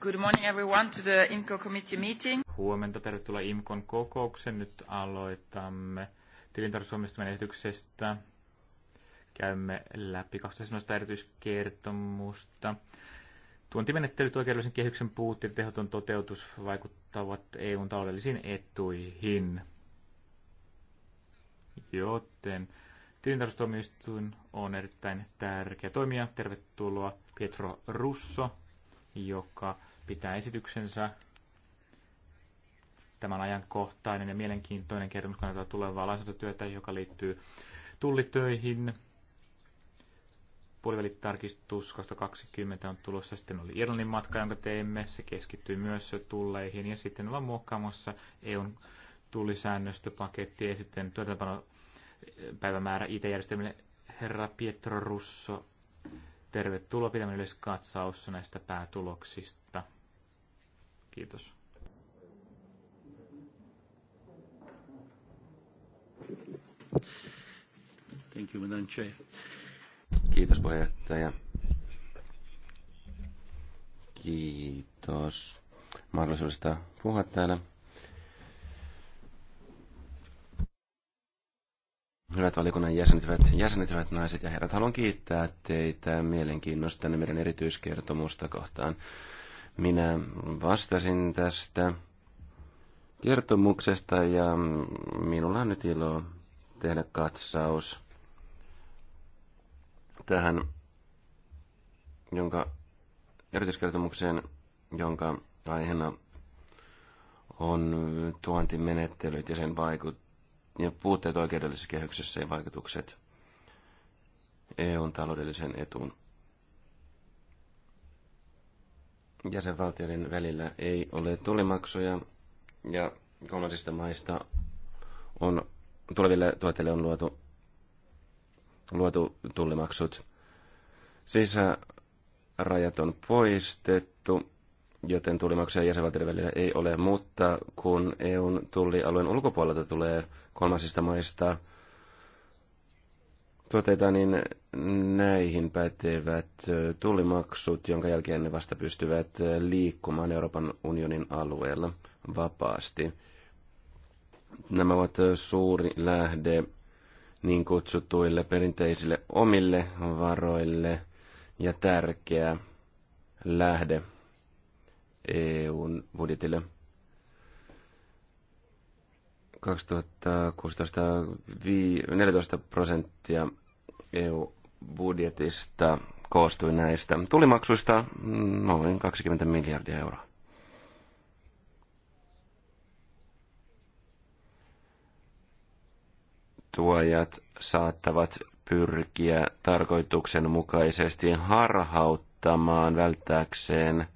Good morning everyone to the IMCO committee meeting. Huomenta, tervetuloa IMCOn kokoukseen. Nyt aloitamme tilintarkastusomistamien esityksestä. Käymme läpi 2017 erityiskertomusta. Tuontimenettelyt oikeudellisen kehyksen puutteet ja tehoton toteutus vaikuttavat EUn taloudellisiin etuihin. Joten tilintarkastusomistuin on erittäin tärkeä toimija. Tervetuloa Pietro Russo, joka pitää esityksensä. Tämä on ajankohtainen ja mielenkiintoinen kertomus kannattaa tulevaa lainsäädäntötyötä, joka liittyy tullitöihin. Puolivälitarkistus 2020 on tulossa. Sitten oli Irlannin matka, jonka teimme. Se keskittyy myös tulleihin. Ja sitten ollaan muokkaamassa EUn tullisäännöstöpakettia ja sitten tuotantopano päivämäärä IT-järjestelmille. Herra Pietro Russo, tervetuloa pitämään yleiskatsaus näistä päätuloksista. Kiitos. Thank you, Madam Chair. Kiitos puheenjohtaja. Kiitos mahdollisuudesta puhua täällä. Hyvät valikunnan jäsenet, hyvät jäsenet, hyvät naiset ja herrat, haluan kiittää teitä mielenkiinnosta meidän erityiskertomusta kohtaan. Minä vastasin tästä kertomuksesta ja minulla on nyt ilo tehdä katsaus tähän, jonka erityiskertomukseen, jonka aiheena on tuontimenettelyt ja sen vaikut ja puutteet oikeudellisessa kehyksessä ja vaikutukset EUn taloudellisen etuun. jäsenvaltioiden välillä ei ole tullimaksuja ja kolmansista maista on, tuleville tuotteille on luotu, luotu tullimaksut. Sisärajat on poistettu, joten tullimaksuja jäsenvaltioiden välillä ei ole, mutta kun EUn tullialueen ulkopuolelta tulee kolmansista maista – tuotteita, niin näihin pätevät tullimaksut, jonka jälkeen ne vasta pystyvät liikkumaan Euroopan unionin alueella vapaasti. Nämä ovat suuri lähde niin kutsutuille perinteisille omille varoille ja tärkeä lähde EUn budjetille. 2016 14 prosenttia EU-budjetista koostui näistä tulimaksuista noin 20 miljardia euroa. Tuojat saattavat pyrkiä tarkoituksenmukaisesti harhauttamaan välttääkseen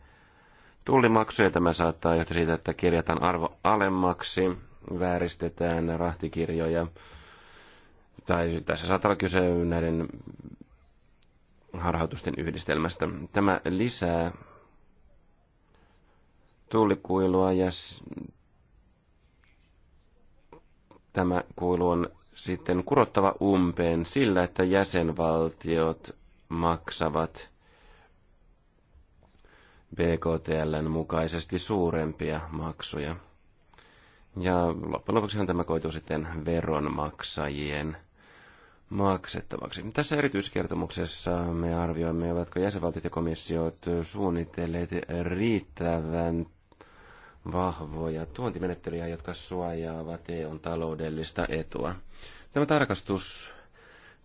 tullimaksuja. Tämä saattaa johtaa siitä, että kirjataan arvo alemmaksi, vääristetään rahtikirjoja tai tässä saattaa olla kyse näiden harhautusten yhdistelmästä. Tämä lisää tuulikuilua ja tämä kuilu on sitten kurottava umpeen sillä, että jäsenvaltiot maksavat BKTLn mukaisesti suurempia maksuja. Ja loppujen lopuksihan tämä koituu sitten veronmaksajien maksettavaksi. Tässä erityiskertomuksessa me arvioimme, ovatko jäsenvaltiot ja komissiot suunnitelleet riittävän vahvoja tuontimenettelyjä, jotka suojaavat EUn taloudellista etua. Tämä tarkastus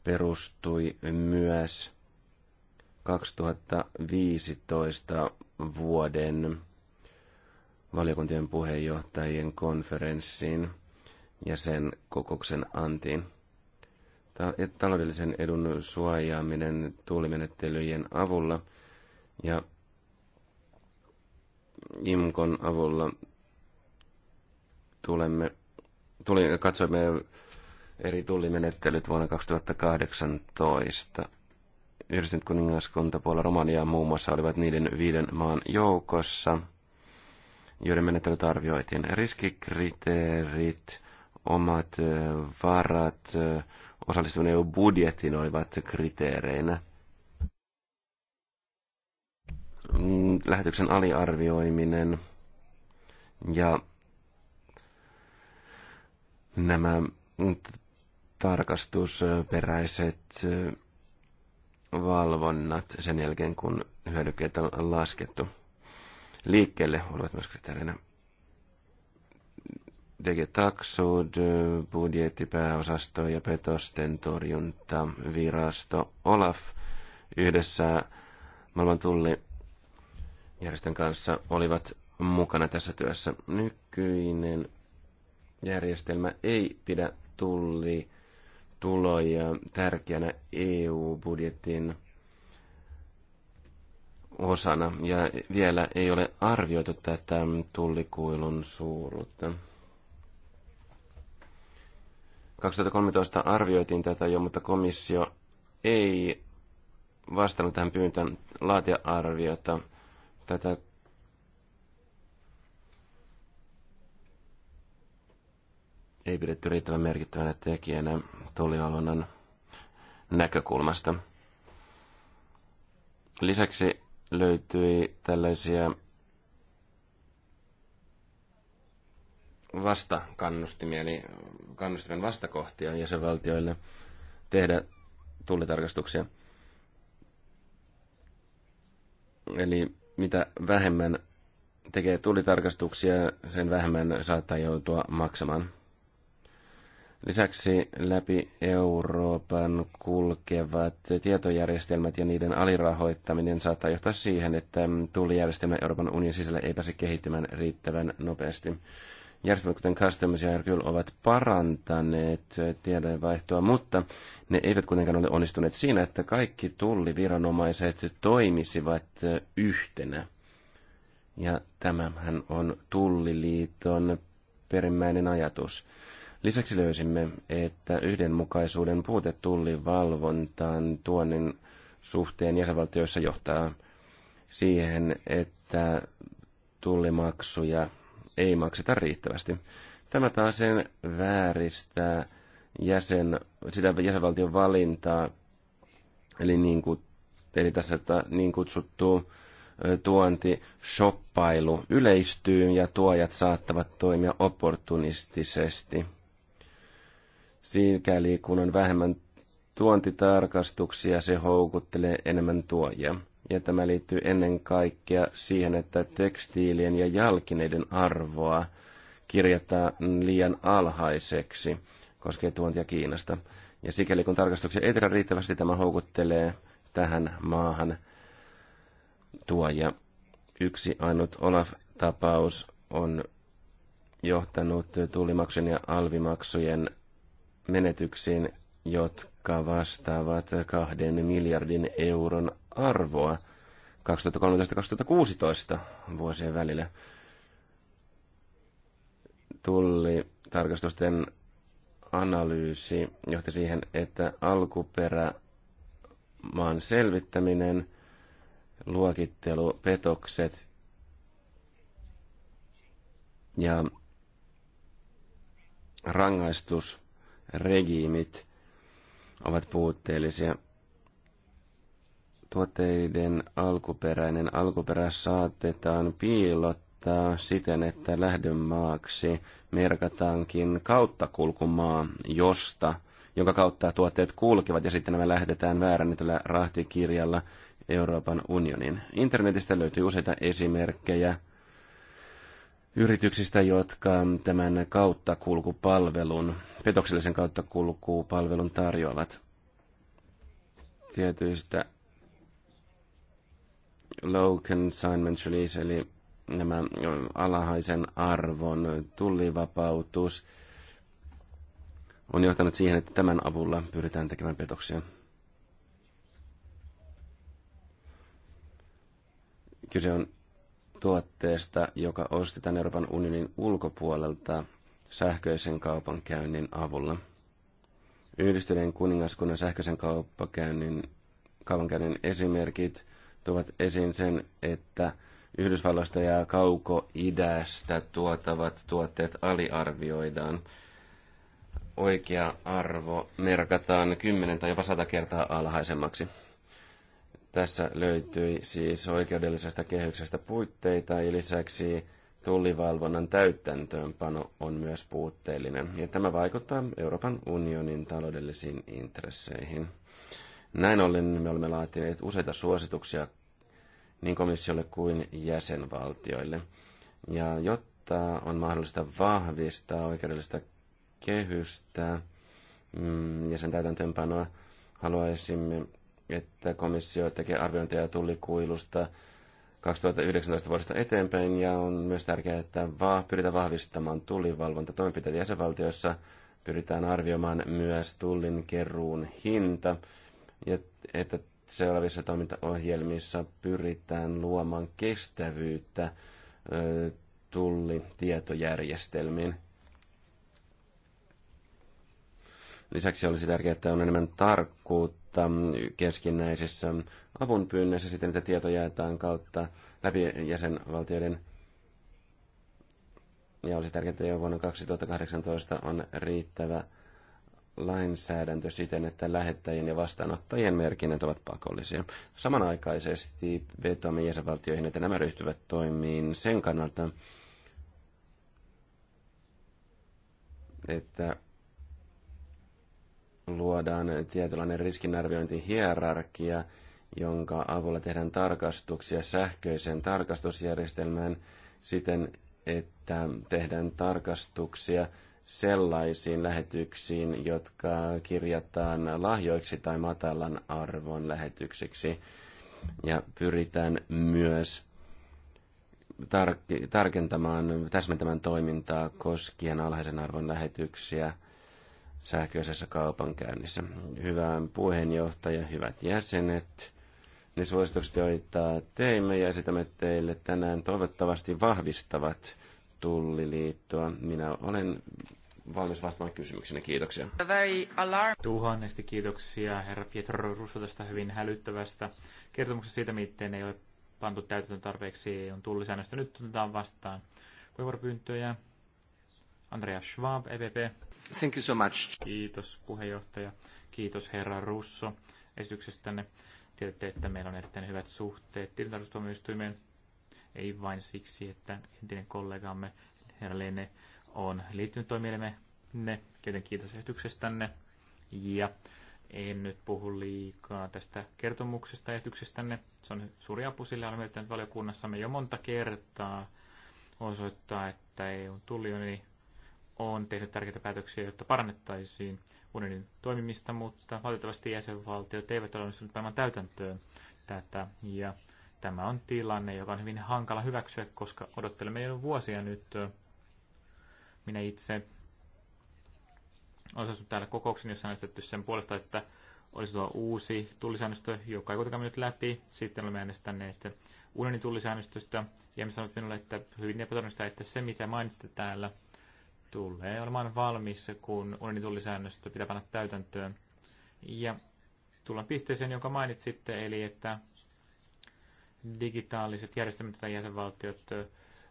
perustui myös 2015 vuoden valiokuntien puheenjohtajien konferenssiin ja sen kokouksen antiin taloudellisen edun suojaaminen tuulimenettelyjen avulla ja IMKon avulla tulemme, tuli, katsoimme eri tullimenettelyt vuonna 2018. Yhdistynyt kuningaskunta, Puola, Romania muun muassa olivat niiden viiden maan joukossa, joiden menettelyt arvioitiin. Riskikriteerit, omat varat, osallistuminen EU-budjettiin olivat kriteereinä. Mm, lähetyksen aliarvioiminen ja nämä tarkastusperäiset valvonnat sen jälkeen, kun hyödykkeet on laskettu. Liikkeelle olivat myös kriteereinä. DG Taksud, budjettipääosasto ja petosten torjunta, virasto Olaf yhdessä maailman tulli järjestön kanssa olivat mukana tässä työssä. Nykyinen järjestelmä ei pidä tulli tuloja tärkeänä EU-budjetin osana ja vielä ei ole arvioitu tätä tullikuilun suuruutta. 2013 arvioitiin tätä jo, mutta komissio ei vastannut tähän pyyntöön laatia arviota. Tätä ei pidetty riittävän merkittävänä tekijänä tulivalvonnan näkökulmasta. Lisäksi löytyi tällaisia vastakannustimia, eli kannustimen vastakohtia jäsenvaltioille tehdä tullitarkastuksia. Eli mitä vähemmän tekee tullitarkastuksia, sen vähemmän saattaa joutua maksamaan. Lisäksi läpi Euroopan kulkevat tietojärjestelmät ja niiden alirahoittaminen saattaa johtaa siihen, että tullijärjestelmä Euroopan unionin sisällä ei pääse kehittymään riittävän nopeasti. Järjestelmät kuten Customs ja Hercule ovat parantaneet tiedonvaihtoa, mutta ne eivät kuitenkaan ole onnistuneet siinä, että kaikki tulliviranomaiset toimisivat yhtenä. Ja tämähän on Tulliliiton perimmäinen ajatus. Lisäksi löysimme, että yhdenmukaisuuden puute tullivalvontaan tuonnin suhteen jäsenvaltioissa johtaa siihen, että tullimaksuja ei makseta riittävästi. Tämä taas sen vääristää jäsen, sitä jäsenvaltion valintaa, eli, niin kuin, eli tässä että niin kutsuttu tuonti, shoppailu yleistyy ja tuojat saattavat toimia opportunistisesti. Sikäli kun on vähemmän tuontitarkastuksia, se houkuttelee enemmän tuojia ja tämä liittyy ennen kaikkea siihen, että tekstiilien ja jalkineiden arvoa kirjataan liian alhaiseksi, koskee tuontia Kiinasta. Ja sikäli kun tarkastuksia ei tehdä riittävästi, tämä houkuttelee tähän maahan tuoja. Yksi ainut Olaf-tapaus on johtanut tullimaksujen ja alvimaksujen menetyksiin, jotka vastaavat kahden miljardin euron arvoa 2013-2016 vuosien välillä. Tulli tarkastusten analyysi johti siihen, että alkuperämaan selvittäminen, luokittelu, petokset ja rangaistusregiimit ovat puutteellisia tuotteiden alkuperäinen alkuperä saatetaan piilottaa siten, että lähdönmaaksi merkataankin kauttakulkumaa, josta, jonka kautta tuotteet kulkevat, ja sitten nämä lähetetään väärännetyllä rahtikirjalla Euroopan unionin. Internetistä löytyy useita esimerkkejä yrityksistä, jotka tämän kauttakulkupalvelun, petoksellisen kauttakulkupalvelun tarjoavat. Tietyistä low consignment release, eli nämä alhaisen arvon tullivapautus, on johtanut siihen, että tämän avulla pyritään tekemään petoksia. Kyse on tuotteesta, joka ostetaan Euroopan unionin ulkopuolelta sähköisen kaupankäynnin avulla. Yhdistyneen kuningaskunnan sähköisen kaupankäynnin, kaupankäynnin esimerkit – tuovat esiin sen, että Yhdysvalloista ja kauko-idästä tuotavat tuotteet aliarvioidaan. Oikea arvo merkataan 10 tai jopa 100 kertaa alhaisemmaksi. Tässä löytyi siis oikeudellisesta kehyksestä puitteita ja lisäksi tullivalvonnan täyttäntöönpano on myös puutteellinen, ja tämä vaikuttaa Euroopan unionin taloudellisiin intresseihin. Näin ollen me olemme laatineet useita suosituksia niin komissiolle kuin jäsenvaltioille. Ja jotta on mahdollista vahvistaa oikeudellista kehystä mm, ja sen täytäntöönpanoa, haluaisimme, että komissio tekee arviointeja tullikuilusta 2019 vuodesta eteenpäin ja on myös tärkeää, että va- pyritään vahvistamaan tullivalvontatoimenpiteitä jäsenvaltioissa, pyritään arvioimaan myös tullin keruun hinta ja että seuraavissa toimintaohjelmissa pyritään luomaan kestävyyttä tullitietojärjestelmiin. Lisäksi olisi tärkeää, että on enemmän tarkkuutta keskinäisessä avunpyynnöissä siten, että tieto jaetaan kautta läpi jäsenvaltioiden. Ja olisi tärkeää, että jo vuonna 2018 on riittävä lainsäädäntö siten, että lähettäjien ja vastaanottajien merkinnät ovat pakollisia. Samanaikaisesti vetoamme jäsenvaltioihin, että nämä ryhtyvät toimiin sen kannalta, että luodaan tietynlainen riskinarviointihierarkia, jonka avulla tehdään tarkastuksia sähköiseen tarkastusjärjestelmään siten, että tehdään tarkastuksia – sellaisiin lähetyksiin, jotka kirjataan lahjoiksi tai matalan arvon lähetyksiksi. Ja pyritään myös tar- tarkentamaan, täsmentämään toimintaa koskien alhaisen arvon lähetyksiä sähköisessä kaupankäynnissä. Hyvä puheenjohtaja, hyvät jäsenet. Ne suositukset, joita teimme ja esitämme teille tänään, toivottavasti vahvistavat tulliliittoa. Minä olen valmis vastaamaan kysymyksiin. Kiitoksia. Very alarm. Tuhannesti kiitoksia herra Pietro Russo tästä hyvin hälyttävästä kertomuksesta siitä, miten ei ole pantu täytäntöön tarpeeksi on tullisäännöstä. Nyt otetaan vastaan puheenvuoropyyntöjä. Andreas Schwab, EPP. Thank you so much. Kiitos puheenjohtaja. Kiitos herra Russo esityksestänne. Tiedätte, että meillä on erittäin hyvät suhteet tilintarkastustuomioistuimeen ei vain siksi, että entinen kollegamme herra Lene on liittynyt ne joten kiitos esityksestänne. Ja en nyt puhu liikaa tästä kertomuksesta ja esityksestänne. Se on suuri apu, sille, olemme yrittäneet valiokunnassamme jo monta kertaa osoittaa, että EUn tulioni on tehnyt tärkeitä päätöksiä, jotta parannettaisiin unionin toimimista, mutta valitettavasti jäsenvaltiot eivät ole onnistuneet täytäntöön tätä. Ja Tämä on tilanne, joka on hyvin hankala hyväksyä, koska odottelemme jo vuosia nyt. Minä itse osallistunut täällä kokouksen, jossa on äänestetty sen puolesta, että olisi tuo uusi tullisäännöstö, joka ei kuitenkaan mennyt läpi. Sitten olemme äänestäneet unionin tullisäännöstöstä. Ja me sanoit minulle, että hyvin epätodennäköistä, että se mitä mainitsitte täällä tulee olemaan valmis, kun unionin tullisäännöstö pitää panna täytäntöön. Ja tullaan pisteeseen, jonka mainitsitte, eli että digitaaliset järjestelmät, joita jäsenvaltiot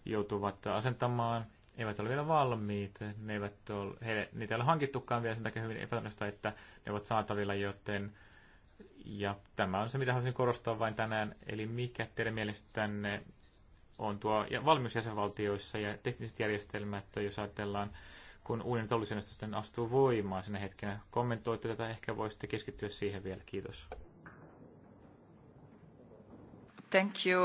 joutuvat asentamaan, eivät ole vielä valmiit. Ne eivät ole, heille niitä ei ole hankittukaan vielä sen takia hyvin epätodennäköistä, että ne ovat saatavilla, joten ja tämä on se, mitä haluaisin korostaa vain tänään. Eli mikä teidän mielestänne on tuo ja valmius jäsenvaltioissa ja tekniset järjestelmät, jos ajatellaan, kun uuden tollisäännöstö astuu voimaan sinne hetkenä. Kommentoitte tätä, ehkä voisitte keskittyä siihen vielä. Kiitos. Thank you,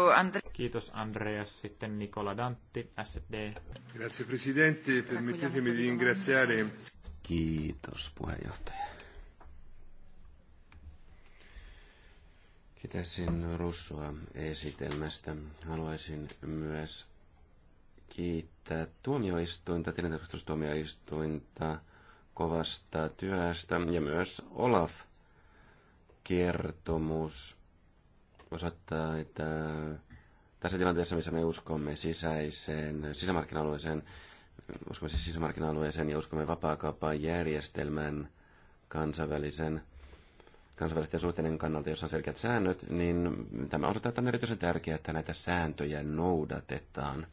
Kiitos Andreas. Sitten Nicola Dantti, SD. Grazie Presidente, permettetemi di ringraziare. Kiitos puheenjohtaja. Kiitäisin Russoa esitelmästä. Haluaisin myös kiittää tuomioistuinta, tilintarkastustuomioistuinta kovasta työstä ja myös Olaf kertomus osoittaa, että tässä tilanteessa, missä me uskomme sisäiseen, sisämarkkina-alueeseen, uskomme siis sisämarkkina-alueeseen ja uskomme vapaakaupan järjestelmän kansainvälisen kansainvälisten suhteiden kannalta, jossa on selkeät säännöt, niin tämä osoittaa, että on erityisen tärkeää, että näitä sääntöjä noudatetaan.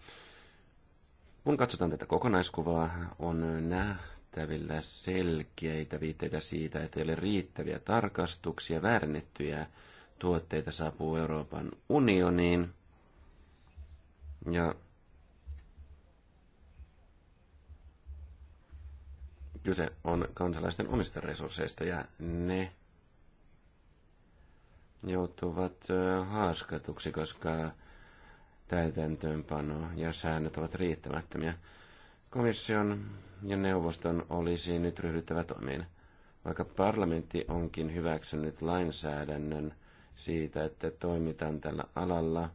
Kun katsotaan tätä kokonaiskuvaa, on nähtävillä selkeitä viitteitä siitä, että ei ole riittäviä tarkastuksia, väärennettyjä tuotteita saapuu Euroopan unioniin. Ja kyse on kansalaisten omista resursseista ja ne joutuvat haaskatuksi, koska täytäntöönpano ja säännöt ovat riittämättömiä. Komission ja neuvoston olisi nyt ryhdyttävä toimiin. Vaikka parlamentti onkin hyväksynyt lainsäädännön, siitä, että toimitaan tällä alalla,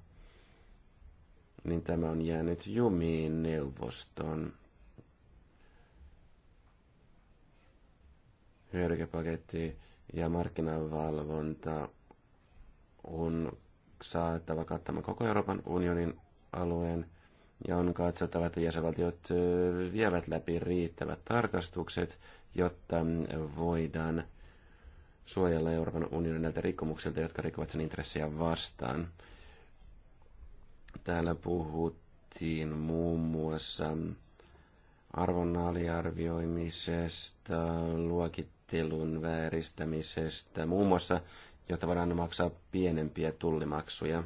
niin tämä on jäänyt jumiin neuvoston hyödykepaketti ja markkinavalvonta on saattava kattamaan koko Euroopan unionin alueen ja on katsottava, että jäsenvaltiot vievät läpi riittävät tarkastukset, jotta voidaan suojella Euroopan unionin näiltä rikkomuksilta, jotka rikkovat sen intressejä vastaan. Täällä puhuttiin muun muassa arvonnaaliarvioimisesta, luokittelun vääristämisestä, muun muassa, jotta voidaan maksaa pienempiä tullimaksuja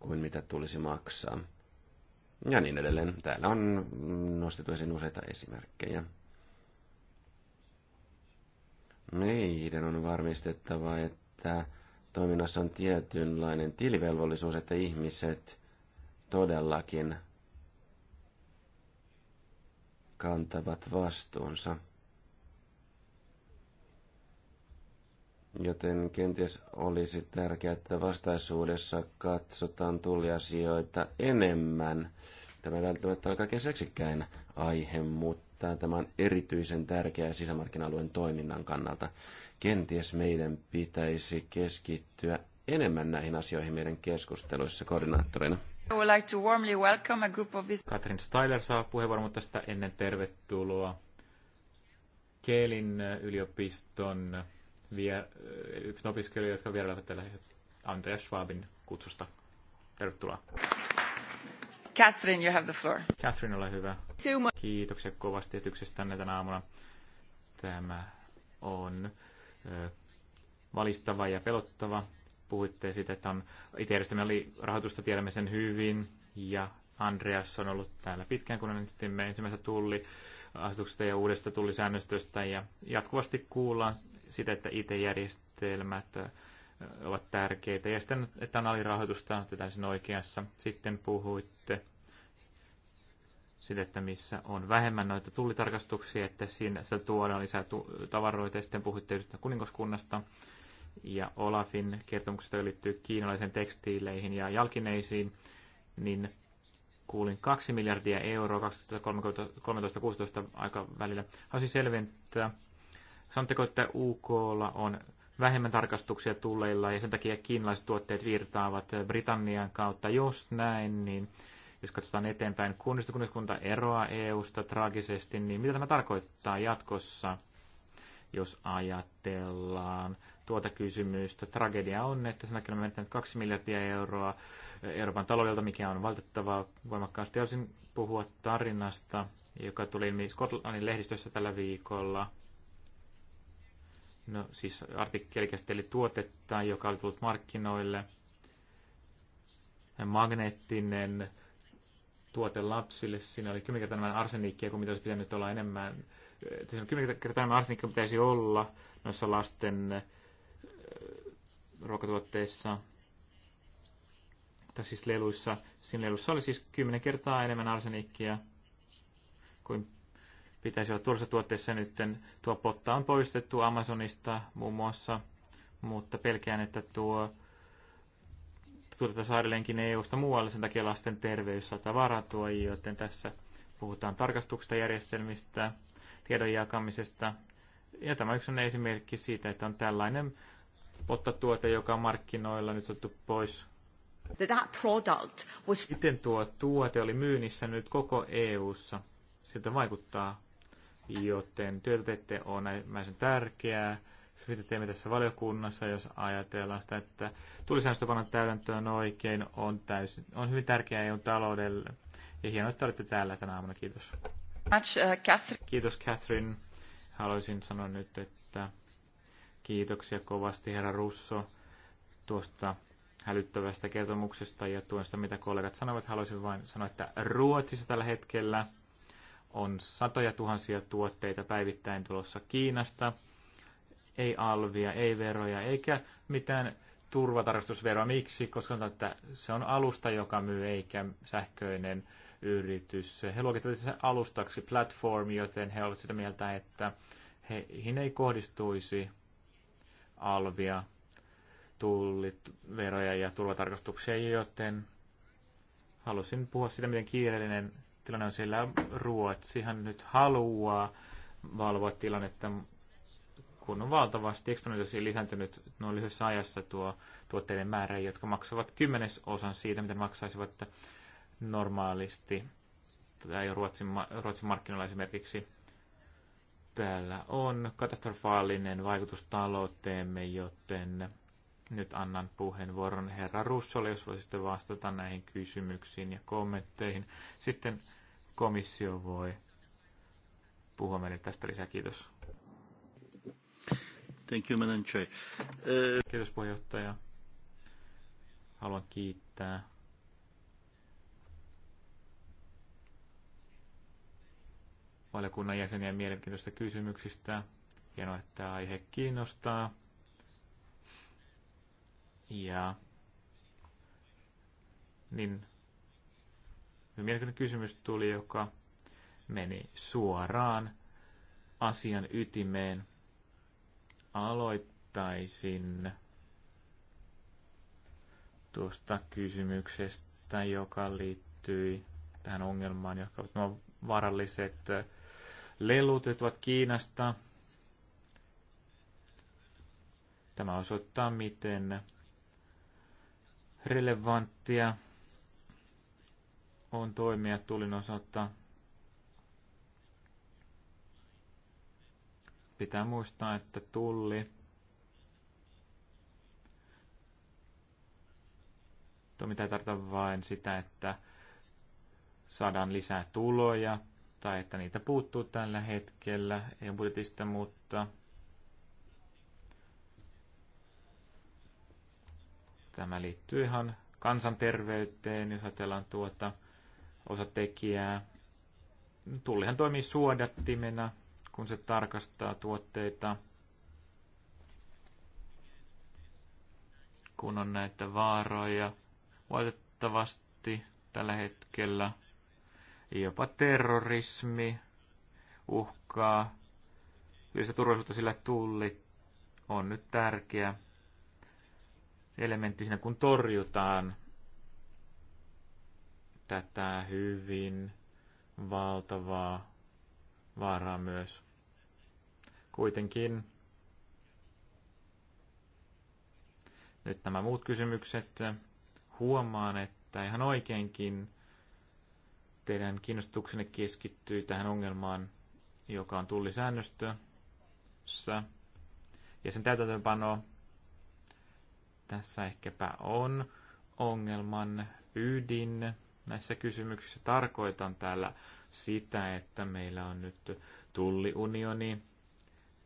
kuin mitä tulisi maksaa. Ja niin edelleen. Täällä on nostettu esiin useita esimerkkejä. Meidän on varmistettava, että toiminnassa on tietynlainen tilivelvollisuus, että ihmiset todellakin kantavat vastuunsa. Joten kenties olisi tärkeää, että vastaisuudessa katsotaan tulliasioita enemmän. Tämä ei välttämättä ole kaikkein seksikkäin aihe, mutta tämä on erityisen tärkeä sisämarkkina-alueen toiminnan kannalta. Kenties meidän pitäisi keskittyä enemmän näihin asioihin meidän keskusteluissa koordinaattorina. Like Katrin Styler saa puheenvuoron, mutta tästä ennen tervetuloa Keelin äh, yliopiston äh, vie, äh, opiskelijoita, jotka vierailevat täällä Andreas Schwabin kutsusta. Tervetuloa. Catherine, you have the floor. Catherine, ole hyvä. Kiitoksia kovasti etyksestänne tänä aamuna. Tämä on ö, valistava ja pelottava. Puhuitte siitä, että on itse oli rahoitusta, tiedämme sen hyvin. Ja Andreas on ollut täällä pitkään, kun äänestimme ensimmäistä asetuksesta ja uudesta tullisäännöstöstä. Ja jatkuvasti kuullaan sitä, että IT-järjestelmät ovat tärkeitä. Ja sitten, että on alirahoitusta, olette täysin oikeassa. Sitten puhuitte sille, että missä on vähemmän noita tullitarkastuksia, että siinä sitä tuodaan lisää tavaroita. Ja sitten puhuitte yhdestä kuningoskunnasta ja Olafin kertomuksesta, joka liittyy kiinalaisen tekstiileihin ja jalkineisiin, niin kuulin 2 miljardia euroa 2013-2016 välillä. Haluaisin selventää, sanotteko, että UKlla on vähemmän tarkastuksia tulleilla ja sen takia kiinalaiset tuotteet virtaavat Britannian kautta. Jos näin, niin jos katsotaan eteenpäin, kunnista kunniskunta eroaa EU-sta traagisesti, niin mitä tämä tarkoittaa jatkossa, jos ajatellaan tuota kysymystä. Tragedia on, että sen takia on menettänyt kaksi miljardia euroa Euroopan taloudelta, mikä on valitettavaa voimakkaasti. Olisin puhua tarinasta, joka tuli ilmi Skotlannin lehdistössä tällä viikolla. No siis artikkeli käsitteli tuotetta, joka oli tullut markkinoille. Magneettinen tuote lapsille. Siinä oli kymmenen kertaa enemmän arseniikkia kuin mitä olisi pitänyt olla enemmän. Siinä oli kymmenen kertaa enemmän arseniikkia pitäisi olla noissa lasten ruokatuotteissa tai siis leluissa. Siinä leluissa oli siis kymmenen kertaa enemmän arseniikkia kuin pitäisi olla tuossa tuotteessa nyt. Tuo potta on poistettu Amazonista muun muassa, mutta pelkään, että tuo tuotetaan saarellenkin EU-sta muualle, sen takia lasten terveys saattaa varatua, joten tässä puhutaan tarkastuksesta, järjestelmistä, tiedon jakamisesta. Ja tämä yksi on esimerkki siitä, että on tällainen pottatuote, joka on markkinoilla nyt otettu pois. That was... Miten tuo tuote oli myynnissä nyt koko EU-ssa? Siltä vaikuttaa joten työtä teette on näin tärkeää. Sitä teemme tässä valiokunnassa, jos ajatellaan sitä, että tulisäännöstä panna täydentöön oikein, on, täysin, on hyvin tärkeää EUn taloudelle. Ja hienoa, että olette täällä tänä aamuna. Kiitos. Much, uh, Catherine. Kiitos Catherine. Haluaisin sanoa nyt, että kiitoksia kovasti herra Russo tuosta hälyttävästä kertomuksesta ja tuosta, mitä kollegat sanovat. Haluaisin vain sanoa, että Ruotsissa tällä hetkellä – on satoja tuhansia tuotteita päivittäin tulossa Kiinasta. Ei alvia, ei veroja, eikä mitään turvatarkastusveroa. Miksi? Koska on että se on alusta, joka myy, eikä sähköinen yritys. He luokittelevat sen alustaksi platform, joten he ovat sitä mieltä, että heihin ei kohdistuisi alvia, tullit, veroja ja turvatarkastuksia, joten halusin puhua sitä, miten kiireellinen tilanne on siellä. Ruotsihan nyt haluaa valvoa tilannetta, kun on valtavasti eksponentiaalisesti lisääntynyt noin lyhyessä ajassa tuo tuotteiden määrä, jotka maksavat kymmenesosan siitä, mitä maksaisivat normaalisti tai Ruotsin, Ruotsin markkinoilla esimerkiksi. Täällä on katastrofaalinen vaikutus talouteemme, joten nyt annan puheenvuoron herra Russolle, jos voisitte vastata näihin kysymyksiin ja kommentteihin. Sitten komissio voi puhua meille tästä lisää. Kiitos. Thank you, Madam Chair. Uh, Kiitos puheenjohtaja. Haluan kiittää valiokunnan jäseniä mielenkiintoisista kysymyksistä. Hienoa, että aihe kiinnostaa. Ja niin mielenkiintoinen kysymys tuli, joka meni suoraan asian ytimeen. Aloittaisin tuosta kysymyksestä, joka liittyi tähän ongelmaan, jotka ovat nuo varalliset lelut, jotka ovat Kiinasta. Tämä osoittaa, miten relevanttia on toimia tulin osalta. Pitää muistaa, että tulli toiminta ei tarkoita vain sitä, että saadaan lisää tuloja tai että niitä puuttuu tällä hetkellä Ei budjetista, mutta – Tämä liittyy ihan kansanterveyteen, jos ajatellaan tuota osatekijää. Tullihan toimii suodattimena, kun se tarkastaa tuotteita. Kun on näitä vaaroja, valitettavasti tällä hetkellä jopa terrorismi uhkaa yleistä turvallisuutta, sillä tulli on nyt tärkeä elementti siinä, kun torjutaan tätä hyvin valtavaa vaaraa myös. Kuitenkin nyt nämä muut kysymykset huomaan, että ihan oikeinkin teidän kiinnostuksenne keskittyy tähän ongelmaan, joka on tullisäännöstössä ja sen täytäntöönpanoa tässä ehkäpä on ongelman ydin näissä kysymyksissä. Tarkoitan täällä sitä, että meillä on nyt tulliunioni,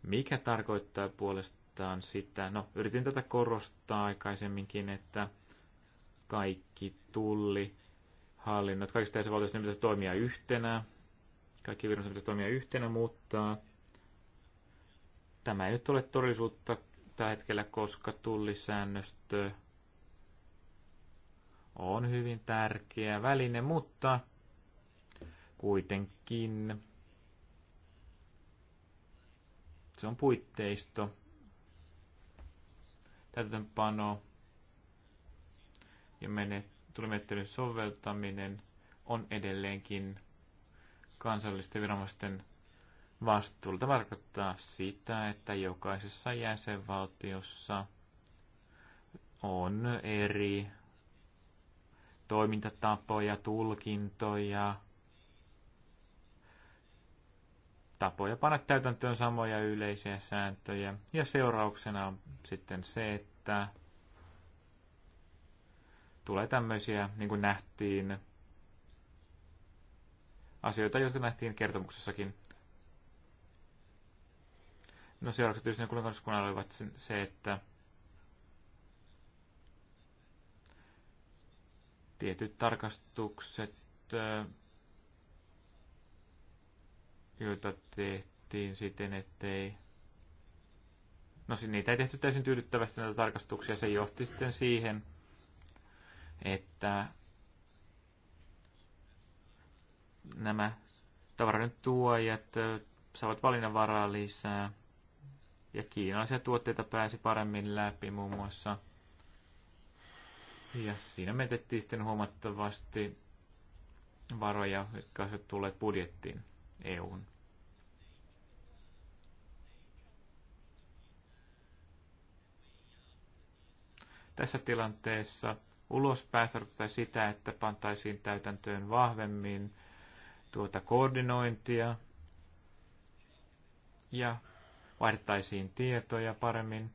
mikä tarkoittaa puolestaan sitä, no yritin tätä korostaa aikaisemminkin, että kaikki tulli hallinnot, kaikista tässä valtioista pitäisi toimia yhtenä, kaikki viranomaiset pitäisi toimia yhtenä, mutta tämä ei nyt ole todellisuutta tällä hetkellä, koska tullisäännöstö on hyvin tärkeä väline, mutta kuitenkin se on puitteisto, täytäntöpano ja menet, soveltaminen on edelleenkin kansallisten viranomaisten vastuulla. Tämä tarkoittaa sitä, että jokaisessa jäsenvaltiossa on eri toimintatapoja, tulkintoja, tapoja panna täytäntöön samoja yleisiä sääntöjä. Ja seurauksena on sitten se, että tulee tämmöisiä, niin kuin nähtiin, asioita, jotka nähtiin kertomuksessakin. No seuraukset yhdistyneen kuningaskunnalle olivat sen, se, että tietyt tarkastukset, äh, joita tehtiin siten, ettei... No niitä ei tehty täysin tyydyttävästi näitä tarkastuksia. Se johti sitten siihen, että nämä tavaran tuojat äh, saavat valinnanvaraa lisää – ja kiinalaisia tuotteita pääsi paremmin läpi muun muassa. Ja siinä menetettiin sitten huomattavasti varoja, jotka olisivat tulleet budjettiin EUn. Tässä tilanteessa ulos tarkoittaa sitä, että pantaisiin täytäntöön vahvemmin tuota koordinointia ja vaihdettaisiin tietoja paremmin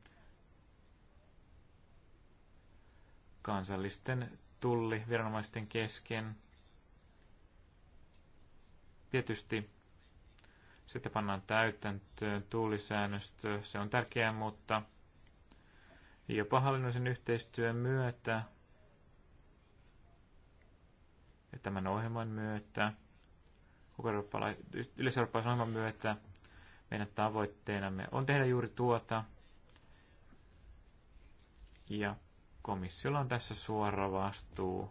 kansallisten tulliviranomaisten kesken. Tietysti sitten pannaan täytäntöön tuulisäännöstö. se on tärkeää, mutta jopa hallinnollisen yhteistyön myötä ja tämän ohjelman myötä, koko yleiseurooppalaisen ohjelman myötä, meidän tavoitteenamme on tehdä juuri tuota. Ja komissiolla on tässä suora vastuu.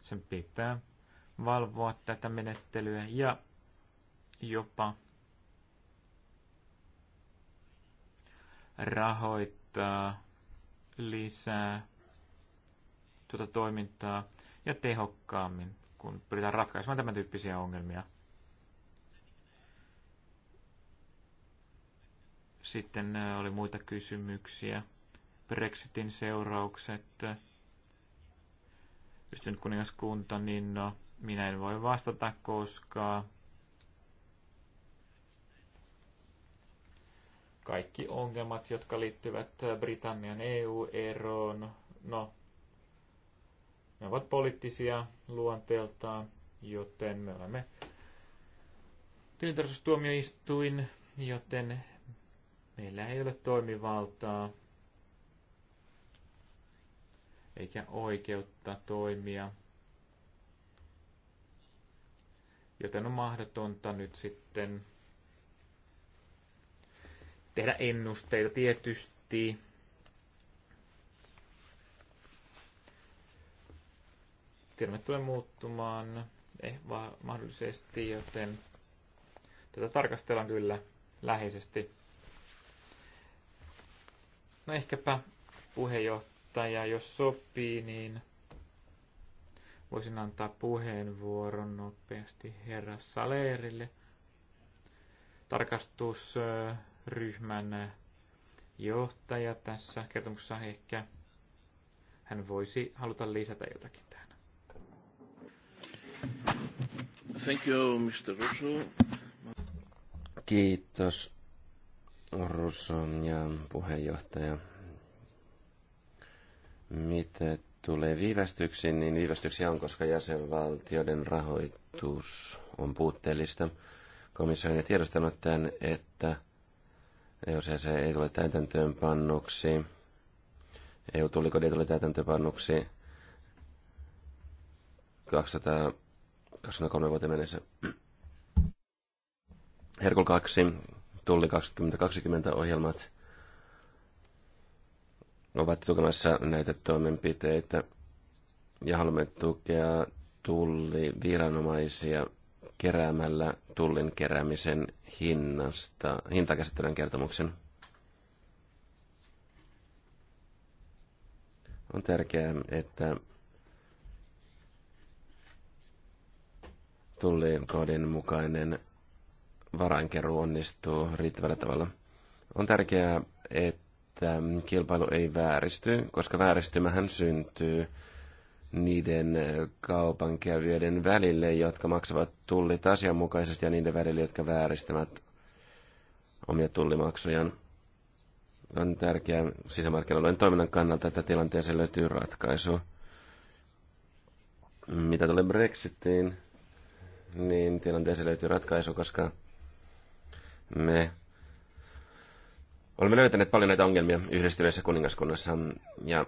Sen pitää valvoa tätä menettelyä ja jopa rahoittaa lisää tuota toimintaa ja tehokkaammin, kun pyritään ratkaisemaan tämän tyyppisiä ongelmia – Sitten äh, oli muita kysymyksiä. Brexitin seuraukset. Yhtynyt kuningaskunta, niin no, minä en voi vastata, koska kaikki ongelmat, jotka liittyvät äh, Britannian EU-eroon, no, ne ovat poliittisia luonteeltaan, joten me olemme tilintarkastustuomioistuin, joten Meillä ei ole toimivaltaa eikä oikeutta toimia, joten on mahdotonta nyt sitten tehdä ennusteita tietysti. Tilanne tulee muuttumaan eh, mahdollisesti, joten tätä tarkastellaan kyllä läheisesti. No ehkäpä puheenjohtaja, jos sopii, niin voisin antaa puheenvuoron nopeasti herra Saleerille. tarkastusryhmän johtaja tässä kertomuksessa ehkä hän voisi haluta lisätä jotakin tähän. Thank you, Mr. Russo. Kiitos Russo ja puheenjohtaja. Mitä tulee viivästyksiin, niin viivästyksiä on, koska jäsenvaltioiden rahoitus on puutteellista. Komissio on tiedostanut tämän, että jos se ei tule täytäntöönpannuksi, EU-tullikodi tuli täytäntöönpannuksi 223 vuoteen mennessä. Herkul 2 Tulli 2020 ohjelmat ovat tukemassa näitä toimenpiteitä ja haluamme tukea tulli viranomaisia keräämällä tullin keräämisen hinnasta, hintakäsittelyn kertomuksen. On tärkeää, että tullikoodin mukainen varainkeruu onnistuu riittävällä tavalla. On tärkeää, että kilpailu ei vääristy, koska vääristymähän syntyy niiden kaupankäyvijöiden välille, jotka maksavat tullit asianmukaisesti ja niiden välille, jotka vääristävät omia tullimaksujaan. On tärkeää sisämarkkinoiden toiminnan kannalta, että tilanteeseen löytyy ratkaisu. Mitä tulee Brexitiin, niin tilanteeseen löytyy ratkaisu, koska me olemme löytäneet paljon näitä ongelmia yhdistyneessä kuningaskunnassa ja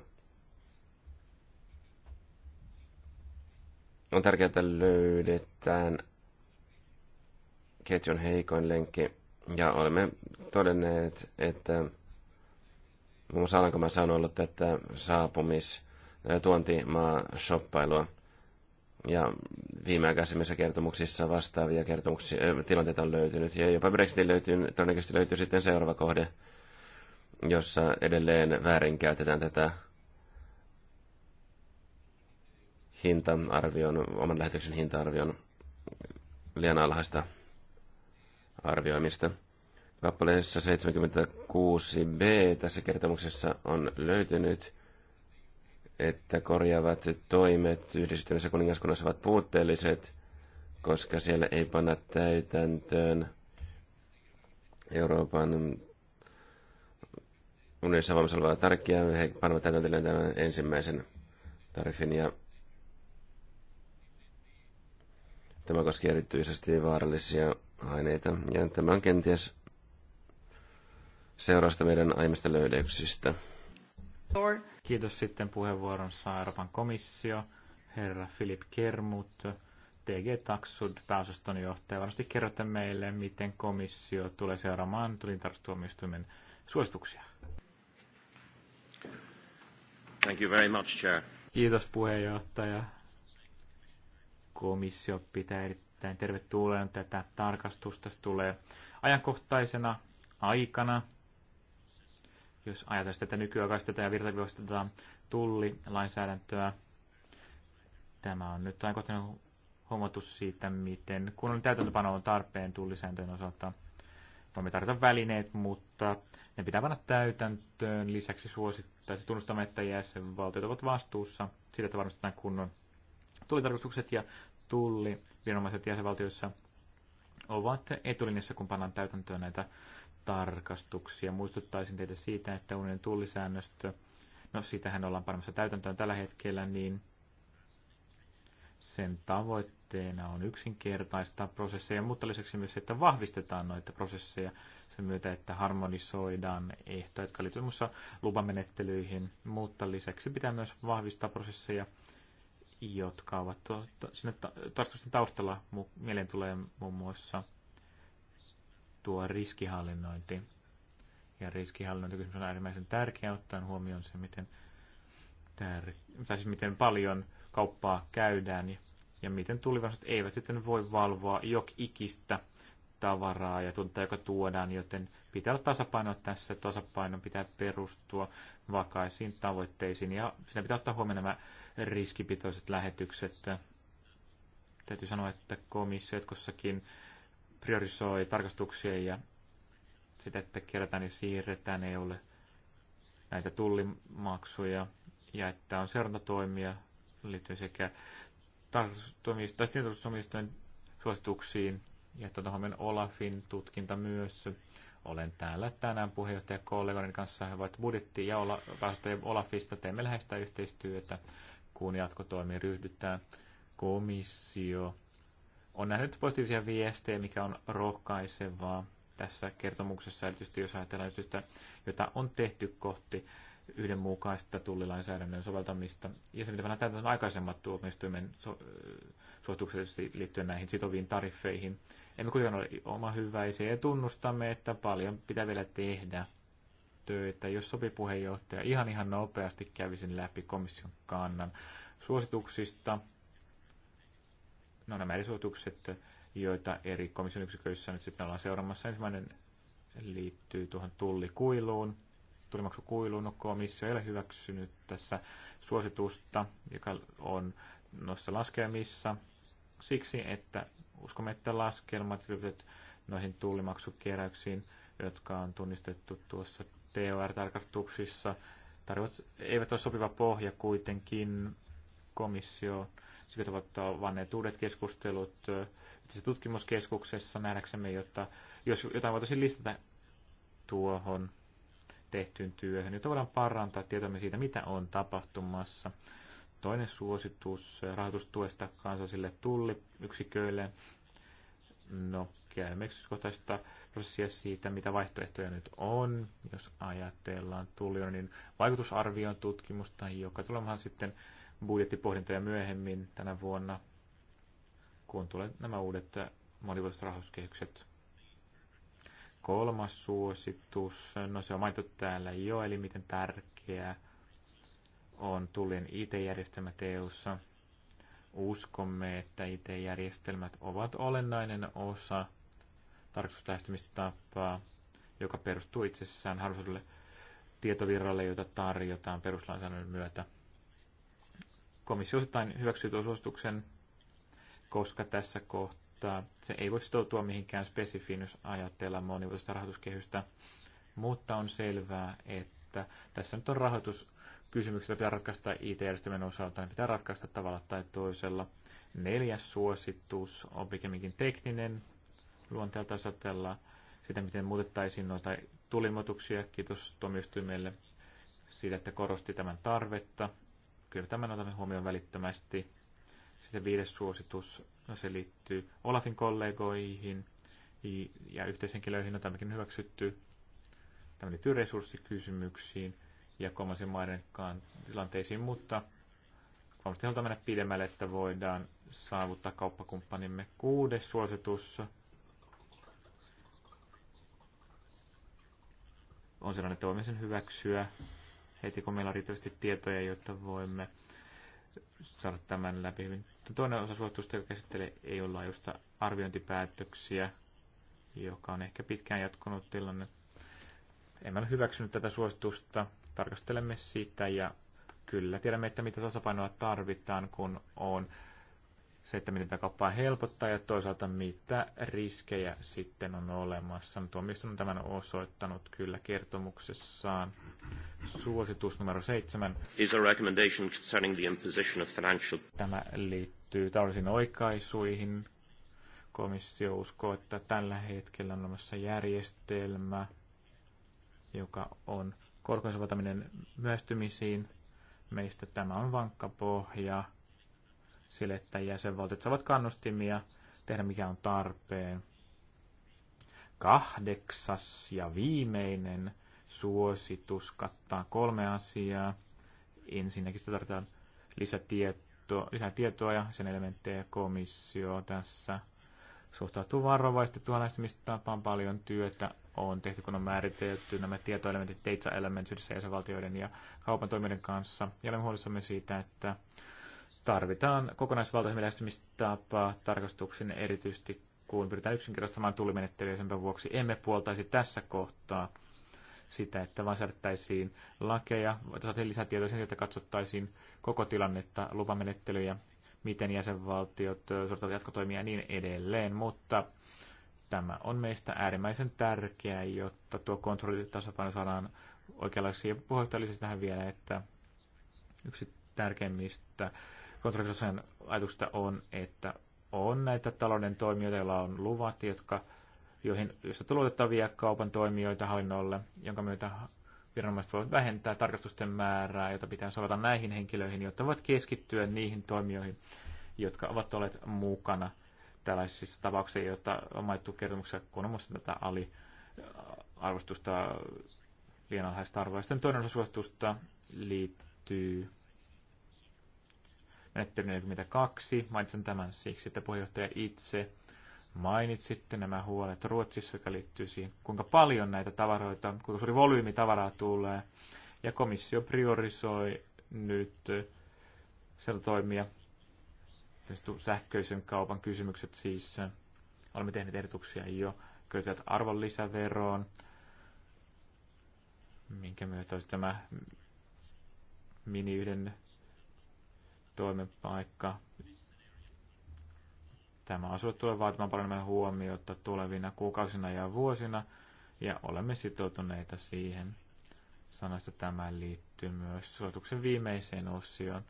on tärkeää, että löydetään ketjun heikoin lenkki. Ja olemme todenneet, että muun muassa Alankomaissa on ollut tätä saapumis tuontimaa shoppailua. Ja viimeaikaisemmissa kertomuksissa vastaavia kertomuksia, tilanteita on löytynyt. Ja jopa Brexitin löytyy, todennäköisesti löytyy sitten seuraava kohde, jossa edelleen väärinkäytetään tätä hinta-arvion, oman lähetyksen hinta-arvion liian alhaista arvioimista. Kappaleessa 76b tässä kertomuksessa on löytynyt että korjaavat toimet yhdistyneessä kuningaskunnassa ovat puutteelliset, koska siellä ei panna täytäntöön Euroopan unionissa voimassa olevaa tarkkia. He panevat täytäntöön tämän ensimmäisen tarifin ja tämä koskee erityisesti vaarallisia aineita ja tämä on kenties seurausta meidän aiemmista löydöksistä. Lord. Kiitos sitten puheenvuoron saa Euroopan komissio, herra Filip Kermut, TG Taksud, pääosaston johtaja. Varmasti kerrotte meille, miten komissio tulee seuraamaan tulintarkastuomioistuimen suosituksia. Thank you very much, Chair. Kiitos puheenjohtaja. Komissio pitää erittäin tervetulleen tätä tarkastusta. Se tulee ajankohtaisena aikana, jos ajatellaan että nykyaikaistetaan ja virtaviivoistetaan tullilainsäädäntöä. Tämä on nyt ajankohtainen huomautus siitä, miten kun on täytäntöpano on tarpeen tullisääntöjen osalta. Voimme tarjota välineet, mutta ne pitää panna täytäntöön. Lisäksi suosittaisi tunnustamme, että jäsenvaltiot ovat vastuussa. Siitä, että varmistetaan kunnon tullitarkastukset ja viranomaiset jäsenvaltioissa ovat etulinjassa, kun pannaan täytäntöön näitä tarkastuksia. Muistuttaisin teitä siitä, että unionin tullisäännöstö, no sitähän ollaan panemassa täytäntöön tällä hetkellä, niin sen tavoitteena on yksinkertaistaa prosesseja, mutta lisäksi myös, että vahvistetaan noita prosesseja sen myötä, että harmonisoidaan ehtoja, jotka liittyvät muussa lupamenettelyihin, mutta lisäksi pitää myös vahvistaa prosesseja, jotka ovat tuota, sinne ta- taustalla. Mieleen tulee muun muassa tuo riskihallinnointi. Ja riskihallinnointikysymys on äärimmäisen tärkeä ottaen huomioon se, miten, tär- tai siis miten paljon kauppaa käydään ja, ja miten tulivarsot eivät sitten voi valvoa jok ikistä tavaraa ja tuntea, joka tuodaan, joten pitää olla tasapaino tässä. tasapaino pitää perustua vakaisiin tavoitteisiin ja siinä pitää ottaa huomioon nämä riskipitoiset lähetykset. Täytyy sanoa, että komissio jatkossakin priorisoi tarkastuksia ja sitä, että kerätään ja siirretään EUlle näitä tullimaksuja ja että on seurantatoimia liittyen sekä tarkastustoimistojen suosituksiin ja että tuohon Olafin tutkinta myös. Olen täällä tänään puheenjohtaja kollegoiden kanssa. He ovat budjetti- ja Ola, Olafista. Teemme läheistä yhteistyötä, kun jatkotoimiin ryhdytään. Komissio on nähnyt positiivisia viestejä, mikä on rohkaisevaa tässä kertomuksessa, erityisesti jos ajatellaan yritystä, jota on tehty kohti yhdenmukaista tullilainsäädännön soveltamista. Ja se, mitä vähän näen, on aikaisemmat tuomioistuimen so- suosituksellisesti liittyen näihin sitoviin tariffeihin. Emme kuitenkaan ole oma hyväisiä ja tunnustamme, että paljon pitää vielä tehdä töitä. Jos puheenjohtaja. ihan ihan nopeasti kävisin läpi komission kannan suosituksista, No nämä eri suositukset, joita eri komission yksiköissä nyt sitten ollaan seuraamassa. Ensimmäinen liittyy tuohon tullikuiluun, tullimaksukuiluun. No komissio ei ole hyväksynyt tässä suositusta, joka on noissa laskelmissa siksi, että uskomme, että laskelmat liittyvät noihin tullimaksukeräyksiin, jotka on tunnistettu tuossa TOR-tarkastuksissa, tarvitsevat, eivät ole sopiva pohja kuitenkin komissio. Sieltä vain ne uudet keskustelut itse tutkimuskeskuksessa nähdäksemme, jotta jos jotain voitaisiin listata tuohon tehtyyn työhön, jotta voidaan parantaa tietomme siitä, mitä on tapahtumassa. Toinen suositus rahoitustuesta kansallisille tulliyksiköille. No, käymme yksityiskohtaista prosessia siitä, mitä vaihtoehtoja nyt on, jos ajatellaan tullion, niin vaikutusarvion tutkimusta, joka tulemaan sitten budjettipohdintoja myöhemmin tänä vuonna, kun tulee nämä uudet monivuotiset rahoituskehykset. Kolmas suositus, no se on mainittu täällä jo, eli miten tärkeää on tullien IT-järjestelmät EU:ssa. Uskomme, että IT-järjestelmät ovat olennainen osa tarkastuslähestymistapaa, joka perustuu itsessään harvoisuudelle tietovirralle, joita tarjotaan peruslainsäädännön myötä – komissio osittain hyväksyy tuon suosituksen, koska tässä kohtaa se ei voi sitoutua mihinkään spesifiin, jos ajatellaan monivuotista rahoituskehystä, mutta on selvää, että tässä nyt on rahoituskysymyksiä, pitää ratkaista IT-järjestelmän osalta, ne pitää ratkaista tavalla tai toisella. Neljäs suositus on pikemminkin tekninen, luonteelta satella sitä, miten muutettaisiin noita tulimotuksia. Kiitos tuomioistuimelle siitä, että korosti tämän tarvetta. Kyllä tämän otamme huomioon välittömästi. Sitten viides suositus, no se liittyy Olafin kollegoihin ja yhteishenkilöihin no tämäkin hyväksytty. Tämä liittyy resurssikysymyksiin ja kolmansien maiden tilanteisiin, mutta varmasti halutaan mennä pidemmälle, että voidaan saavuttaa kauppakumppanimme kuudes suositus. On sellainen, että voimme sen hyväksyä heti kun meillä on riittävästi tietoja, jotta voimme saada tämän läpi Toinen osa suositusta, joka käsittelee EU-laajuista arviointipäätöksiä, joka on ehkä pitkään jatkunut tilanne. Emme ole hyväksynyt tätä suositusta, tarkastelemme sitä ja kyllä tiedämme, että mitä tasapainoa tarvitaan, kun on se, että miten tämä kauppaa helpottaa ja toisaalta mitä riskejä sitten on olemassa. Tuomioistuin on tämän osoittanut kyllä kertomuksessaan. Suositus numero seitsemän. Is a recommendation concerning the imposition of financial... Tämä liittyy taloudellisiin oikaisuihin. Komissio uskoo, että tällä hetkellä on olemassa järjestelmä, joka on korkojen myöstymisiin. Meistä tämä on vankka pohja sille, että jäsenvaltiot saavat kannustimia tehdä mikä on tarpeen. Kahdeksas ja viimeinen suositus kattaa kolme asiaa. Ensinnäkin sitä tarvitaan lisätietoa, lisätietoa ja sen elementtejä komissio tässä suhtautuu varovaisesti tuohon Paljon työtä on tehty, kun on määritelty nämä tietoelementit, data elements yhdessä jäsenvaltioiden ja kaupan toimijoiden kanssa. Ja olemme huolissamme siitä, että tarvitaan kokonaisvaltaisemmin lähestymistapaa tarkastuksen erityisesti, kun pyritään yksinkertaistamaan tulimenettelyä, sen vuoksi emme puoltaisi tässä kohtaa sitä, että vain säädettäisiin lakeja, saatiin lisätietoja sen, että katsottaisiin koko tilannetta, lupamenettelyjä, miten jäsenvaltiot suorittavat jatkotoimia ja niin edelleen, mutta tämä on meistä äärimmäisen tärkeää, jotta tuo kontrollitasapaino saadaan oikeanlaiseksi. Ja tähän vielä, että yksi tärkeimmistä Kontrollisen ajatuksesta on, että on näitä talouden toimijoita, joilla on luvat, jotka, joihin, joista tuloutettavia kaupan toimijoita hallinnolle, jonka myötä viranomaiset voivat vähentää tarkastusten määrää, jota pitää sovata näihin henkilöihin, jotta voivat keskittyä niihin toimijoihin, jotka ovat olleet mukana tällaisissa tapauksissa, joita on mainittu kertomuksessa, kun on tätä aliarvostusta liian alhaista arvoa. toinen osa suositusta liittyy menettely 42. Mainitsen tämän siksi, että puheenjohtaja itse mainitsitte nämä huolet Ruotsissa, jotka liittyy siihen, kuinka paljon näitä tavaroita, kuinka suuri volyymi tavaraa tulee. Ja komissio priorisoi nyt sieltä toimia sähköisen kaupan kysymykset siis. Olemme tehneet ehdotuksia jo, köytyvät arvonlisäveroon, minkä myötä olisi tämä mini yhden toimipaikka. Tämä asue tulee vaatimaan paljon meidän huomiota tulevina kuukausina ja vuosina, ja olemme sitoutuneita siihen. Sanoista tämä liittyy myös suosituksen viimeiseen osioon,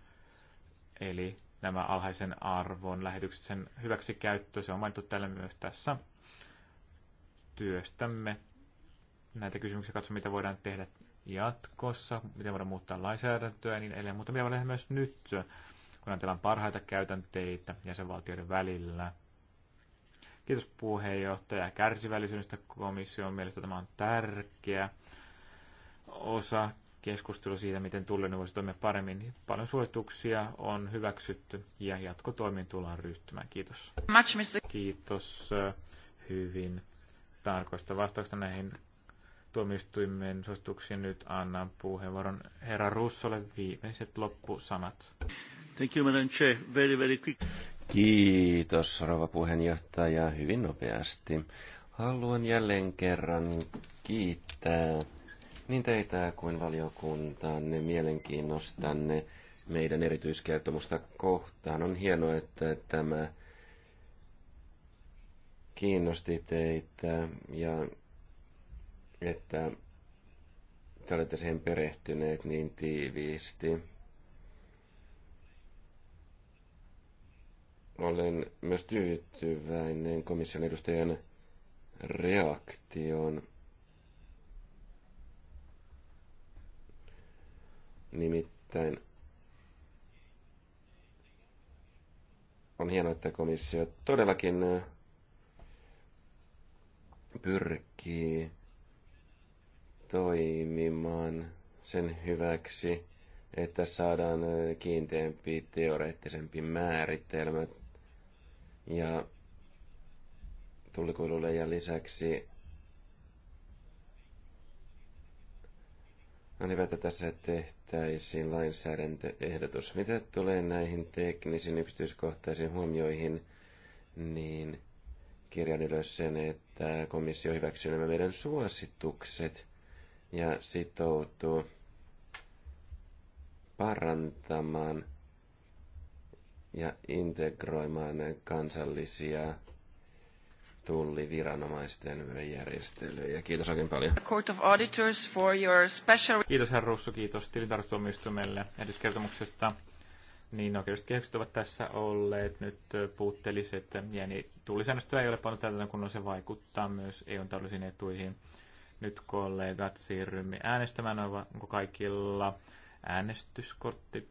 eli nämä alhaisen arvon lähetykset, sen hyväksikäyttö, se on mainittu täällä myös tässä työstämme näitä kysymyksiä, katso mitä voidaan tehdä jatkossa, miten voidaan muuttaa lainsäädäntöä ja niin edelleen, mutta mitä voidaan tehdä myös nyt kun ajatellaan parhaita käytänteitä jäsenvaltioiden välillä. Kiitos puheenjohtaja kärsivällisyydestä komission mielestä. Tämä on tärkeä osa keskustelua siitä, miten tullinen voisi toimia paremmin. Paljon suosituksia on hyväksytty ja jatkotoimiin tullaan ryhtymään. Kiitos. Kiitos äh, hyvin tarkoista vastauksista näihin tuomioistuimen suosituksiin. Nyt annan puheenvuoron herra Russolle viimeiset loppusanat. Thank you, Madam Chair. Very, very quick. Kiitos, rouva puheenjohtaja, hyvin nopeasti. Haluan jälleen kerran kiittää niin teitä kuin valiokuntaanne mielenkiinnostanne meidän erityiskertomusta kohtaan. On hienoa, että tämä kiinnosti teitä ja että te olette siihen perehtyneet niin tiiviisti. Olen myös tyytyväinen komission edustajan reaktioon. Nimittäin on hienoa, että komissio todellakin pyrkii toimimaan sen hyväksi, että saadaan kiinteämpi teoreettisempi määritelmä ja tullikuilulle ja lisäksi on hyvä, että tässä tehtäisiin lainsäädäntöehdotus. Mitä tulee näihin teknisiin yksityiskohtaisiin huomioihin, niin kirjan ylös sen, että komissio hyväksyy nämä meidän suositukset ja sitoutuu parantamaan – ja integroimaan kansallisia tulliviranomaisten järjestelyjä. Kiitos oikein paljon. Court of Auditors for your special... Kiitos herra Russo, kiitos tilintarkastuomioistuimelle edeskertomuksesta. Niin oikeudelliset kehykset ovat tässä olleet nyt puutteelliset, ja niin tullisäännöstöä ei ole paljon tältä, kun se vaikuttaa myös EUn taloudellisiin etuihin. Nyt kollegat siirrymme äänestämään, onko kaikilla äänestyskortti?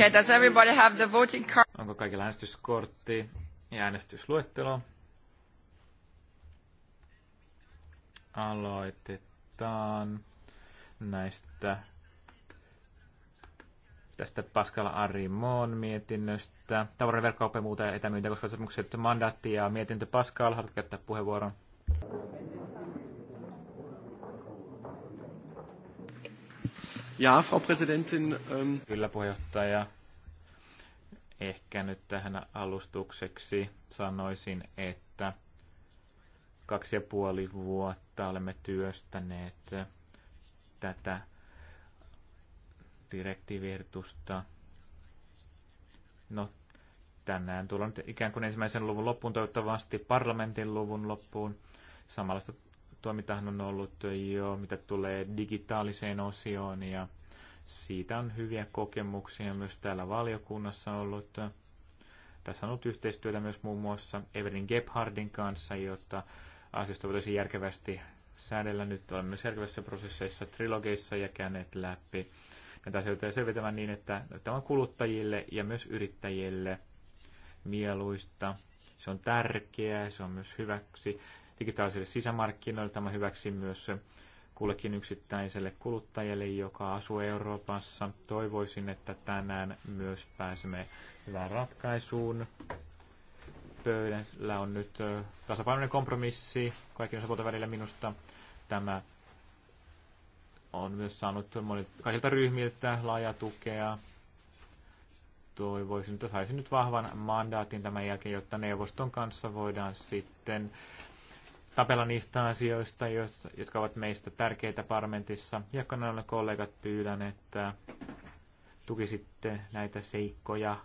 Okay, does everybody have the voting card? Onko kaikilla äänestyskortti ja äänestysluettelo? Aloitetaan näistä tästä Pascal Arimon mietinnöstä. Tavaran verkkauppa muuta etämyyntiä koskevat sopimukset, mandaatti ja mietintö Pascal. Haluatko käyttää puheenvuoron? Ja, Frau Präsidentin. Ähm... Kyllä, puheenjohtaja. Ehkä nyt tähän alustukseksi sanoisin, että kaksi ja puoli vuotta olemme työstäneet tätä direktiivirtusta. No, tänään tullaan ikään kuin ensimmäisen luvun loppuun, toivottavasti parlamentin luvun loppuun. Samalla juttua, mitä hän on ollut jo, mitä tulee digitaaliseen osioon ja siitä on hyviä kokemuksia myös täällä valiokunnassa ollut. Tässä on ollut yhteistyötä myös muun muassa Evelyn Gebhardin kanssa, jotta asiasta voitaisiin järkevästi säädellä. Nyt olemme myös järkevässä prosesseissa, trilogeissa ja käyneet läpi näitä asioita selvitämään niin, että tämä on kuluttajille ja myös yrittäjille mieluista. Se on tärkeää, se on myös hyväksi digitaalisille sisämarkkinoille. Tämä hyväksi myös kullekin yksittäiselle kuluttajalle, joka asuu Euroopassa. Toivoisin, että tänään myös pääsemme hyvään ratkaisuun. Pöydällä on nyt tasapainoinen kompromissi kaikkien osapuolten välillä minusta. Tämä on myös saanut kaikilta ryhmiltä laajaa tukea. Toivoisin, että saisin nyt vahvan mandaatin tämän jälkeen, jotta neuvoston kanssa voidaan sitten tapella niistä asioista, jotka ovat meistä tärkeitä parlamentissa. Ja kanavalle kollegat pyydän, että tukisitte näitä seikkoja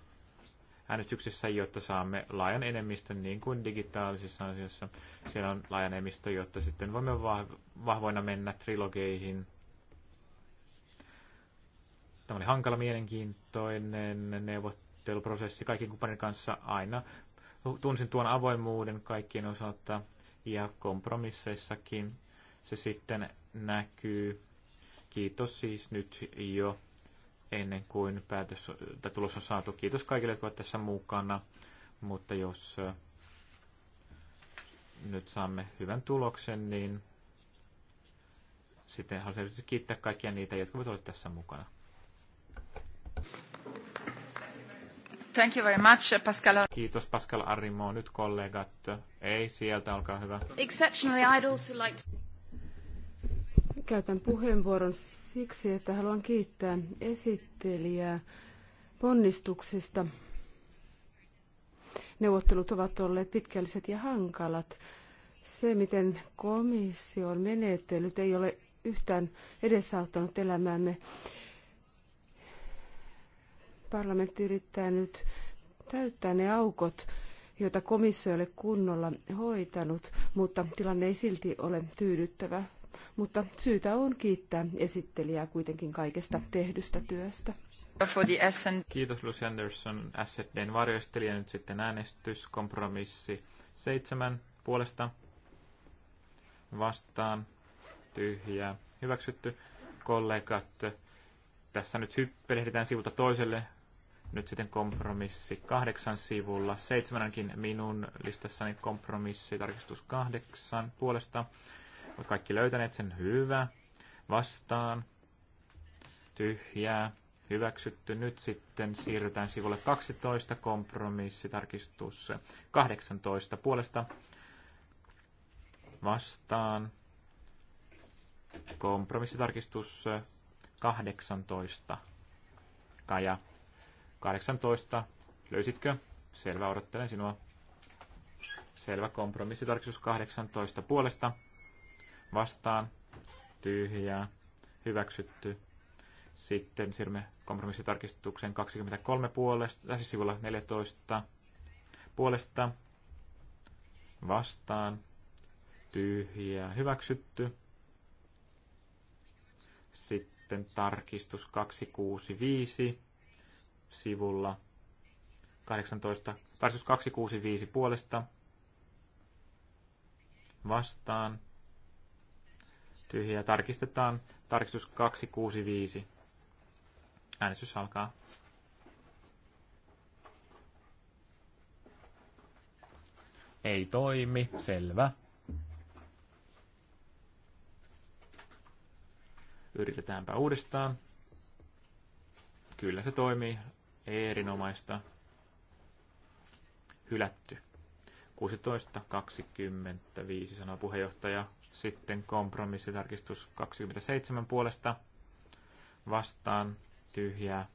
äänestyksessä, jotta saamme laajan enemmistön niin kuin digitaalisissa asioissa. Siellä on laajan enemmistö, jotta sitten voimme vahvoina mennä trilogeihin. Tämä oli hankala, mielenkiintoinen neuvotteluprosessi kaikkien kumppanin kanssa aina. Tunsin tuon avoimuuden kaikkien osalta ja kompromisseissakin se sitten näkyy. Kiitos siis nyt jo ennen kuin päätös, tai tulos on saatu. Kiitos kaikille, jotka ovat tässä mukana, mutta jos nyt saamme hyvän tuloksen, niin sitten haluaisin kiittää kaikkia niitä, jotka ovat olleet tässä mukana. Thank you very much, Pascal. Kiitos Pascal Arrimo. Nyt kollegat. Ei, sieltä, olkaa hyvä. Exceptionally, I'd also like to... Käytän puheenvuoron siksi, että haluan kiittää esittelijää ponnistuksista. Neuvottelut ovat olleet pitkälliset ja hankalat. Se, miten komissio on menetellyt, ei ole yhtään edesauttanut elämäämme parlamentti yrittää nyt täyttää ne aukot, joita komissio ei ole kunnolla hoitanut, mutta tilanne ei silti ole tyydyttävä. Mutta syytä on kiittää esittelijää kuitenkin kaikesta tehdystä työstä. Kiitos Lucy Anderson, SFDn varjoistelija. Nyt sitten äänestys, kompromissi seitsemän puolesta vastaan, tyhjää, hyväksytty. Kollegat, tässä nyt hyppelehditään sivulta toiselle nyt sitten kompromissi kahdeksan sivulla. seitsemänkin minun listassani kompromissi, tarkistus kahdeksan puolesta. Olet kaikki löytäneet sen hyvä. Vastaan. Tyhjää. Hyväksytty. Nyt sitten siirrytään sivulle 12. Kompromissi, tarkistus 18 puolesta. Vastaan. Kompromissitarkistus 18. Kaja 18. Löysitkö? Selvä, odottelen sinua. Selvä kompromissitarkistus 18 puolesta. Vastaan. Tyhjää. Hyväksytty. Sitten siirrymme kompromissitarkistukseen 23 puolesta, äh, siis sivulla 14 puolesta. Vastaan. Tyhjää. Hyväksytty. Sitten tarkistus 265 sivulla 18. Tarkistus 265 puolesta vastaan. Tyhjää tarkistetaan. Tarkistus 265. Äänestys alkaa. Ei toimi, selvä. Yritetäänpä uudestaan. Kyllä se toimii erinomaista hylätty. 16.25 sanoo puheenjohtaja. Sitten kompromissitarkistus 27 puolesta vastaan tyhjää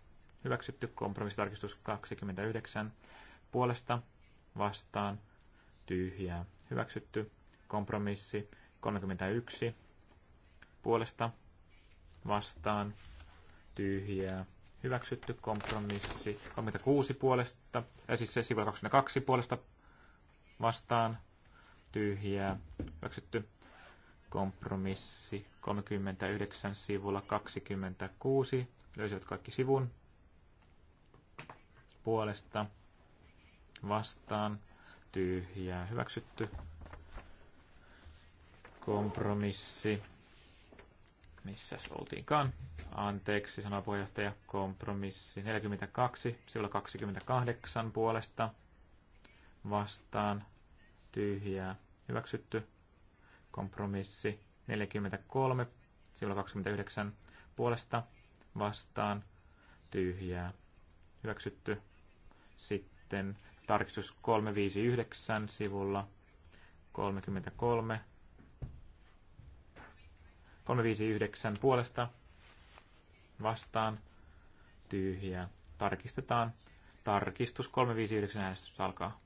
hyväksytty. Kompromissitarkistus 29 puolesta vastaan tyhjää hyväksytty. Kompromissi 31 puolesta vastaan tyhjää hyväksytty kompromissi 36 puolesta, ja äh, siis se sivulla 22 puolesta vastaan tyhjää, hyväksytty kompromissi 39 sivulla 26, löysivät kaikki sivun puolesta vastaan tyhjää, hyväksytty kompromissi missäs oltiinkaan. Anteeksi, sanoi puheenjohtaja. Kompromissi 42, sivulla 28 puolesta. Vastaan. Tyhjää. Hyväksytty. Kompromissi 43, sivulla 29 puolesta. Vastaan. Tyhjää. Hyväksytty. Sitten tarkistus 359 sivulla 33 359 puolesta vastaan tyhjä Tarkistetaan. Tarkistus 359 äänestys alkaa.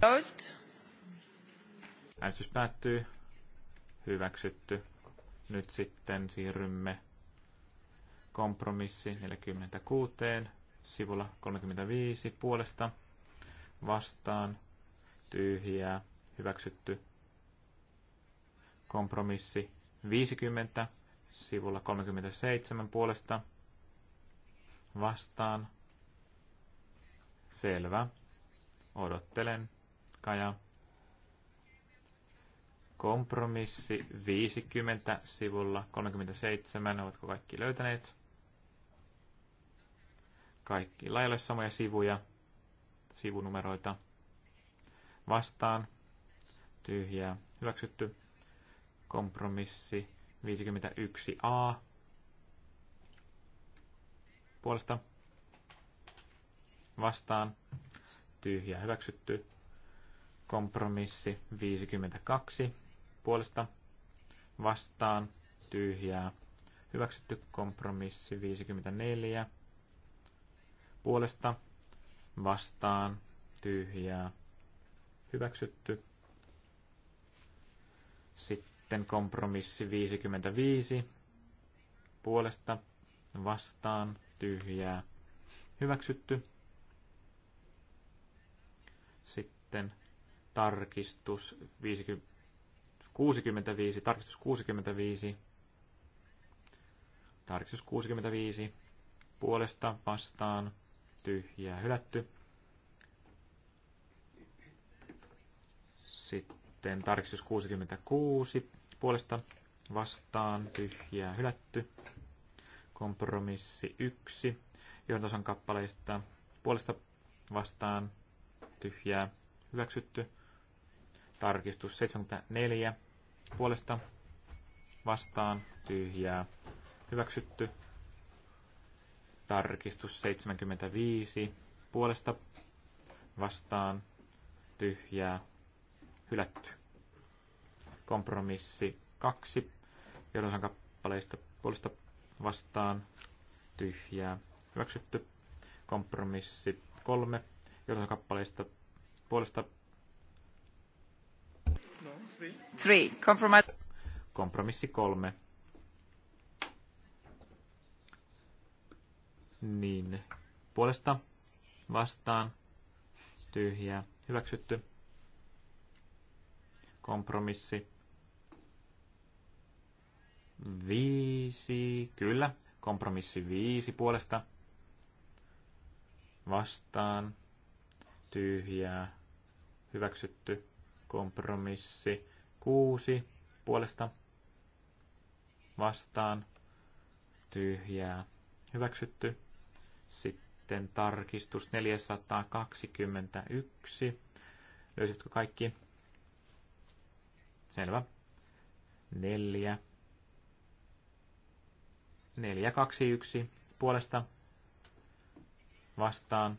Closed. Äänestys päättyy. Hyväksytty. Nyt sitten siirrymme kompromissi 46 sivulla 35 puolesta vastaan tyhjää, hyväksytty. Kompromissi 50, sivulla 37 puolesta, vastaan. Selvä. Odottelen. Kaja. Kompromissi 50 sivulla 37. Ovatko kaikki löytäneet? Kaikki lailla samoja sivuja, sivunumeroita vastaan, tyhjää, hyväksytty, kompromissi 51a puolesta vastaan, tyhjää, hyväksytty, kompromissi 52 puolesta vastaan, tyhjää, hyväksytty, kompromissi 54 puolesta vastaan, tyhjää, hyväksytty. Sitten kompromissi 55 puolesta vastaan tyhjää hyväksytty. Sitten tarkistus 50, 65, tarkistus 65, tarkistus 65 puolesta vastaan tyhjää hylätty. Sitten tarkistus 66 puolesta vastaan tyhjää hylätty. Kompromissi 1 johdosan kappaleista puolesta vastaan tyhjää hyväksytty. Tarkistus 74 puolesta vastaan tyhjää hyväksytty. Tarkistus 75 puolesta vastaan tyhjää hylätty. Kompromissi kaksi. Johdonsan kappaleista puolesta vastaan tyhjää hyväksytty. Kompromissi kolme. Johdonsan kappaleista puolesta Three. Compromise. Kompromissi kolme. Niin. Puolesta vastaan. Tyhjää. Hyväksytty. Kompromissi. Viisi, kyllä. Kompromissi viisi puolesta. Vastaan. Tyhjää. Hyväksytty. Kompromissi kuusi puolesta. Vastaan. Tyhjää. Hyväksytty. Sitten tarkistus 421. Löysitkö kaikki? Selvä. Neljä. Neljä, kaksi, yksi. Puolesta. Vastaan.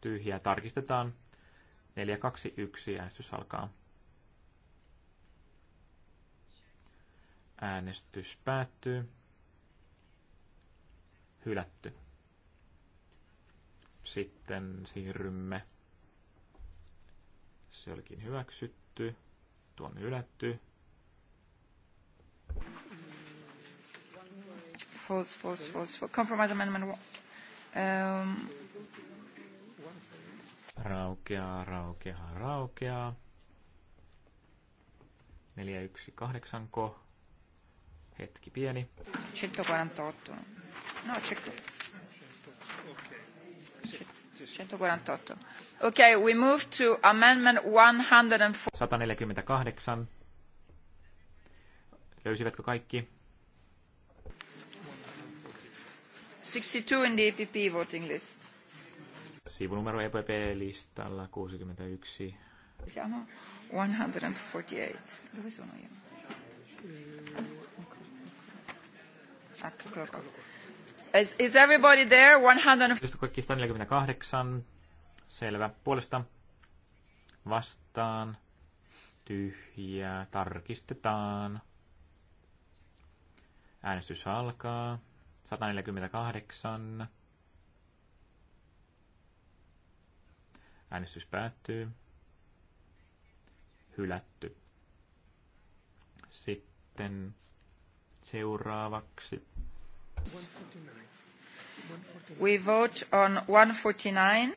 Tyhjää. Tarkistetaan. Neljä, kaksi, yksi. Äänestys alkaa. Äänestys päättyy. Hylätty. Sitten siirrymme. Se olikin hyväksytty juttu on ylätty. False, false, false, false. Compromise amendment. Um. Raukeaa, raukeaa, raukeaa. 418 ko. Hetki pieni. 148. No, 100. 148. Okay, we move to amendment 148. 148. Löysivätkö kaikki? 62 in the EPP voting list. Sivunumero EPP-listalla 61. Siamo 148. Dove sono io? Ecco, ah, Is, everybody there? 100... Kaikki 148. Selvä. Puolesta vastaan. Tyhjää. Tarkistetaan. Äänestys alkaa. 148. Äänestys päättyy. Hylätty. Sitten seuraavaksi We vote on 149.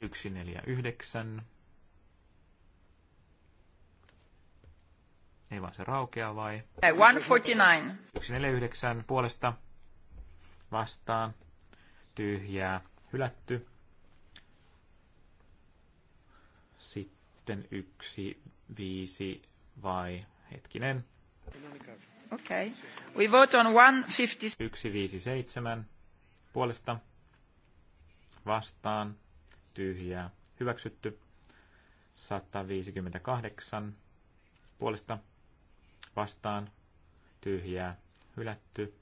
Ei vaan se raukeaa vai? 149. 149 puolesta vastaan. Tyhjää. Hylätty. Sitten yksi viisi vai hetkinen. Okay. We vote on 157 puolesta vastaan tyhjää hyväksytty. 158 puolesta vastaan tyhjää hylätty.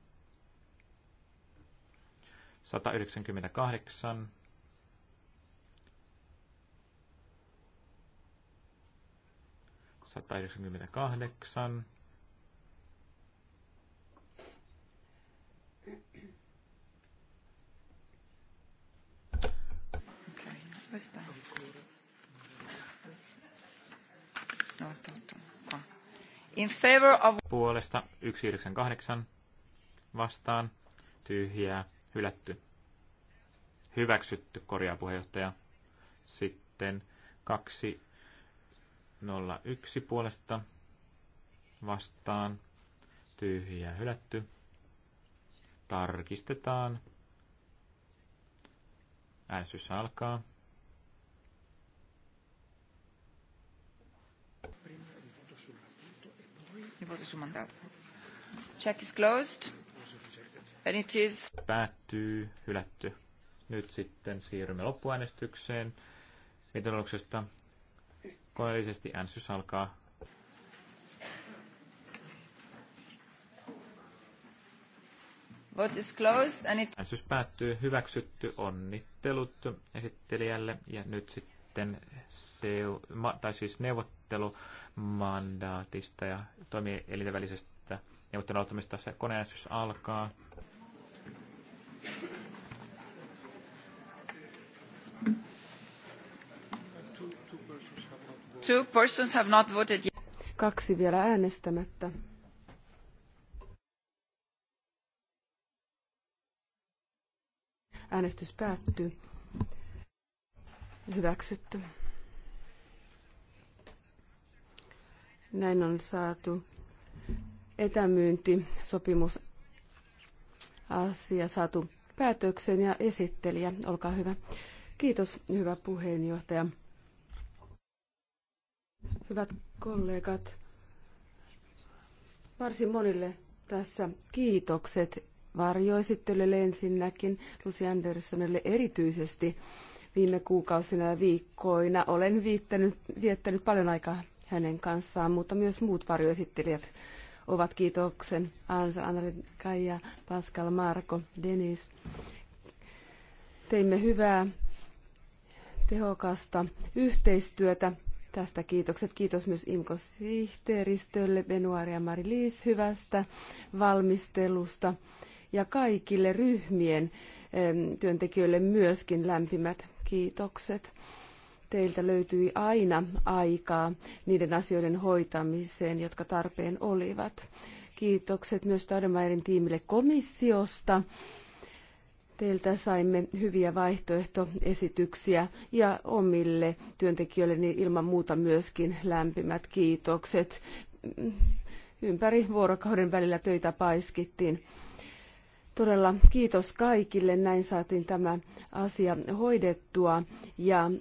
198 198 Questa? No, to, to, In favor of... Puolesta 198 vastaan tyhjää hylätty. Hyväksytty korjaa puheenjohtaja. Sitten 201 puolesta vastaan tyhjää hylätty. Tarkistetaan. Äänestys alkaa. Check is closed. And it is... Päättyy, hylätty. Nyt sitten siirrymme loppuäänestykseen. Mitoituksesta koneellisesti äänestys alkaa. Vote is closed and it... Äänestys päättyy, hyväksytty, onnittelut esittelijälle ja nyt sitten sitten se, tai siis neuvottelumandaatista ja toimielinten välisestä neuvottelun se koneäänestys alkaa. Two persons have not voted yet. Kaksi vielä äänestämättä. Äänestys päättyy. Hyväksytty. Näin on saatu etämyyntisopimus asia saatu päätöksen ja esittelijä, olkaa hyvä. Kiitos, hyvä puheenjohtaja. Hyvät kollegat, varsin monille tässä kiitokset varjoesittelylle ensinnäkin, Lucy Andersonille erityisesti viime kuukausina ja viikkoina. Olen viittänyt, viettänyt paljon aikaa hänen kanssaan, mutta myös muut varjoesittelijät ovat kiitoksen Ansa, Anneli, Kaija, Pascal, Marko, Denis. Teimme hyvää, tehokasta yhteistyötä. Tästä kiitokset. Kiitos myös IMKO-sihteeristölle, Benuari ja Mari-Liis hyvästä valmistelusta ja kaikille ryhmien työntekijöille myöskin lämpimät kiitokset. Teiltä löytyi aina aikaa niiden asioiden hoitamiseen, jotka tarpeen olivat. Kiitokset myös Tademairin tiimille komissiosta. Teiltä saimme hyviä vaihtoehtoesityksiä ja omille työntekijöille niin ilman muuta myöskin lämpimät kiitokset. Ympäri vuorokauden välillä töitä paiskittiin. Todella kiitos kaikille, näin saatiin tämä asia hoidettua ja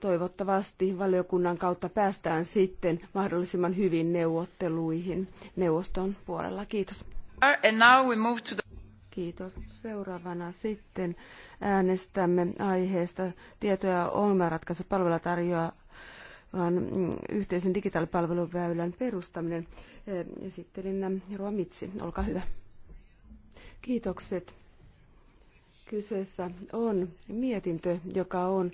toivottavasti valiokunnan kautta päästään sitten mahdollisimman hyvin neuvotteluihin neuvoston puolella. Kiitos. Kiitos. Seuraavana sitten äänestämme aiheesta tietoja ja ongelmanratkaisu palveluja tarjoaa mm, yhteisen digitaalipalveluväylän perustaminen. Eh, Esittelinä Roa Mitsi, olkaa hyvä. Kiitokset. Kyseessä on mietintö, joka on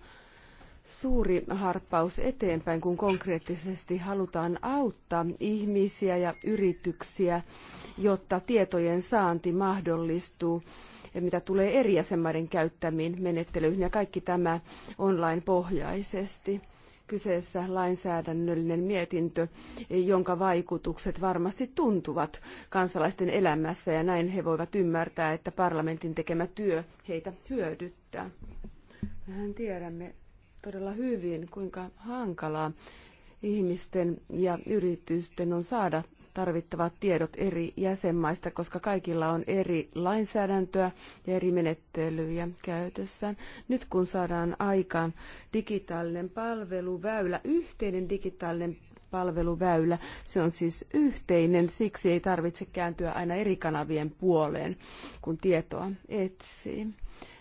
suuri harppaus eteenpäin, kun konkreettisesti halutaan auttaa ihmisiä ja yrityksiä, jotta tietojen saanti mahdollistuu mitä tulee eri jäsenmaiden käyttämiin menettelyihin ja kaikki tämä online-pohjaisesti kyseessä lainsäädännöllinen mietintö, jonka vaikutukset varmasti tuntuvat kansalaisten elämässä ja näin he voivat ymmärtää, että parlamentin tekemä työ heitä hyödyttää. Mehän tiedämme todella hyvin, kuinka hankalaa ihmisten ja yritysten on saada tarvittavat tiedot eri jäsenmaista, koska kaikilla on eri lainsäädäntöä ja eri menettelyjä käytössään. Nyt kun saadaan aikaan digitaalinen palveluväylä, yhteinen digitaalinen palveluväylä, se on siis yhteinen, siksi ei tarvitse kääntyä aina eri kanavien puoleen, kun tietoa etsii.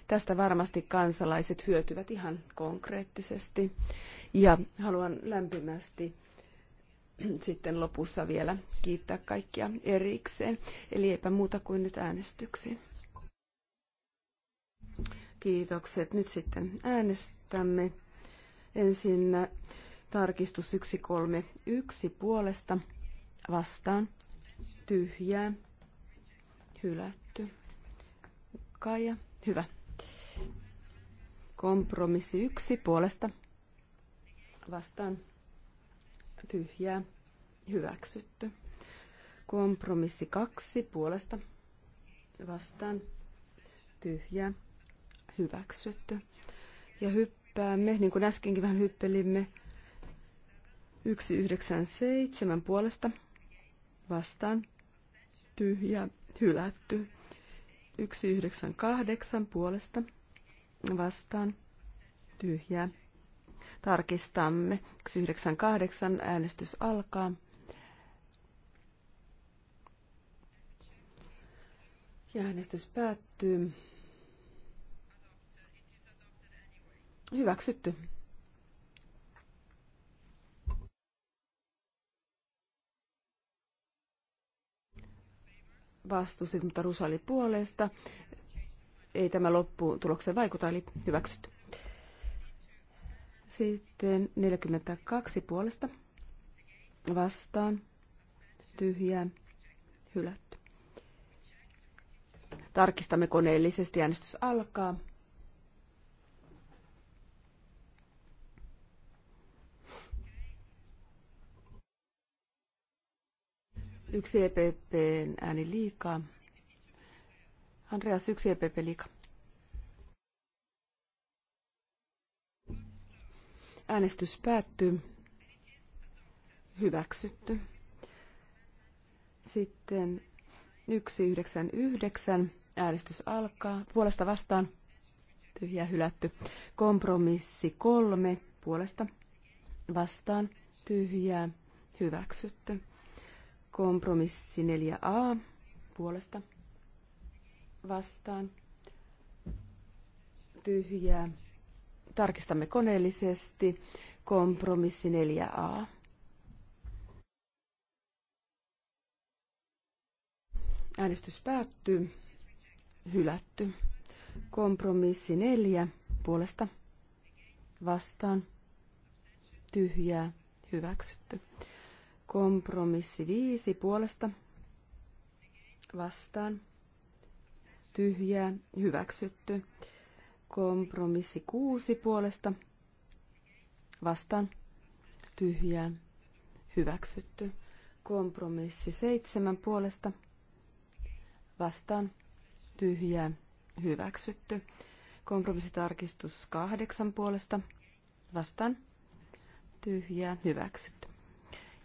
Tästä varmasti kansalaiset hyötyvät ihan konkreettisesti. Ja haluan lämpimästi sitten lopussa vielä kiittää kaikkia erikseen. Eli eipä muuta kuin nyt äänestyksiin. Kiitokset. Nyt sitten äänestämme. Ensin tarkistus 131 puolesta vastaan. Tyhjää. Hylätty. Kaija. Hyvä. Kompromissi yksi puolesta vastaan tyhjää hyväksytty. Kompromissi kaksi puolesta vastaan tyhjää hyväksytty. Ja hyppäämme, niin kuin äskenkin vähän hyppelimme, 197 puolesta vastaan tyhjä hylätty. 198 puolesta vastaan tyhjä tarkistamme. 98 äänestys alkaa. Ja äänestys päättyy. Hyväksytty. Vastusit, mutta Rusali puolesta. Ei tämä lopputulokseen vaikuta, eli hyväksytty. Sitten 42 puolesta vastaan tyhjää hylätty. Tarkistamme koneellisesti. Äänestys alkaa. Yksi EPP ääni liikaa. Andreas, yksi EPP liikaa. Äänestys päättyy. Hyväksytty. Sitten 199. Äänestys alkaa. Puolesta vastaan. Tyhjä hylätty. Kompromissi kolme. Puolesta vastaan. Tyhjää. Hyväksytty. Kompromissi 4a. Puolesta vastaan. Tyhjää tarkistamme koneellisesti kompromissi 4a. Äänestys päättyy. Hylätty. Kompromissi 4 puolesta vastaan. Tyhjää. Hyväksytty. Kompromissi 5 puolesta vastaan. Tyhjää. Hyväksytty. Kompromissi kuusi puolesta. Vastaan. Tyhjää. Hyväksytty. Kompromissi seitsemän puolesta. Vastaan. Tyhjää. Hyväksytty. Kompromissitarkistus kahdeksan puolesta. Vastaan. Tyhjää. Hyväksytty.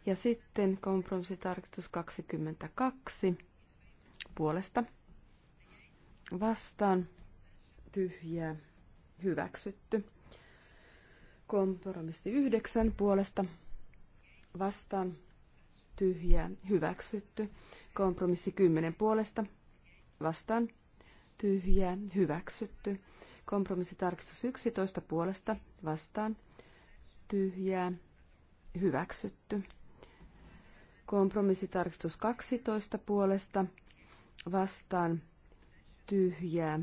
Ja sitten kompromissitarkistus 22 puolesta. Vastaan tyhjää hyväksytty. Kompromissi yhdeksän puolesta vastaan tyhjää hyväksytty. Kompromissi kymmenen puolesta vastaan tyhjää hyväksytty. Kompromissitarkistus 11 puolesta vastaan tyhjää hyväksytty. Kompromissitarkistus 12 puolesta vastaan tyhjää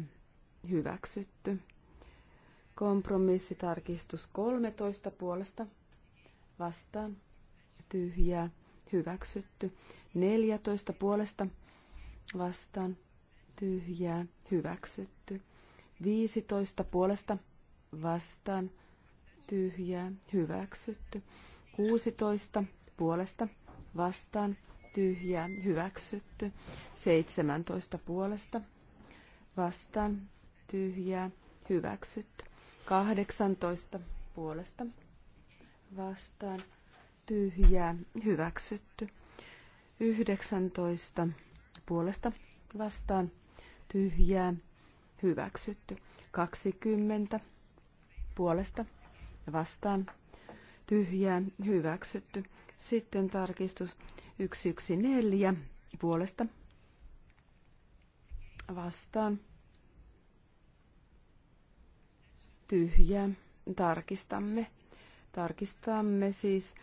hyväksytty. Kompromissitarkistus 13 puolesta vastaan tyhjää hyväksytty. 14 puolesta vastaan tyhjää hyväksytty. 15 puolesta vastaan tyhjää hyväksytty. 16 puolesta vastaan tyhjää hyväksytty. 17 puolesta vastaan tyhjää hyväksytty. 18 puolesta vastaan tyhjää hyväksytty. 19 puolesta vastaan tyhjää hyväksytty. 20 puolesta vastaan tyhjää hyväksytty. Sitten tarkistus 114 puolesta vastaan tyhjä. Tarkistamme. Tarkistamme siis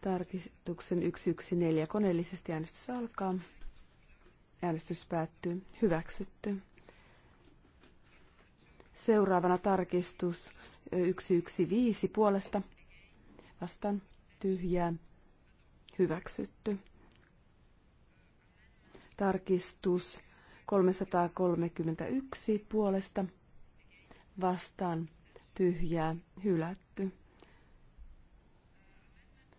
tarkistuksen 114 koneellisesti. Äänestys alkaa. Äänestys päättyy. Hyväksytty. Seuraavana tarkistus 115 puolesta. Vastaan tyhjää. Hyväksytty. Tarkistus 331 puolesta. Vastaan tyhjää, hylätty.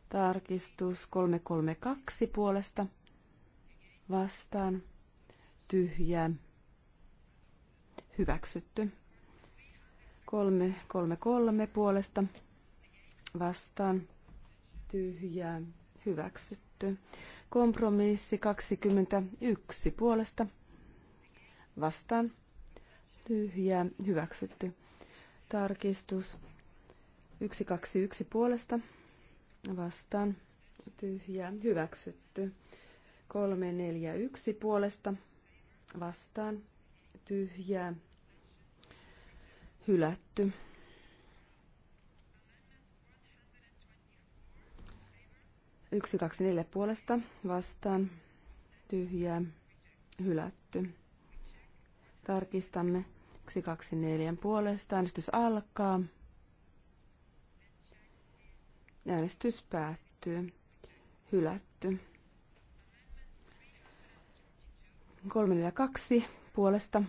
Tarkistus 332 puolesta vastaan, tyhjää, hyväksytty. 333 puolesta vastaan, tyhjää, hyväksytty. Kompromissi 21 puolesta vastaan, tyhjää, hyväksytty. Tarkistus 121 puolesta vastaan tyhjä hyväksytty. 341 puolesta vastaan tyhjä hylätty. Yksi, kaksi, neljä puolesta vastaan tyhjää hylätty. Tarkistamme kaksi neljän puolesta. Äänestys alkaa. Äänestys päättyy. Hylätty. 342 puolesta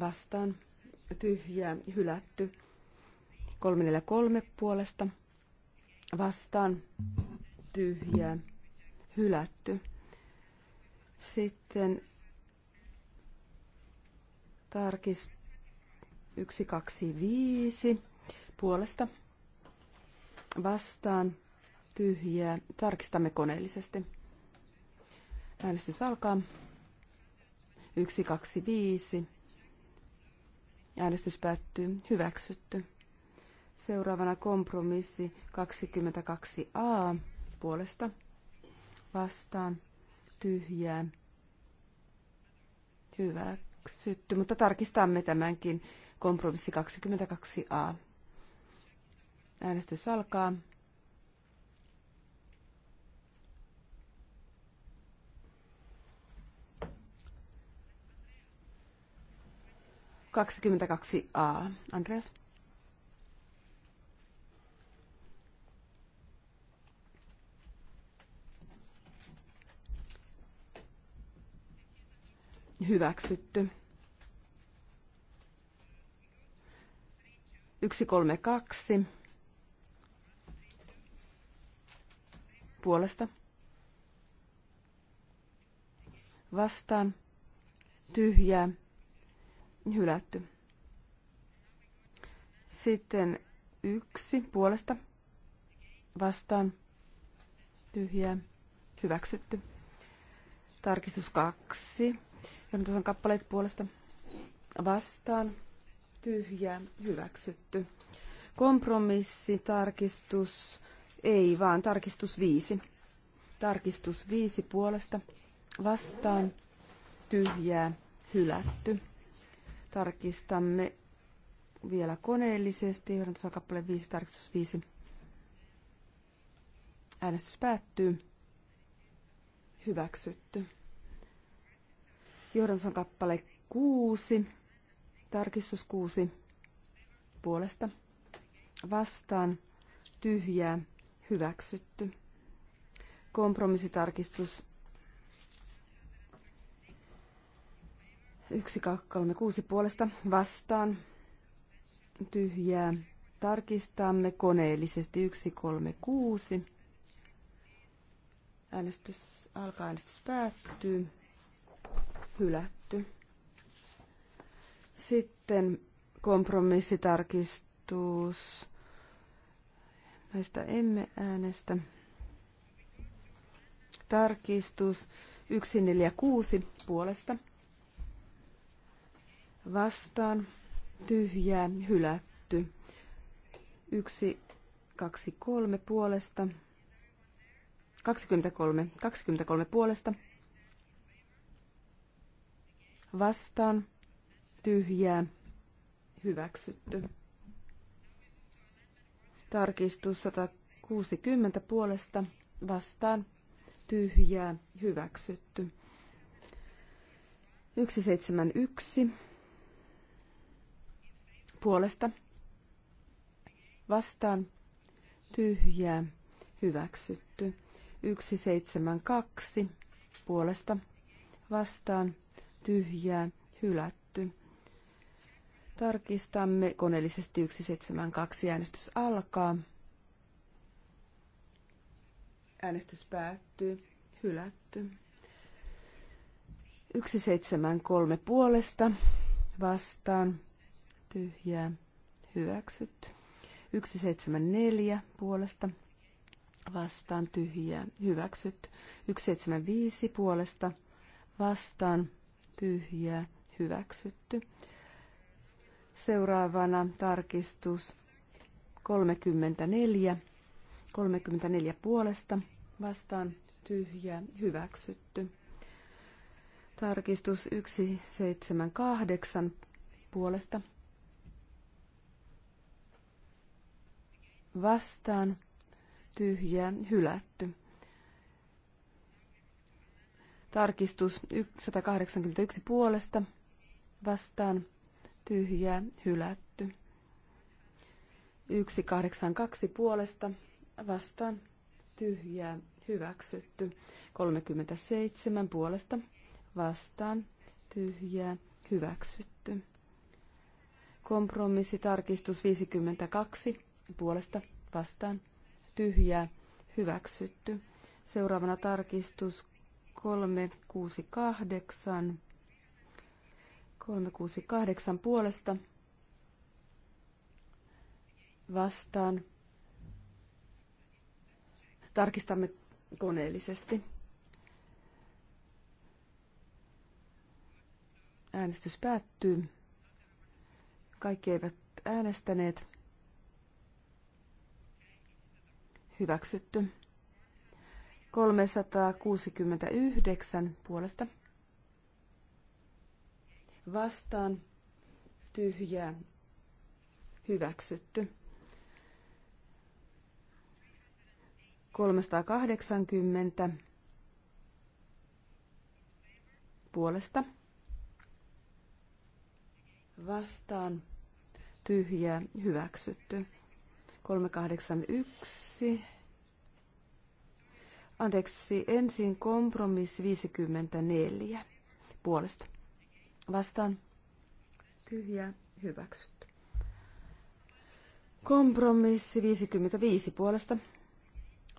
vastaan. Tyhjää. Hylätty. 343 puolesta vastaan. Tyhjää. Hylätty. Sitten Tarkis 125 puolesta vastaan tyhjää. Tarkistamme koneellisesti. Äänestys alkaa. 125. Äänestys päättyy. Hyväksytty. Seuraavana kompromissi 22a puolesta vastaan tyhjää. Hyväksytty hyväksytty, mutta tarkistamme tämänkin. Kompromissi 22a. Äänestys alkaa. Kaksikymmentäkaksi A. Andreas. Hyväksytty. 132 puolesta vastaan tyhjää hylätty. Sitten yksi puolesta vastaan tyhjää hyväksytty. Tarkistus kaksi. Ja nyt on kappaleet puolesta vastaan tyhjä hyväksytty. kompromissi tarkistus ei, vaan tarkistus viisi Tarkistus viisi puolesta vastaan tyhjää hylätty. Tarkistamme vielä koneellisesti. Johdantason kappale 5, tarkistus 5. Äänestys päättyy. Hyväksytty. johdonsa kappale 6 Tarkistus 6 puolesta vastaan tyhjää hyväksytty. Kompromissitarkistus 6 puolesta vastaan tyhjää. Tarkistamme koneellisesti 6. Äänestys alkaa, äänestys päättyy. Hylätty. Sitten kompromissitarkistus. Näistä emme äänestä. Tarkistus 146 puolesta. Vastaan tyhjää hylätty. 1, 2, 3 puolesta. 23. 23 puolesta. Vastaan tyhjää, hyväksytty. Tarkistus 160 puolesta vastaan, tyhjää, hyväksytty. 171 puolesta vastaan, tyhjää, hyväksytty. 172 puolesta vastaan, tyhjää, hylätty Tarkistamme koneellisesti 172 äänestys alkaa. Äänestys päättyy. Hylätty. 173 puolesta vastaan. Tyhjää. Hyväksytty. 174 puolesta vastaan. Tyhjää. Hyväksytty. 175 puolesta vastaan. Tyhjää. Hyväksytty. Seuraavana tarkistus 34. 34 puolesta vastaan tyhjä hyväksytty. Tarkistus 178 puolesta vastaan tyhjä hylätty. Tarkistus 181 puolesta vastaan tyhjää, hylätty. 182 puolesta vastaan tyhjää, hyväksytty. 37 puolesta vastaan tyhjää, hyväksytty. Kompromissitarkistus 52 puolesta vastaan tyhjää, hyväksytty. Seuraavana tarkistus 368 368 puolesta vastaan. Tarkistamme koneellisesti. Äänestys päättyy. Kaikki eivät äänestäneet. Hyväksytty. 369 puolesta vastaan tyhjää hyväksytty. 380 puolesta vastaan tyhjää hyväksytty. 381. Anteeksi, ensin kompromissi 54 puolesta vastaan tyhjä hyväksytty. Kompromissi 55 puolesta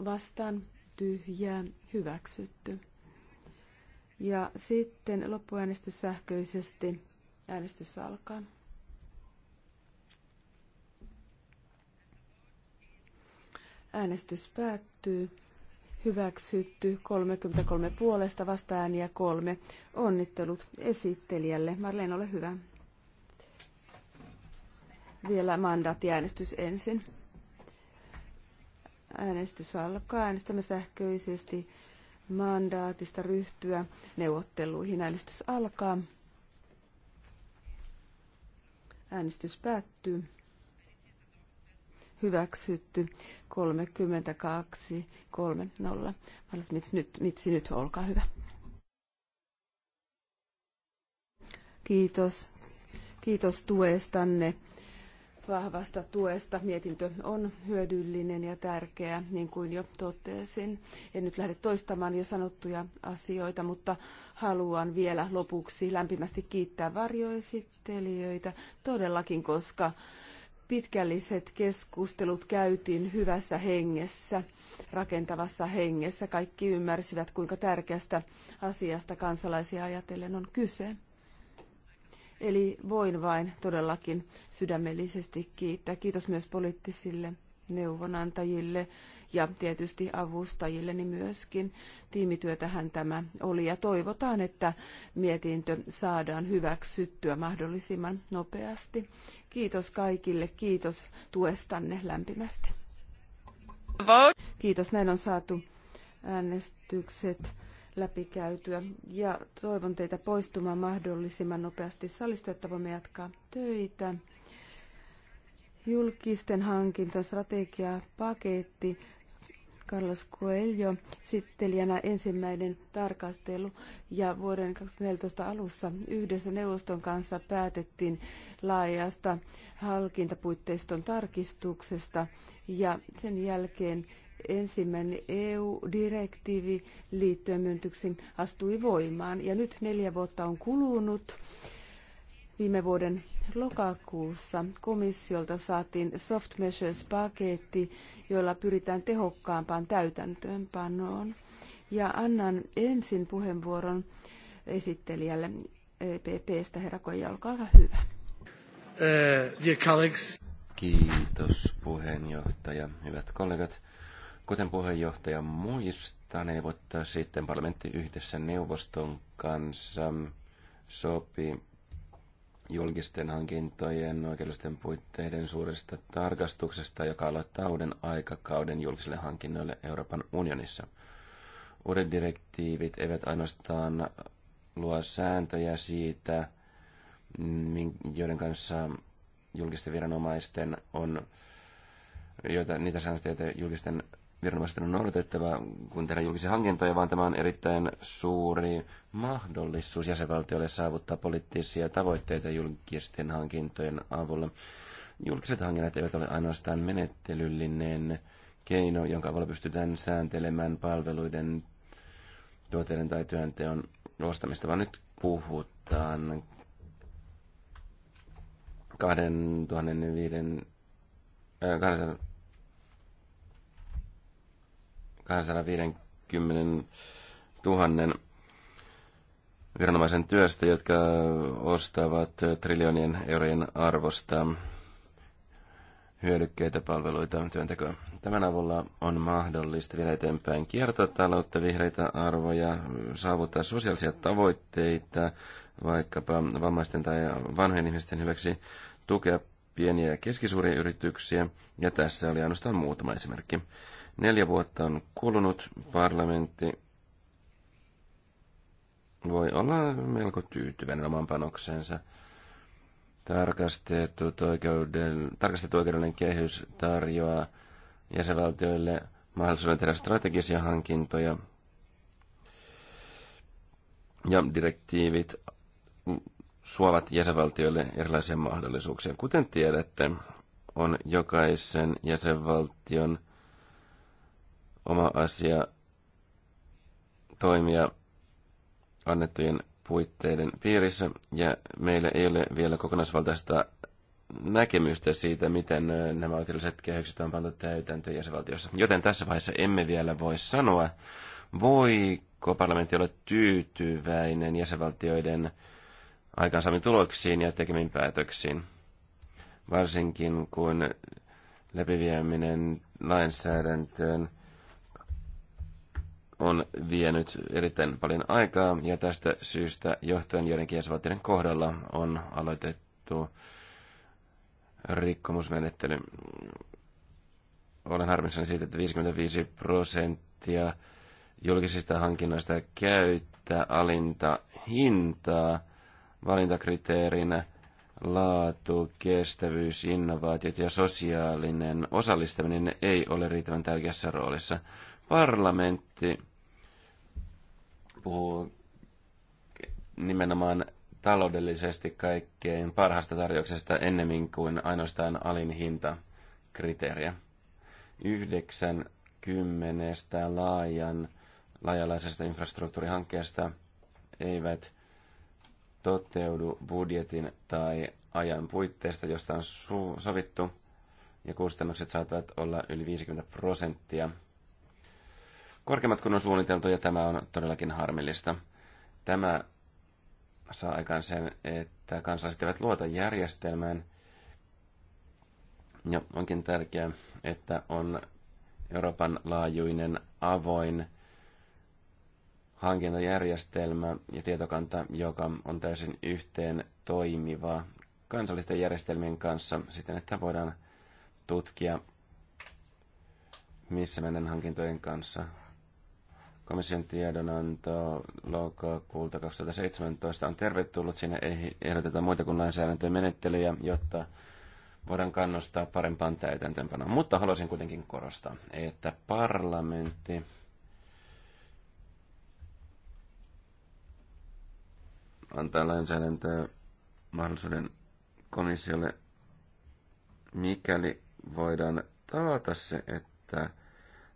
vastaan tyhjä hyväksytty. Ja sitten loppuäänestys sähköisesti. Äänestys alkaa. Äänestys päättyy hyväksytty 33 puolesta vastaääniä kolme. Onnittelut esittelijälle. Marleen, ole hyvä. Vielä mandaattiäänestys ensin. Äänestys alkaa. Äänestämme sähköisesti mandaatista ryhtyä neuvotteluihin. Äänestys alkaa. Äänestys päättyy hyväksytty 323.0, 30. Marlos, miksi nyt, miksi nyt, olkaa hyvä. Kiitos. Kiitos tuestanne, vahvasta tuesta. Mietintö on hyödyllinen ja tärkeä, niin kuin jo totesin. En nyt lähde toistamaan jo sanottuja asioita, mutta haluan vielä lopuksi lämpimästi kiittää varjoesittelijöitä todellakin, koska pitkälliset keskustelut käytiin hyvässä hengessä, rakentavassa hengessä. Kaikki ymmärsivät, kuinka tärkeästä asiasta kansalaisia ajatellen on kyse. Eli voin vain todellakin sydämellisesti kiittää. Kiitos myös poliittisille neuvonantajille ja tietysti avustajille, niin myöskin tiimityötähän tämä oli. Ja toivotaan, että mietintö saadaan hyväksyttyä mahdollisimman nopeasti. Kiitos kaikille, kiitos tuestanne lämpimästi. Kiitos, näin on saatu äänestykset läpikäytyä ja toivon teitä poistumaan mahdollisimman nopeasti salista, että voimme jatkaa töitä julkisten hankintojen strategiapaketti. Carlos Coelho sittelijänä ensimmäinen tarkastelu ja vuoden 2014 alussa yhdessä neuvoston kanssa päätettiin laajasta halkintapuitteiston tarkistuksesta ja sen jälkeen ensimmäinen EU-direktiivi liittyen myöntyksiin astui voimaan ja nyt neljä vuotta on kulunut viime vuoden lokakuussa komissiolta saatiin soft measures-paketti, jolla pyritään tehokkaampaan täytäntöönpanoon. Ja annan ensin puheenvuoron esittelijälle EPPstä, herra Koja, olkaa hyvä. Eh, dear colleagues. Kiitos puheenjohtaja, hyvät kollegat. Kuten puheenjohtaja muistanee, vuotta sitten parlamentti yhdessä neuvoston kanssa sopi julkisten hankintojen oikeudellisten puitteiden suuresta tarkastuksesta, joka aloittaa uuden aikakauden julkisille hankinnoille Euroopan unionissa. Uudet direktiivit eivät ainoastaan luo sääntöjä siitä, joiden kanssa julkisten viranomaisten on, joita, niitä sääntöjä, joita julkisten viranomaisten on noudatettava, kun tehdään julkisia hankintoja, vaan tämä on erittäin suuri mahdollisuus jäsenvaltioille saavuttaa poliittisia tavoitteita julkisten hankintojen avulla. Julkiset hankinnat eivät ole ainoastaan menettelyllinen keino, jonka avulla pystytään sääntelemään palveluiden, tuotteiden tai työnteon ostamista, vaan nyt puhutaan 2005 250 000 viranomaisen työstä, jotka ostavat triljoonien eurojen arvosta hyödykkeitä, palveluita, työntekoa. Tämän avulla on mahdollista vielä eteenpäin kiertotaloutta, vihreitä arvoja, saavuttaa sosiaalisia tavoitteita, vaikkapa vammaisten tai vanhojen ihmisten hyväksi, tukea pieniä ja keskisuuria yrityksiä, ja tässä oli ainoastaan muutama esimerkki. Neljä vuotta on kulunut, parlamentti voi olla melko tyytyväinen oman panoksensa. Tarkastettu, oikeudellinen kehys tarjoaa jäsenvaltioille mahdollisuuden tehdä strategisia hankintoja ja direktiivit suovat jäsenvaltioille erilaisia mahdollisuuksia. Kuten tiedätte, on jokaisen jäsenvaltion – oma asia toimia annettujen puitteiden piirissä, ja meillä ei ole vielä kokonaisvaltaista näkemystä siitä, miten nämä oikeudelliset kehykset on pantu täytäntöön jäsenvaltiossa. Joten tässä vaiheessa emme vielä voi sanoa, voiko parlamentti olla tyytyväinen jäsenvaltioiden aikaansaamiin tuloksiin ja tekemiin päätöksiin, varsinkin kun läpivieminen lainsäädäntöön – on vienyt erittäin paljon aikaa ja tästä syystä johtuen joidenkin jäsenvaltioiden kohdalla on aloitettu rikkomusmenettely. Olen harmissani siitä, että 55 prosenttia julkisista hankinnoista käyttää alinta hintaa valintakriteerinä laatu, kestävyys, innovaatiot ja sosiaalinen osallistaminen ei ole riittävän tärkeässä roolissa. Parlamentti puhuu nimenomaan taloudellisesti kaikkein parhaasta tarjouksesta ennemmin kuin ainoastaan alin hinta kriteeriä. Yhdeksän kymmenestä laajan, laajalaisesta infrastruktuurihankkeesta eivät toteudu budjetin tai ajan puitteista, josta on sovittu, ja kustannukset saattavat olla yli 50 prosenttia korkeammat kuin on suunniteltu, ja tämä on todellakin harmillista. Tämä saa aikaan sen, että kansalaiset eivät luota järjestelmään, ja onkin tärkeää, että on Euroopan laajuinen avoin hankintajärjestelmä ja tietokanta, joka on täysin yhteen toimiva kansallisten järjestelmien kanssa siten, että voidaan tutkia, missä mennään hankintojen kanssa. Komission tiedonanto lokakuulta 2017 on tervetullut. Siinä ei ehdoteta muita kuin lainsäädäntömenettelyjä, jotta voidaan kannustaa parempaan täytäntöönpanoon. Mutta haluaisin kuitenkin korostaa, että parlamentti antaa lainsäädäntöä mahdollisuuden komissiolle, mikäli voidaan taata se, että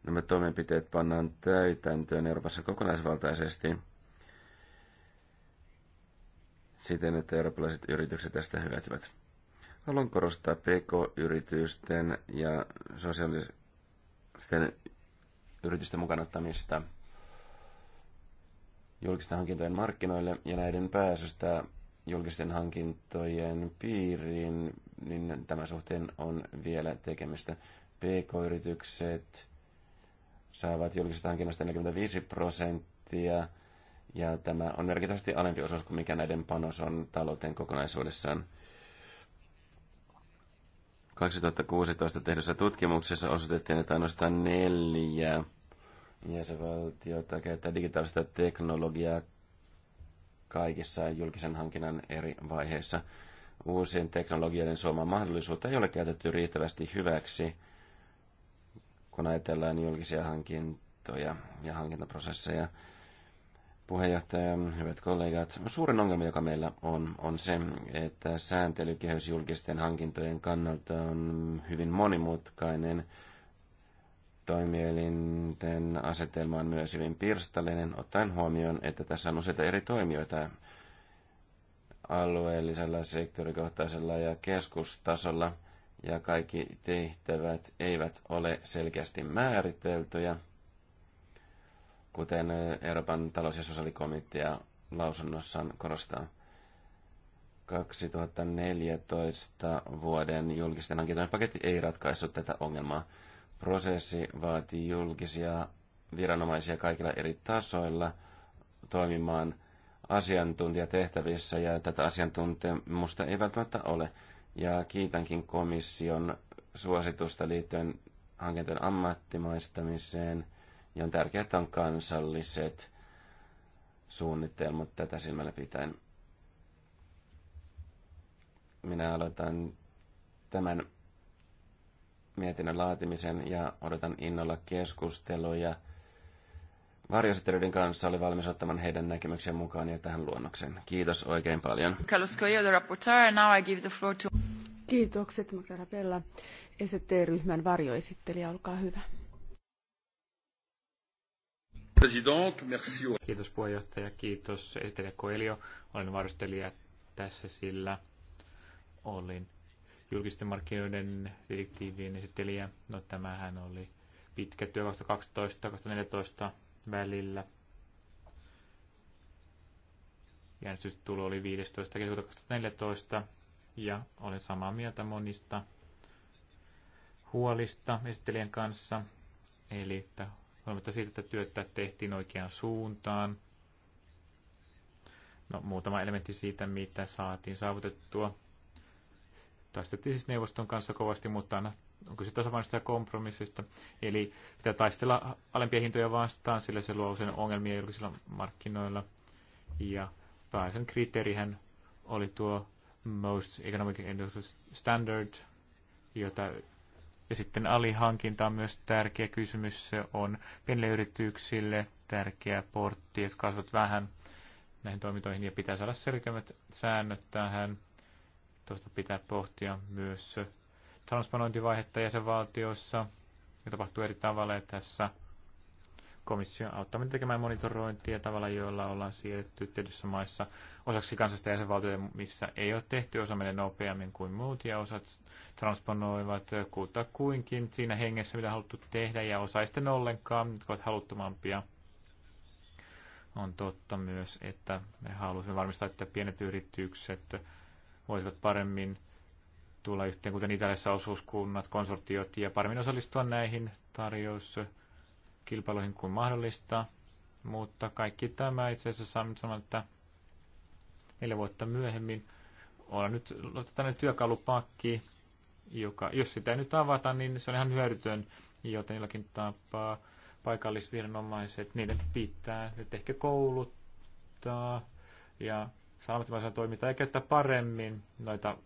nämä toimenpiteet pannaan täytäntöön Euroopassa kokonaisvaltaisesti siten, että eurooppalaiset yritykset tästä hyötyvät. Haluan korostaa PK-yritysten ja sosiaalisten yritysten mukana julkisten hankintojen markkinoille ja näiden pääsystä julkisten hankintojen piiriin, niin tämän suhteen on vielä tekemistä. PK-yritykset saavat julkisista hankinnoista 45 prosenttia, ja tämä on merkittävästi alempi osuus kuin mikä näiden panos on talouteen kokonaisuudessaan. 2016 tehdyssä tutkimuksessa osoitettiin, että ainoastaan neljä jäsenvaltiota käyttää digitaalista teknologiaa kaikissa julkisen hankinnan eri vaiheissa. Uusien teknologioiden suomaa mahdollisuutta ei ole käytetty riittävästi hyväksi – kun ajatellaan julkisia hankintoja ja hankintaprosesseja. Puheenjohtaja, hyvät kollegat, suurin ongelma, joka meillä on, on se, että sääntelykehys julkisten hankintojen kannalta on hyvin monimutkainen. Toimielinten asetelma on myös hyvin pirstallinen, ottaen huomioon, että tässä on useita eri toimijoita alueellisella, sektorikohtaisella ja keskustasolla – ja kaikki tehtävät eivät ole selkeästi määriteltyjä, kuten Euroopan talous- ja sosiaalikomitea lausunnossaan korostaa. 2014 vuoden julkisten hankintojen paketti ei ratkaissut tätä ongelmaa. Prosessi vaatii julkisia viranomaisia kaikilla eri tasoilla toimimaan asiantuntijatehtävissä ja tätä asiantuntemusta ei välttämättä ole ja kiitänkin komission suositusta liittyen hankintojen ammattimaistamiseen, ja on tärkeää, että on kansalliset suunnitelmat tätä silmällä pitäen. Minä aloitan tämän mietinnön laatimisen ja odotan innolla keskusteluja – varjoesittelyiden kanssa oli valmis ottamaan heidän näkemyksiä mukaan ja tähän luonnokseen. Kiitos oikein paljon. Carlos Coelho, the rapporteur, now I give the floor to... Kiitokset, Macarapella. ST-ryhmän varjoesittelijä, olkaa hyvä. Kiitos puheenjohtaja, kiitos esittelijä Coelho. Olen varjoesittelijä tässä, sillä olin julkisten markkinoiden direktiivin esittelijä. No tämähän oli pitkä työ 2012-2014 välillä. Jännitystulo oli 15. kesäkuuta 2014 ja olen samaa mieltä monista huolista esittelijän kanssa. Eli että huolimatta siitä, että työtä tehtiin oikeaan suuntaan. No, muutama elementti siitä, mitä saatiin saavutettua. Taistettiin siis neuvoston kanssa kovasti, mutta aina on kyse tasapainosta ja kompromissista. Eli pitää taistella alempia hintoja vastaan, sillä se luo usein ongelmia julkisilla markkinoilla. Ja pääsen kriteerihän oli tuo Most Economic Industry Standard, jota ja sitten alihankinta on myös tärkeä kysymys. Se on pienille yrityksille tärkeä portti, että kasvat vähän näihin toimintoihin ja pitää saada selkeämmät säännöt tähän. Tuosta pitää pohtia myös transponointivaihetta jäsenvaltioissa, ja tapahtuu eri tavalla, ja tässä komissio auttaa tekemään monitorointia tavalla, joilla ollaan siirretty tietyissä maissa osaksi kansallista jäsenvaltioita, missä ei ole tehty, osa menee nopeammin kuin muut, ja osat transponoivat kuinkin siinä hengessä, mitä haluttu tehdä, ja osa ei sitten ollenkaan, jotka ovat haluttomampia. On totta myös, että me haluaisimme varmistaa, että pienet yritykset voisivat paremmin tulla yhteen, kuten Italiassa osuuskunnat, konsortiot ja paremmin osallistua näihin tarjouskilpailuihin kuin mahdollista. Mutta kaikki tämä itse asiassa saa nyt sanoa, että neljä vuotta myöhemmin olla nyt tällainen työkalupakki, joka, jos sitä ei nyt avata, niin se on ihan hyödytön, joten jollakin tapaa paikallisviranomaiset, niiden pitää nyt ehkä kouluttaa ja saamattomaisena toimintaa ja käyttää paremmin noita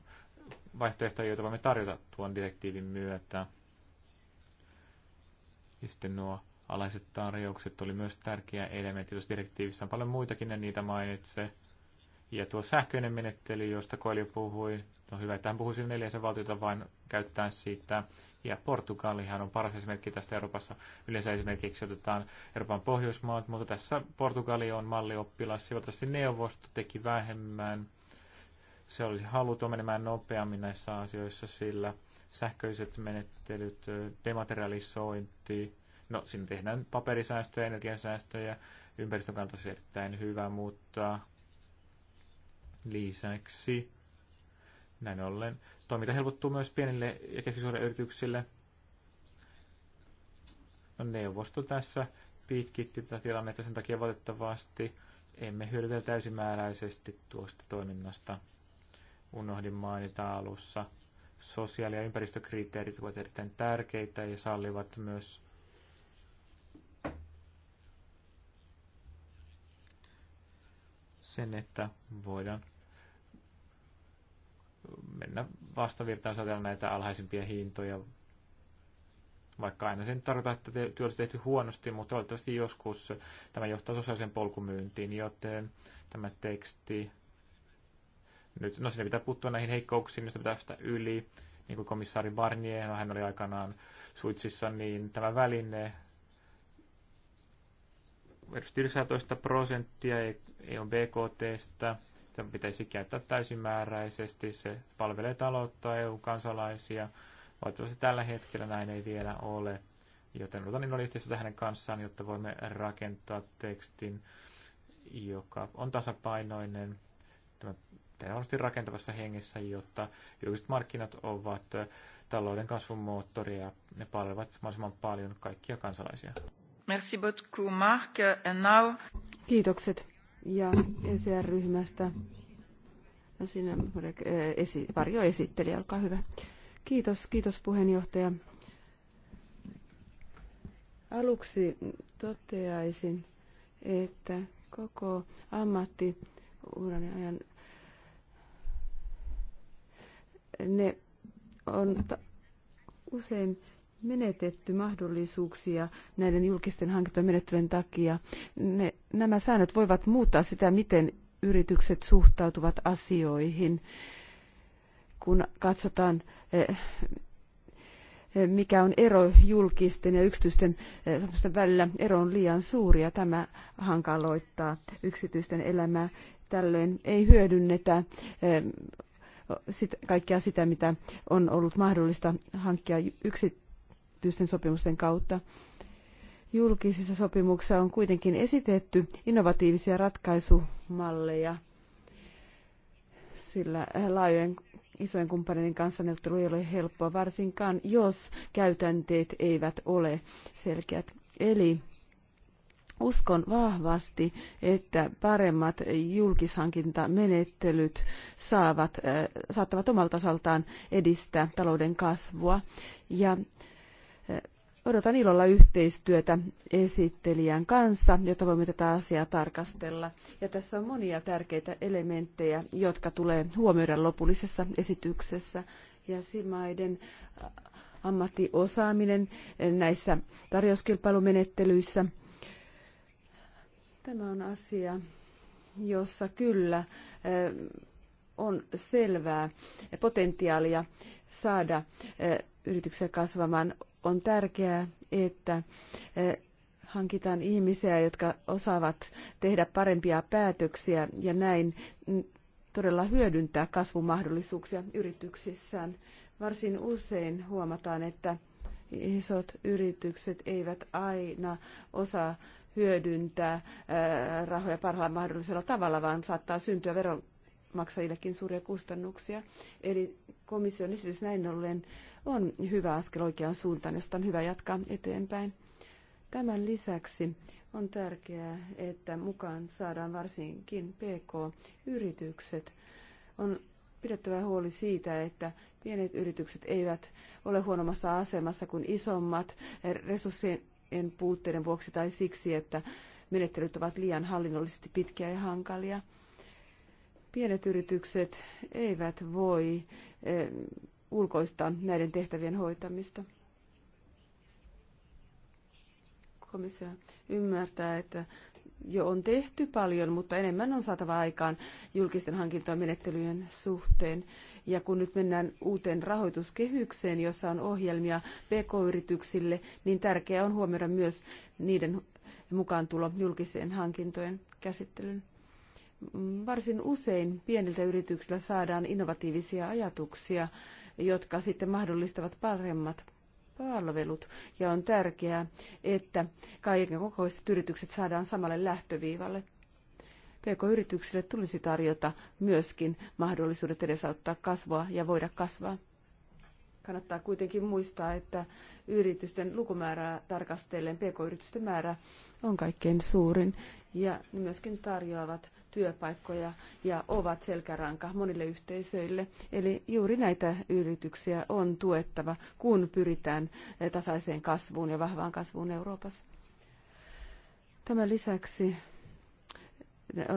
vaihtoehtoja, joita voimme tarjota tuon direktiivin myötä. Ja sitten nuo alaiset tarjoukset oli myös tärkeä elementti. Tuossa direktiivissä on paljon muitakin, ja niitä mainitse. Ja tuo sähköinen menettely, josta Koelio puhui, on no hyvä, että hän puhui neljäsen valtiota vain käyttää siitä. Ja Portugalihan on paras esimerkki tästä Euroopassa. Yleensä esimerkiksi otetaan Euroopan pohjoismaat, mutta tässä Portugali on mallioppilas. Sivottavasti neuvosto teki vähemmän se olisi haluttu menemään nopeammin näissä asioissa, sillä sähköiset menettelyt, dematerialisointi, no siinä tehdään paperisäästöjä, energiansäästöjä, ympäristön kannalta se erittäin hyvä, mutta lisäksi näin ollen toiminta helpottuu myös pienille ja keskisuurille yrityksille. No, neuvosto tässä pitkitti tätä tilannetta sen takia valitettavasti emme hyödy vielä täysimääräisesti tuosta toiminnasta unohdin mainita alussa. Sosiaali- ja ympäristökriteerit ovat erittäin tärkeitä ja sallivat myös sen, että voidaan mennä vastavirtaan saatella näitä alhaisimpia hintoja. Vaikka aina sen tarkoittaa, että työ olisi tehty huonosti, mutta toivottavasti joskus tämä johtaa sosiaaliseen polkumyyntiin, joten tämä teksti nyt, no sinne pitää puuttua näihin heikkouksiin, joista pitää sitä yli. Niin kuin komissaari Barnier, no hän oli aikanaan Suitsissa, niin tämä väline edusti 19 prosenttia EUn e BKTstä. Sitä pitäisi käyttää täysimääräisesti. Se palvelee taloutta EU-kansalaisia. Valitettavasti tällä hetkellä näin ei vielä ole. Joten odotan innolla yhteistyötä hänen kanssaan, jotta voimme rakentaa tekstin, joka on tasapainoinen. Tämä tehokkaasti rakentavassa hengessä, jotta julkiset markkinat ovat talouden kasvun moottori ja ne palvelevat mahdollisimman paljon kaikkia kansalaisia. Merci beaucoup, Mark. And now... Kiitokset. Ja ECR-ryhmästä no siinä esi, varjo esitteli, olkaa hyvä. Kiitos, kiitos puheenjohtaja. Aluksi toteaisin, että koko ammattiurani ajan ne on usein menetetty mahdollisuuksia näiden julkisten hankintamenettelyjen takia. Ne, nämä säännöt voivat muuttaa sitä, miten yritykset suhtautuvat asioihin, kun katsotaan eh, eh, mikä on ero julkisten ja yksityisten eh, välillä. Ero on liian suuri ja tämä hankaloittaa yksityisten elämää. Tällöin ei hyödynnetä sit, kaikkea sitä, mitä on ollut mahdollista hankkia yksityisten sopimusten kautta. Julkisissa sopimuksissa on kuitenkin esitetty innovatiivisia ratkaisumalleja, sillä laajojen isojen kumppaneiden kanssa neuvottelu ei ole helppoa, varsinkaan jos käytänteet eivät ole selkeät. Eli Uskon vahvasti, että paremmat julkishankintamenettelyt saavat, äh, saattavat omalta osaltaan edistää talouden kasvua. Ja äh, odotan ilolla yhteistyötä esittelijän kanssa, jotta voimme tätä asiaa tarkastella. Ja tässä on monia tärkeitä elementtejä, jotka tulee huomioida lopullisessa esityksessä. Jäsimaiden äh, ammattiosaaminen näissä tarjouskilpailumenettelyissä – Tämä on asia, jossa kyllä on selvää potentiaalia saada yrityksiä kasvamaan. On tärkeää, että hankitaan ihmisiä, jotka osaavat tehdä parempia päätöksiä ja näin mm, todella hyödyntää kasvumahdollisuuksia yrityksissään. Varsin usein huomataan, että isot yritykset eivät aina osaa hyödyntää rahoja parhaalla mahdollisella tavalla, vaan saattaa syntyä veronmaksajillekin suuria kustannuksia. Eli komission esitys näin ollen on hyvä askel oikeaan suuntaan, josta on hyvä jatkaa eteenpäin. Tämän lisäksi on tärkeää, että mukaan saadaan varsinkin PK-yritykset. On pidettävä huoli siitä, että pienet yritykset eivät ole huonommassa asemassa kuin isommat. Resurssien en puutteiden vuoksi tai siksi, että menettelyt ovat liian hallinnollisesti pitkiä ja hankalia. Pienet yritykset eivät voi eh, ulkoistaa näiden tehtävien hoitamista. Komissio ymmärtää, että jo on tehty paljon, mutta enemmän on saatava aikaan julkisten hankintojen menettelyjen suhteen. Ja kun nyt mennään uuteen rahoituskehykseen, jossa on ohjelmia pk-yrityksille, niin tärkeää on huomioida myös niiden mukaan tulo julkiseen hankintojen käsittelyyn. Varsin usein pieniltä yrityksillä saadaan innovatiivisia ajatuksia, jotka sitten mahdollistavat paremmat palvelut. Ja on tärkeää, että kaiken kokoiset yritykset saadaan samalle lähtöviivalle. PK-yrityksille tulisi tarjota myöskin mahdollisuudet edesauttaa kasvua ja voida kasvaa. Kannattaa kuitenkin muistaa, että yritysten lukumäärää tarkastellen pk-yritysten määrä on kaikkein suurin ja ne myöskin tarjoavat työpaikkoja ja ovat selkäranka monille yhteisöille. Eli juuri näitä yrityksiä on tuettava, kun pyritään eh, tasaiseen kasvuun ja vahvaan kasvuun Euroopassa. Tämän lisäksi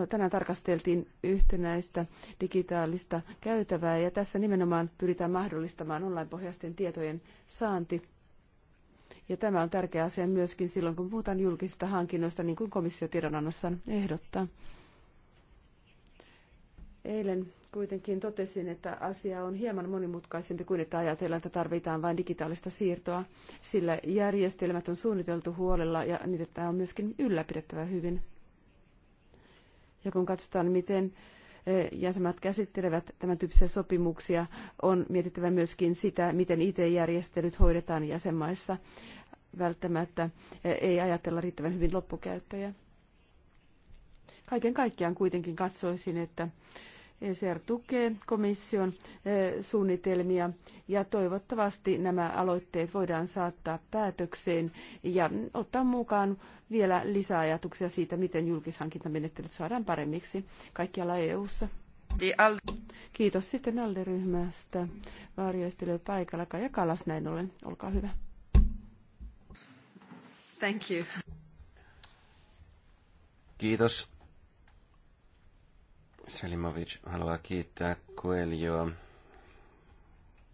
tänään tarkasteltiin yhtenäistä digitaalista käytävää ja tässä nimenomaan pyritään mahdollistamaan online-pohjaisten tietojen saanti. Ja tämä on tärkeä asia myöskin silloin, kun puhutaan julkisista hankinnoista, niin kuin komissio tiedonannossaan ehdottaa. Eilen kuitenkin totesin, että asia on hieman monimutkaisempi kuin että ajatellaan, että tarvitaan vain digitaalista siirtoa, sillä järjestelmät on suunniteltu huolella ja niitä on myöskin ylläpidettävä hyvin ja kun katsotaan, miten eh, jäsenmaat käsittelevät tämän tyyppisiä sopimuksia, on mietittävä myöskin sitä, miten IT-järjestelyt hoidetaan jäsenmaissa. Välttämättä eh, ei ajatella riittävän hyvin loppukäyttäjää. Kaiken kaikkiaan kuitenkin katsoisin, että ECR tukee komission e, suunnitelmia ja toivottavasti nämä aloitteet voidaan saattaa päätökseen ja ottaa mukaan vielä lisäajatuksia siitä, miten julkishankintamenettelyt saadaan paremmiksi kaikkialla EU-ssa. Kiitos sitten ALDE-ryhmästä. Varjoistelu paikalla Kaija Kalas näin ollen. Olkaa hyvä. Thank you. Kiitos. Selimovic haluaa kiittää Koelioa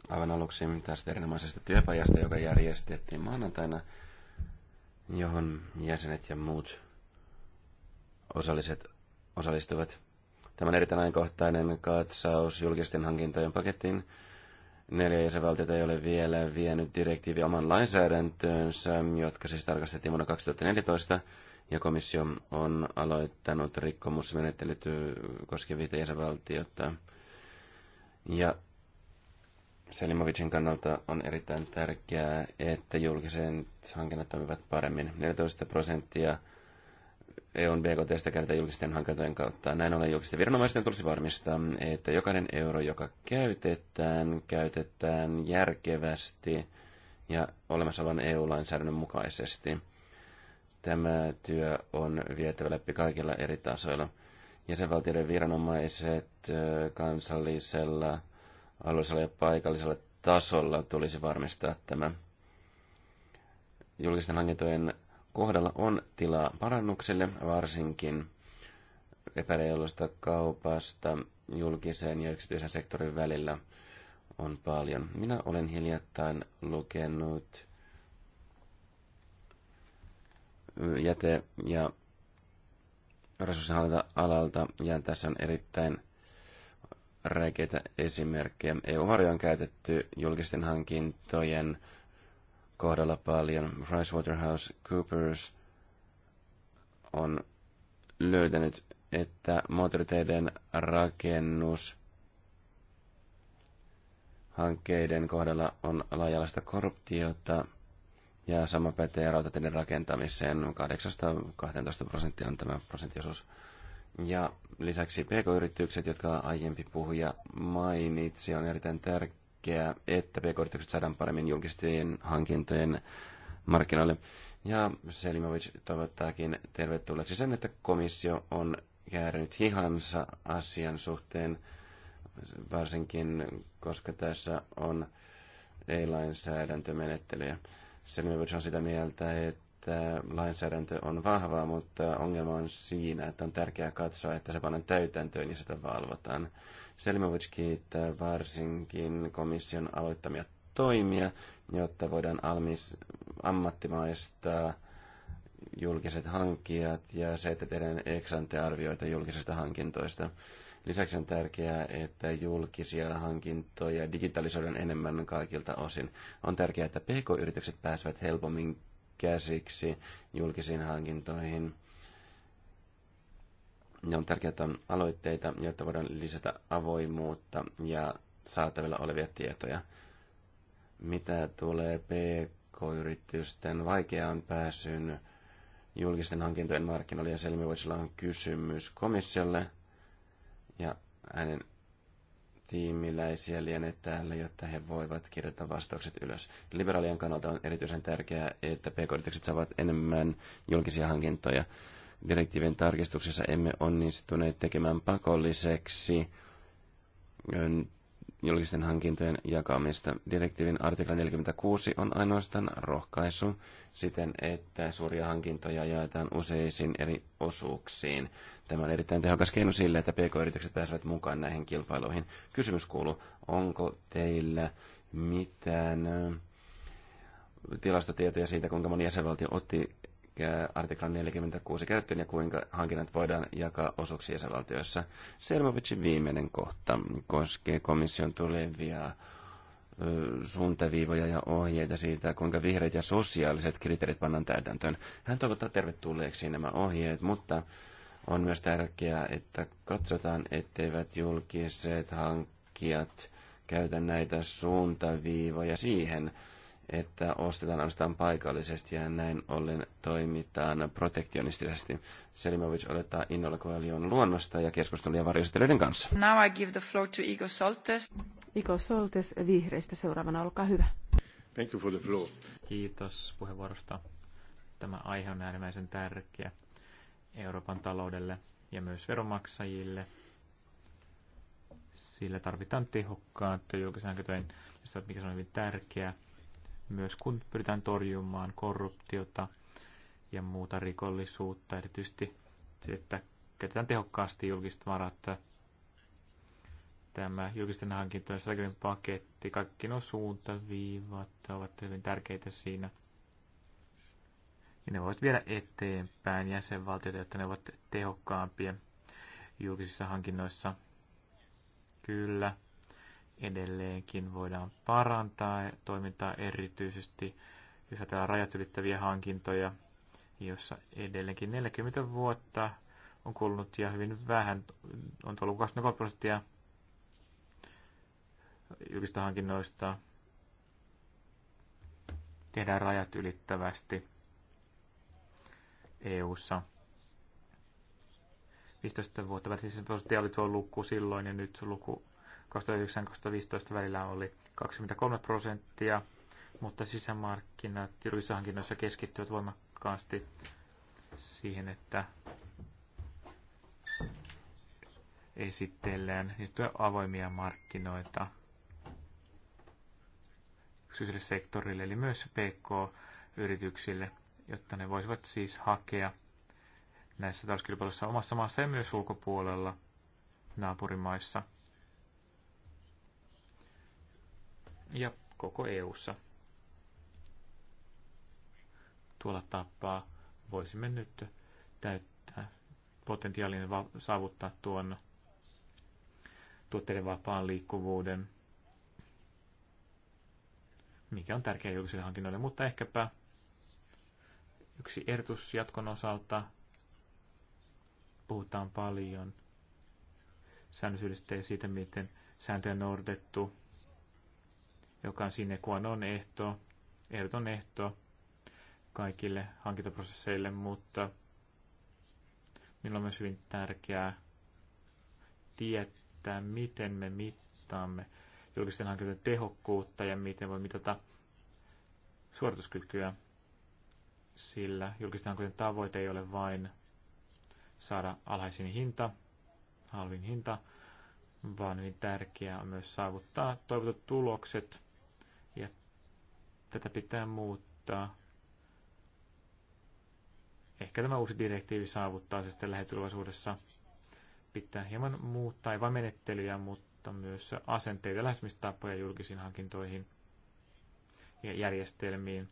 aivan aluksi tästä erinomaisesta työpajasta, joka järjestettiin maanantaina, johon jäsenet ja muut osalliset osallistuvat. Tämä on erittäin ajankohtainen katsaus julkisten hankintojen pakettiin. Neljä jäsenvaltiota ei ole vielä vienyt direktiivi oman lainsäädäntöönsä, jotka siis tarkastettiin vuonna 2014 ja komissio on aloittanut rikkomusmenettelyt koskevia jäsenvaltiota. Ja Selimovicin kannalta on erittäin tärkeää, että julkiset hankinnat toimivat paremmin. 14 prosenttia EUn BKTstä käytetään julkisten hankintojen kautta. Näin ollen julkisten viranomaisten tulisi varmistaa, että jokainen euro, joka käytetään, käytetään järkevästi ja olemassa olevan EU-lainsäädännön mukaisesti – Tämä työ on vietävä läpi kaikilla eri tasoilla. Jäsenvaltioiden viranomaiset kansallisella, alueellisella ja paikallisella tasolla tulisi varmistaa tämä. Julkisten hankintojen kohdalla on tilaa parannuksille, varsinkin epäreilusta kaupasta julkisen ja yksityisen sektorin välillä on paljon. Minä olen hiljattain lukenut jäte- ja resurssihallinta-alalta, ja tässä on erittäin räikeitä esimerkkejä. EU-varjo on käytetty julkisten hankintojen kohdalla paljon. PricewaterhouseCoopers on löytänyt, että moottoriteiden rakennus hankkeiden kohdalla on laajalaista korruptiota – ja sama pätee rautateiden rakentamiseen. 8-12 prosenttia on tämä prosenttiosuus. Ja lisäksi pk-yritykset, jotka aiempi puhuja mainitsi, on erittäin tärkeää, että pk-yritykset saadaan paremmin julkisten hankintojen markkinoille. Ja Selimovic toivottaakin tervetulleeksi sen, että komissio on käärinyt hihansa asian suhteen, varsinkin koska tässä on ei-lainsäädäntömenettelyjä. menettelyjä Selmivuus on sitä mieltä, että lainsäädäntö on vahvaa, mutta ongelma on siinä, että on tärkeää katsoa, että se pannaan täytäntöön ja sitä valvotaan. Selimovic kiittää varsinkin komission aloittamia toimia, jotta voidaan almis, ammattimaista julkiset hankkijat ja se, että tehdään ex arvioita julkisista hankintoista. Lisäksi on tärkeää, että julkisia hankintoja digitalisoidaan enemmän kaikilta osin. On tärkeää, että pk-yritykset pääsevät helpommin käsiksi julkisiin hankintoihin. Ja on tärkeää, että on aloitteita, jotta voidaan lisätä avoimuutta ja saatavilla olevia tietoja. Mitä tulee pk-yritysten vaikeaan pääsyyn julkisten hankintojen markkinoille, ja siellä on kysymys komissiolle – ja hänen tiimiläisiä lienee täällä, jotta he voivat kirjoittaa vastaukset ylös. Liberaalien kannalta on erityisen tärkeää, että pk-yritykset saavat enemmän julkisia hankintoja. Direktiivin tarkistuksessa emme onnistuneet tekemään pakolliseksi julkisten hankintojen jakamista. Direktiivin artikla 46 on ainoastaan rohkaisu siten, että suuria hankintoja jaetaan useisiin eri osuuksiin. Tämä on erittäin tehokas keino sille, että pk-yritykset pääsevät mukaan näihin kilpailuihin. Kysymys kuuluu, onko teillä mitään tilastotietoja siitä, kuinka moni jäsenvaltio otti artiklan 46 käyttöön ja kuinka hankinnat voidaan jakaa osuuksiin jäsenvaltioissa. Selmovicin viimeinen kohta koskee komission tulevia suuntaviivoja ja ohjeita siitä, kuinka vihreät ja sosiaaliset kriteerit pannaan täytäntöön. Hän toivottaa tervetulleeksi nämä ohjeet, mutta on myös tärkeää, että katsotaan, etteivät julkiset hankkijat käytä näitä suuntaviivoja siihen, että ostetaan ainoastaan paikallisesti ja näin ollen toimitaan protektionistisesti. Selimovic odottaa innolla Koelion luonnosta ja keskusteluja varjostelijoiden kanssa. Now I give the floor to Igor Soltes. Igor Soltes vihreistä seuraavana, olkaa hyvä. Thank you for the floor. Kiitos puheenvuorosta. Tämä aihe on äärimmäisen tärkeä Euroopan taloudelle ja myös veronmaksajille. Sillä tarvitaan tehokkaat julkisen hankintojen, mikä on hyvin tärkeää myös kun pyritään torjumaan korruptiota ja muuta rikollisuutta, erityisesti se, että käytetään tehokkaasti julkiset varat. Tämä julkisten hankintojen strateginen paketti, kaikki nuo suuntaviivat ovat hyvin tärkeitä siinä. Ja ne voivat viedä eteenpäin jäsenvaltioita, jotta ne ovat tehokkaampia julkisissa hankinnoissa. Kyllä, edelleenkin voidaan parantaa toimintaa erityisesti, jos ajatellaan rajat ylittäviä hankintoja, jossa edelleenkin 40 vuotta on kulunut ja hyvin vähän, on tullut 23 prosenttia julkista hankinnoista tehdään rajat ylittävästi EU-ssa. 15 vuotta välillä siis prosenttia oli tuo luku silloin ja nyt luku 2009-2015 välillä oli 23 prosenttia, mutta sisämarkkinat julkisissa hankinnoissa keskittyvät voimakkaasti siihen, että esitellään niistä avoimia markkinoita yksityiselle sektorille, eli myös PK-yrityksille, jotta ne voisivat siis hakea näissä talouskilpailuissa omassa maassa ja myös ulkopuolella naapurimaissa – ja koko EU:ssa. Tuolla tapaa voisimme nyt täyttää potentiaalinen saavuttaa tuon tuotteiden vapaan liikkuvuuden, mikä on tärkeä julkisille hankinnoille, mutta ehkäpä yksi ehdotus jatkon osalta. Puhutaan paljon säännöllisyydestä ja siitä, miten sääntöjä on noudatettu joka on sinne on ehto, ehdoton ehto kaikille hankintaprosesseille, mutta meillä on myös hyvin tärkeää tietää, miten me mittaamme julkisten hankintojen tehokkuutta ja miten voi mitata suorituskykyä, sillä julkisten hankintojen tavoite ei ole vain saada alhaisin hinta, halvin hinta, vaan hyvin tärkeää on myös saavuttaa toivotut tulokset Tätä pitää muuttaa. Ehkä tämä uusi direktiivi saavuttaa se sitten lähitulevaisuudessa. Pitää hieman muuttaa, ei vain menettelyjä, mutta myös asenteita, lähestymistapoja julkisiin hankintoihin ja järjestelmiin,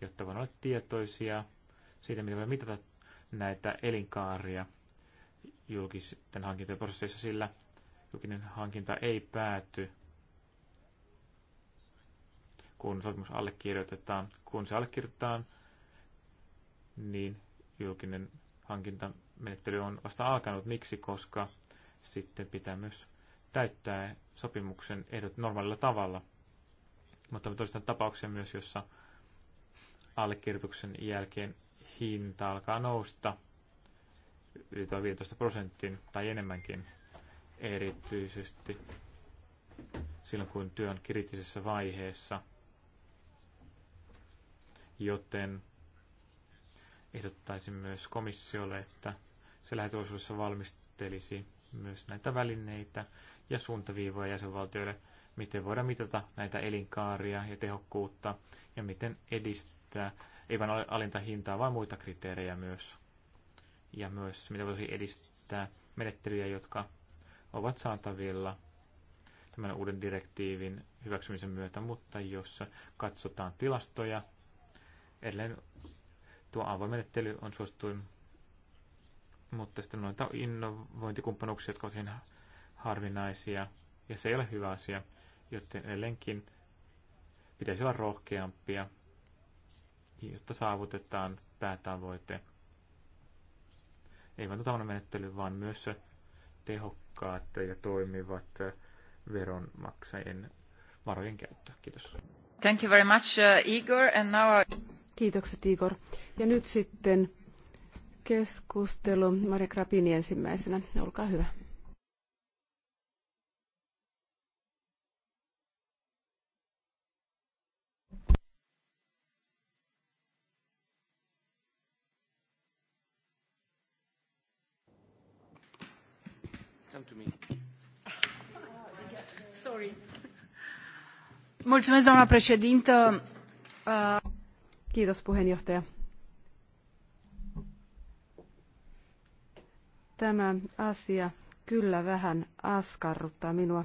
jotta voidaan olla tietoisia siitä, miten voi mitata näitä elinkaaria julkisten hankintojen prosesseissa, sillä julkinen hankinta ei pääty kun sopimus allekirjoitetaan. Kun se allekirjoitetaan, niin julkinen hankintamenettely on vasta alkanut. Miksi? Koska sitten pitää myös täyttää sopimuksen ehdot normaalilla tavalla. Mutta me todistan tapauksia myös, jossa allekirjoituksen jälkeen hinta alkaa nousta yli 15 prosentin tai enemmänkin erityisesti silloin, kun työ on kriittisessä vaiheessa – joten ehdottaisin myös komissiolle, että se lähetoisuudessa valmistelisi myös näitä välineitä ja suuntaviivoja jäsenvaltioille, miten voidaan mitata näitä elinkaaria ja tehokkuutta ja miten edistää ei vain alinta hintaa, vaan muita kriteerejä myös. Ja myös miten voisi edistää menettelyjä, jotka ovat saatavilla tämän uuden direktiivin hyväksymisen myötä, mutta jos katsotaan tilastoja, edelleen tuo AVO-menettely on suosituin, mutta sitten noita innovointikumppanuuksia, jotka ovat harvinaisia, ja se ei ole hyvä asia, joten edelleenkin pitäisi olla rohkeampia, jotta saavutetaan päätavoite. Ei vain tuota menettely, vaan myös tehokkaat ja toimivat veronmaksajien varojen käyttö. Kiitos. Thank you very much, uh, Igor. And now... Kiitokset Igor. Ja nyt sitten keskustelu. Maria Krapini ensimmäisenä. Olkaa hyvä. Come to me. Sorry. Mulțumesc, doamna președintă. Uh... Kiitos puheenjohtaja. Tämä asia kyllä vähän askarruttaa minua.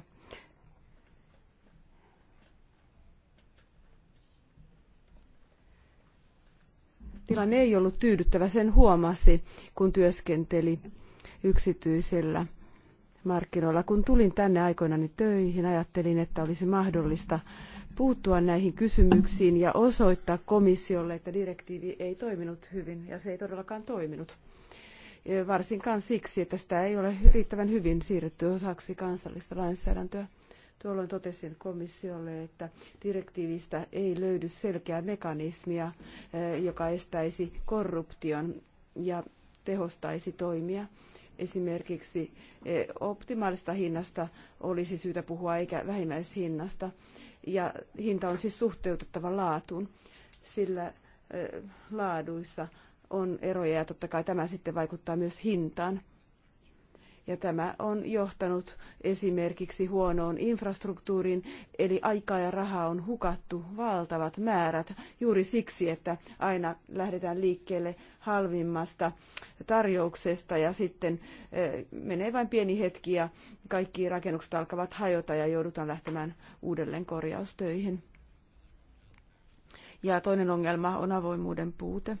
Tilanne ei ollut tyydyttävä, sen huomasi, kun työskenteli yksityisellä markkinoilla. Kun tulin tänne aikoinani töihin, ajattelin, että olisi mahdollista puuttua näihin kysymyksiin ja osoittaa komissiolle, että direktiivi ei toiminut hyvin ja se ei todellakaan toiminut. Varsinkaan siksi, että sitä ei ole riittävän hyvin siirretty osaksi kansallista lainsäädäntöä. Tuolloin totesin komissiolle, että direktiivistä ei löydy selkeää mekanismia, eh, joka estäisi korruption ja tehostaisi toimia esimerkiksi eh, optimaalista hinnasta olisi syytä puhua eikä vähimmäishinnasta ja hinta on siis suhteutettava laatuun, sillä laaduissa on eroja ja totta kai tämä sitten vaikuttaa myös hintaan. Ja tämä on johtanut esimerkiksi huonoon infrastruktuuriin, eli aikaa ja rahaa on hukattu valtavat määrät juuri siksi, että aina lähdetään liikkeelle halvimmasta tarjouksesta ja sitten eh, menee vain pieni hetki ja kaikki rakennukset alkavat hajota ja joudutaan lähtemään uudelleen korjaustöihin. Ja toinen ongelma on avoimuuden puute.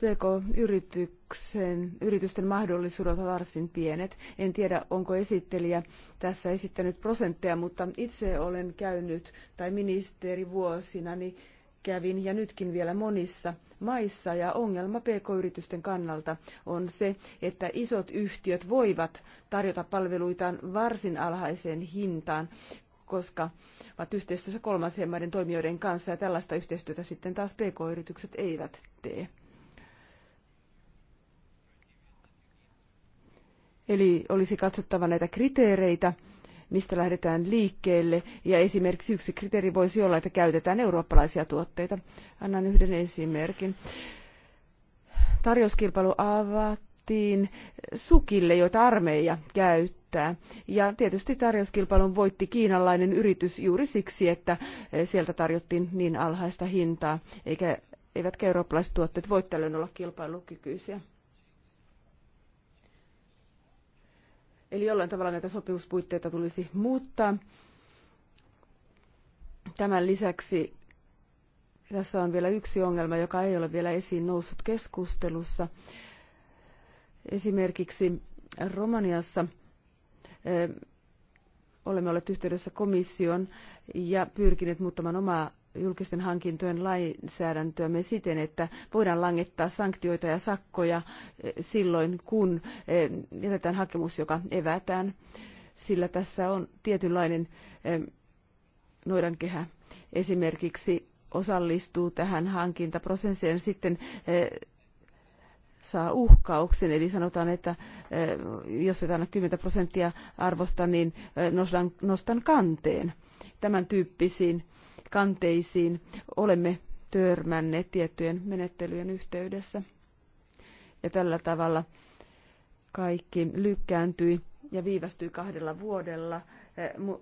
PK-yrityksen, yritysten mahdollisuudet ovat varsin pienet. En tiedä, onko esittelijä tässä esittänyt prosentteja, mutta itse olen käynyt, tai ministeri vuosina, niin kävin ja nytkin vielä monissa maissa ja ongelma pk-yritysten kannalta on se, että isot yhtiöt voivat tarjota palveluitaan varsin alhaiseen hintaan, koska ovat yhteistyössä kolmansien maiden toimijoiden kanssa ja tällaista yhteistyötä sitten taas pk-yritykset eivät tee. Eli olisi katsottava näitä kriteereitä, mistä lähdetään liikkeelle. Ja esimerkiksi yksi kriteeri voisi olla, että käytetään eurooppalaisia tuotteita. Annan yhden esimerkin. Tarjouskilpailu avattiin sukille, joita armeija käyttää. Ja tietysti tarjouskilpailun voitti kiinalainen yritys juuri siksi, että sieltä tarjottiin niin alhaista hintaa, eikä eivätkä eurooppalaiset tuotteet voi tällöin olla kilpailukykyisiä. Eli jollain tavalla näitä sopimuspuitteita tulisi muuttaa. Tämän lisäksi tässä on vielä yksi ongelma, joka ei ole vielä esiin noussut keskustelussa. Esimerkiksi Romaniassa eh, olemme olleet yhteydessä komission ja pyrkineet muuttamaan omaa julkisten hankintojen lainsäädäntöämme siten, että voidaan langettaa sanktioita ja sakkoja eh, silloin, kun eh, jätetään hakemus, joka evätään. Sillä tässä on tietynlainen eh, noidankehä. Esimerkiksi osallistuu tähän hankintaprosessiin sitten saa uhkauksen. Eli sanotaan, että eh, jos et anna 10 prosenttia arvosta, niin eh, nostan, nostan kanteen. Tämän tyyppisiin kanteisiin olemme törmänneet tiettyjen menettelyjen yhteydessä. Ja tällä tavalla kaikki lykkääntyi ja viivästyi kahdella vuodella. Eh,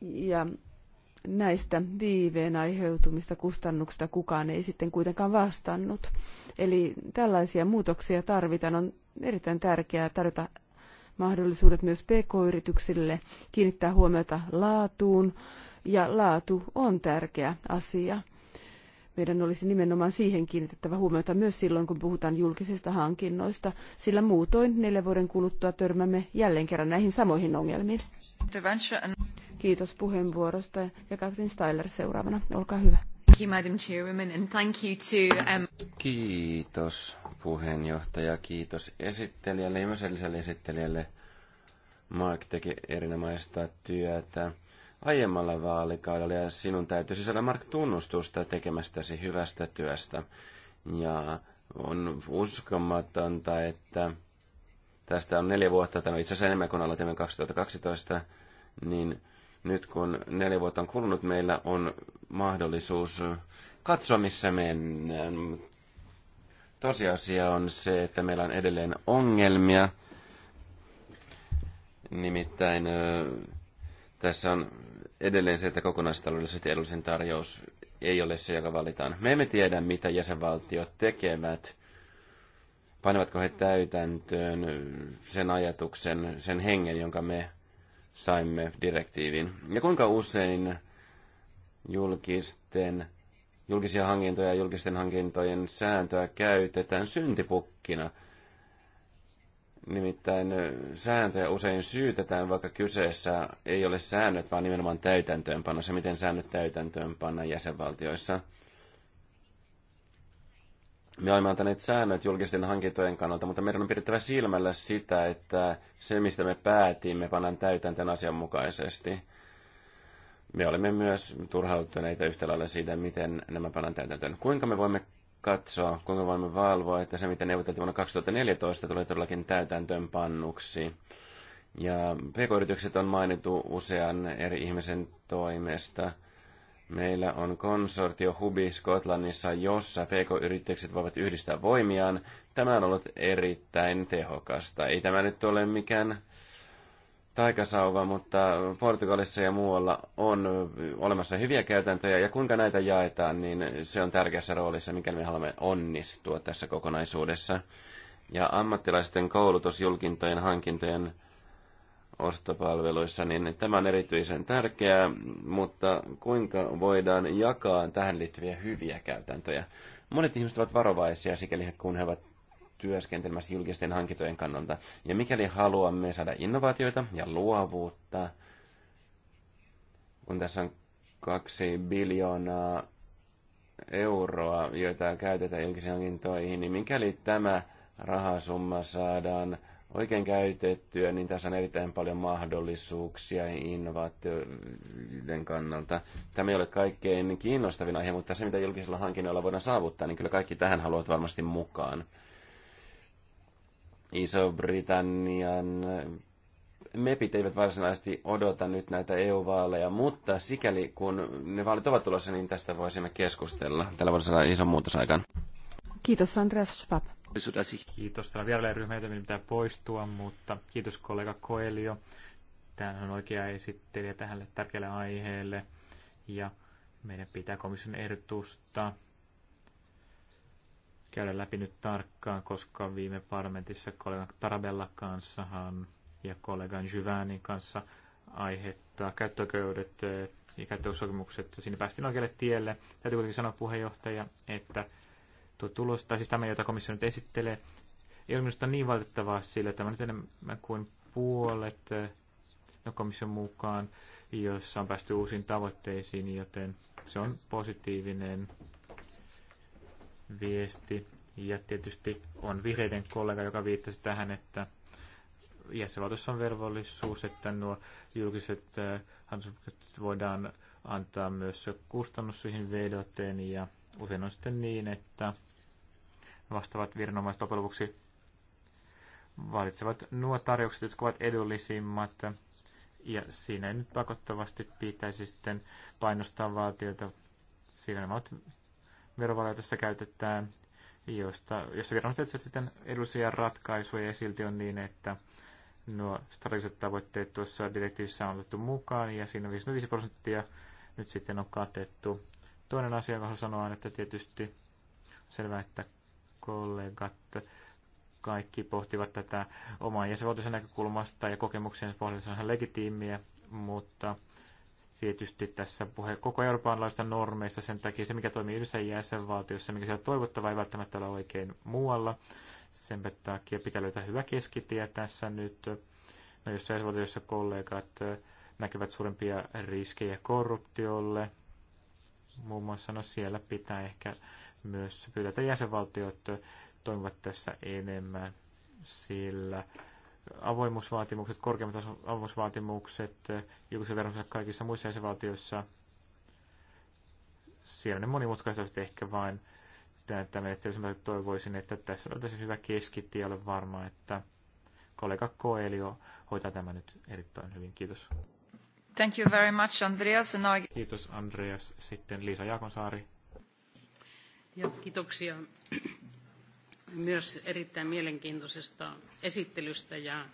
ja näistä viiveen aiheutumista kustannuksista kukaan ei sitten kuitenkaan vastannut. Eli tällaisia muutoksia tarvitaan. On erittäin tärkeää tarjota mahdollisuudet myös pk-yrityksille kiinnittää huomiota laatuun, ja laatu on tärkeä asia. Meidän olisi nimenomaan siihen kiinnitettävä huomiota myös silloin, kun puhutaan julkisista hankinnoista, sillä muutoin neljän vuoden kuluttua törmämme jälleen kerran näihin samoihin ongelmiin. Kiitos puheenvuorosta ja Katrin Styler seuraavana. Olkaa hyvä. Um, kiitos puheenjohtaja, kiitos esittelijälle ja myös edelliselle esittelijälle. Mark teki erinomaista työtä aiemmalla vaalikaudella ja sinun täytyisi saada Mark tunnustusta tekemästäsi hyvästä työstä. Ja on uskomatonta, että tästä on neljä vuotta, tai itse asiassa enemmän kuin aloitimme 2012, niin nyt kun neljä vuotta on kulunut, meillä on mahdollisuus katsoa, missä mennään. Tosiasia on se, että meillä on edelleen ongelmia. Nimittäin tässä on edelleen se, että kokonaistaloudellisesti edullisen tarjous ei ole se, joka valitaan. Me emme tiedä, mitä jäsenvaltiot tekevät. Panevatko he täytäntöön sen ajatuksen, sen hengen, jonka me saimme direktiivin. Ja kuinka usein julkisten, julkisia hankintoja ja julkisten hankintojen sääntöä käytetään syntipukkina? Nimittäin sääntöjä usein syytetään, vaikka kyseessä ei ole säännöt, vaan nimenomaan täytäntöönpano, se miten säännöt täytäntöönpanna jäsenvaltioissa – me olemme antaneet säännöt julkisten hankintojen kannalta, mutta meidän on pidettävä silmällä sitä, että se, mistä me päätimme, pannaan täytäntöön asianmukaisesti. Me olemme myös turhautuneita yhtä lailla siitä, miten nämä pannaan täytäntöön. Kuinka me voimme katsoa, kuinka me voimme valvoa, että se, mitä neuvoteltiin vuonna 2014, tulee todellakin täytäntöön pannuksi. Ja pk-yritykset on mainittu usean eri ihmisen toimesta – Meillä on konsortio Hubi Skotlannissa, jossa PK-yritykset voivat yhdistää voimiaan. Tämä on ollut erittäin tehokasta. Ei tämä nyt ole mikään taikasauva, mutta Portugalissa ja muualla on olemassa hyviä käytäntöjä, ja kuinka näitä jaetaan, niin se on tärkeässä roolissa, mikä me haluamme onnistua tässä kokonaisuudessa. Ja ammattilaisten koulutusjulkintojen hankintojen ostopalveluissa, niin tämä on erityisen tärkeää, mutta kuinka voidaan jakaa tähän liittyviä hyviä käytäntöjä? Monet ihmiset ovat varovaisia sikäli, kun he ovat työskentelemässä julkisten hankintojen kannalta. Ja mikäli haluamme saada innovaatioita ja luovuutta, kun tässä on kaksi biljoonaa euroa, joita käytetään julkisiin hankintoihin, niin mikäli tämä rahasumma saadaan oikein käytettyä, niin tässä on erittäin paljon mahdollisuuksia innovaatioiden kannalta. Tämä ei ole kaikkein kiinnostavin aihe, mutta se mitä julkisilla hankinnoilla voidaan saavuttaa, niin kyllä kaikki tähän haluat varmasti mukaan. Iso-Britannian mepit eivät varsinaisesti odota nyt näitä EU-vaaleja, mutta sikäli kun ne vaalit ovat tulossa, niin tästä voisimme keskustella. Tällä voisi saada ison muutosaikan. Kiitos Andreas Schwab. Kiitos. Täällä ryhmä jota pitää poistua, mutta kiitos kollega Koelio. Tämä on oikea esittelijä tähän tärkeälle aiheelle. Ja meidän pitää komission ehdotusta käydä läpi nyt tarkkaan, koska viime parlamentissa kollega Tarabella kanssahan ja kollegan Jyvänin kanssa aihetta käyttöoikeudet ja käyttöoikeussopimukset. Siinä päästiin oikealle tielle. Täytyy kuitenkin sanoa puheenjohtaja, että tuo tulos, tai siis tämä, jota komissio nyt esittelee, ei ole minusta niin valitettavaa sillä, tämä nyt enemmän kuin puolet eh, no komission mukaan, jossa on päästy uusiin tavoitteisiin, joten se on positiivinen viesti. Ja tietysti on vihreiden kollega, joka viittasi tähän, että jäsenvaltiossa on velvollisuus, että nuo julkiset eh, hankkeet voidaan antaa myös kustannussyihin vedoten ja Usein on sitten niin, että vastaavat viranomaiset loppujen lopuksi valitsevat nuo tarjoukset, jotka ovat edullisimmat. Ja siinä ei nyt pakottavasti pitäisi sitten painostaa valtiota sillä nämä ovat käytetään, josta, jossa viranomaiset etsivät sitten edullisia ratkaisuja ja silti on niin, että nuo strategiset tavoitteet tuossa direktiivissä on otettu mukaan ja siinä 55 prosenttia nyt sitten on katettu Toinen asia, joka sanoin, että tietysti selvää, että kollegat kaikki pohtivat tätä oman jäsenvaltuisen näkökulmasta ja kokemuksien pohjalta se on ihan legitiimiä, mutta tietysti tässä puhe koko Euroopan laajuista normeista sen takia se, mikä toimii yhdessä jäsenvaltiossa, mikä siellä toivottava ei välttämättä ole oikein muualla. Sen takia pitää löytää hyvä keskitie tässä nyt. No, jos jäsenvaltiossa kollegat näkevät suurempia riskejä korruptiolle, muun muassa, no siellä pitää ehkä myös pyytää, että jäsenvaltiot toimivat tässä enemmän, sillä avoimuusvaatimukset, korkeimmat avoimuusvaatimukset julkisen verran kaikissa muissa jäsenvaltioissa, siellä ne monimutkaisesti ehkä vain tämä menettelyssä toivoisin, että tässä olisi hyvä keskitti ole varma, että kollega Koelio hoitaa tämä nyt erittäin hyvin. Kiitos. Thank you very much, Andreas. Kiitos, Andreas. Sitten Liisa Jaakonsaari. Ja, kiitoksia myös erittäin mielenkiintoisesta esittelystä ja,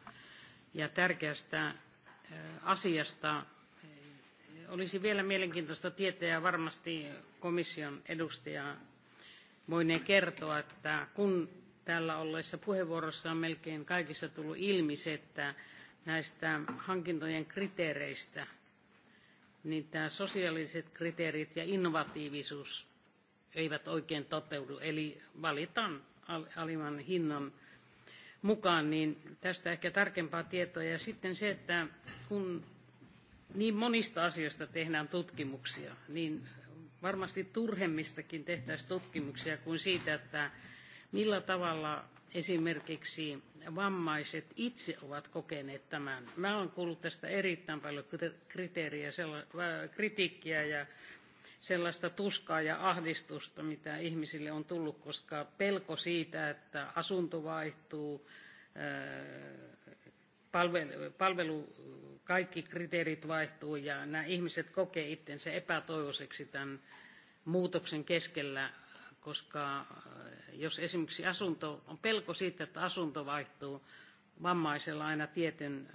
ja tärkeästä asiasta. Olisi vielä mielenkiintoista tietää ja varmasti komission edustaja voinee kertoa, että kun täällä olleissa puheenvuorossa on melkein kaikissa tullut ilmi se, että näistä hankintojen kriteereistä, niin tämä sosiaaliset kriteerit ja innovatiivisuus eivät oikein toteudu. Eli valitaan alimman hinnan mukaan, niin tästä ehkä tarkempaa tietoa. Ja sitten se, että kun niin monista asioista tehdään tutkimuksia, niin varmasti turhemmistakin tehtäisiin tutkimuksia kuin siitä, että millä tavalla esimerkiksi vammaiset itse ovat kokeneet tämän. Mä olen kuullut tästä erittäin paljon kriteeriä, äh, kritiikkiä ja sellaista tuskaa ja ahdistusta, mitä ihmisille on tullut, koska pelko siitä, että asunto vaihtuu, äh, palvelu, kaikki kriteerit vaihtuu ja nämä ihmiset kokee itsensä epätoivoiseksi tämän muutoksen keskellä, koska jos esimerkiksi asunto, on pelko siitä, että asunto vaihtuu vammaisella aina tietyn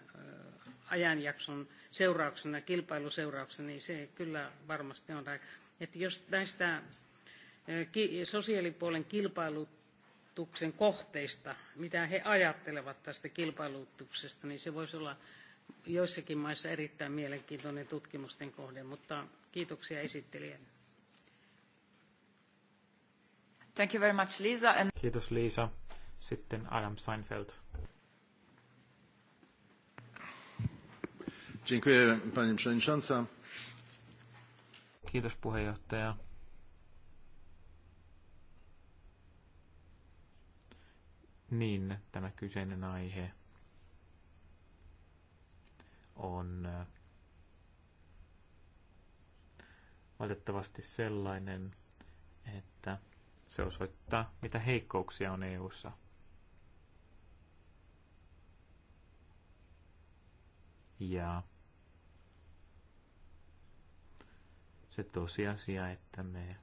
ajanjakson seurauksena, kilpailuseurauksena, niin se kyllä varmasti on. Että jos näistä sosiaalipuolen kilpailutuksen kohteista, mitä he ajattelevat tästä kilpailutuksesta, niin se voisi olla joissakin maissa erittäin mielenkiintoinen tutkimusten kohde, mutta kiitoksia esittelijälle. Thank you very much, Lisa. And... Kiitos Liisa. Sitten Adam Seinfeld. Dziękuję, pani przewodnicząca. Kiitos puheenjohtaja. Niin, tämä kyseinen aihe on äh, valitettavasti sellainen, että se osoittaa, mitä heikkouksia on EU:ssa. Ja se tosiasia, että me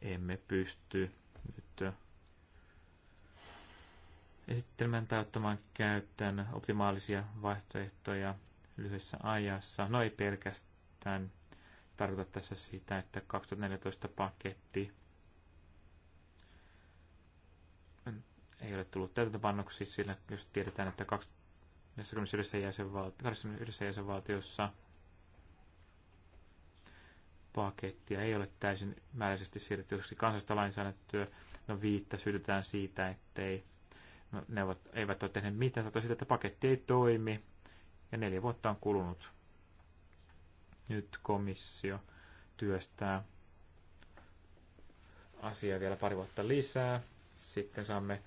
emme pysty nyt esittelemään tai ottamaan käyttöön optimaalisia vaihtoehtoja lyhyessä ajassa. No ei pelkästään tarkoita tässä sitä, että 2014 paketti ei ole tullut täytäntöpannoksi, sillä jos tiedetään, että 21 jäsenvaltiossa pakettia ei ole täysin määräisesti siirretyksi kansallista lainsäädäntöä. No viitta syytetään siitä, ettei no, ne ovat, eivät ole tehneet mitään, sanotaan siitä, että paketti ei toimi ja neljä vuotta on kulunut. Nyt komissio työstää asiaa vielä pari vuotta lisää. Sitten saamme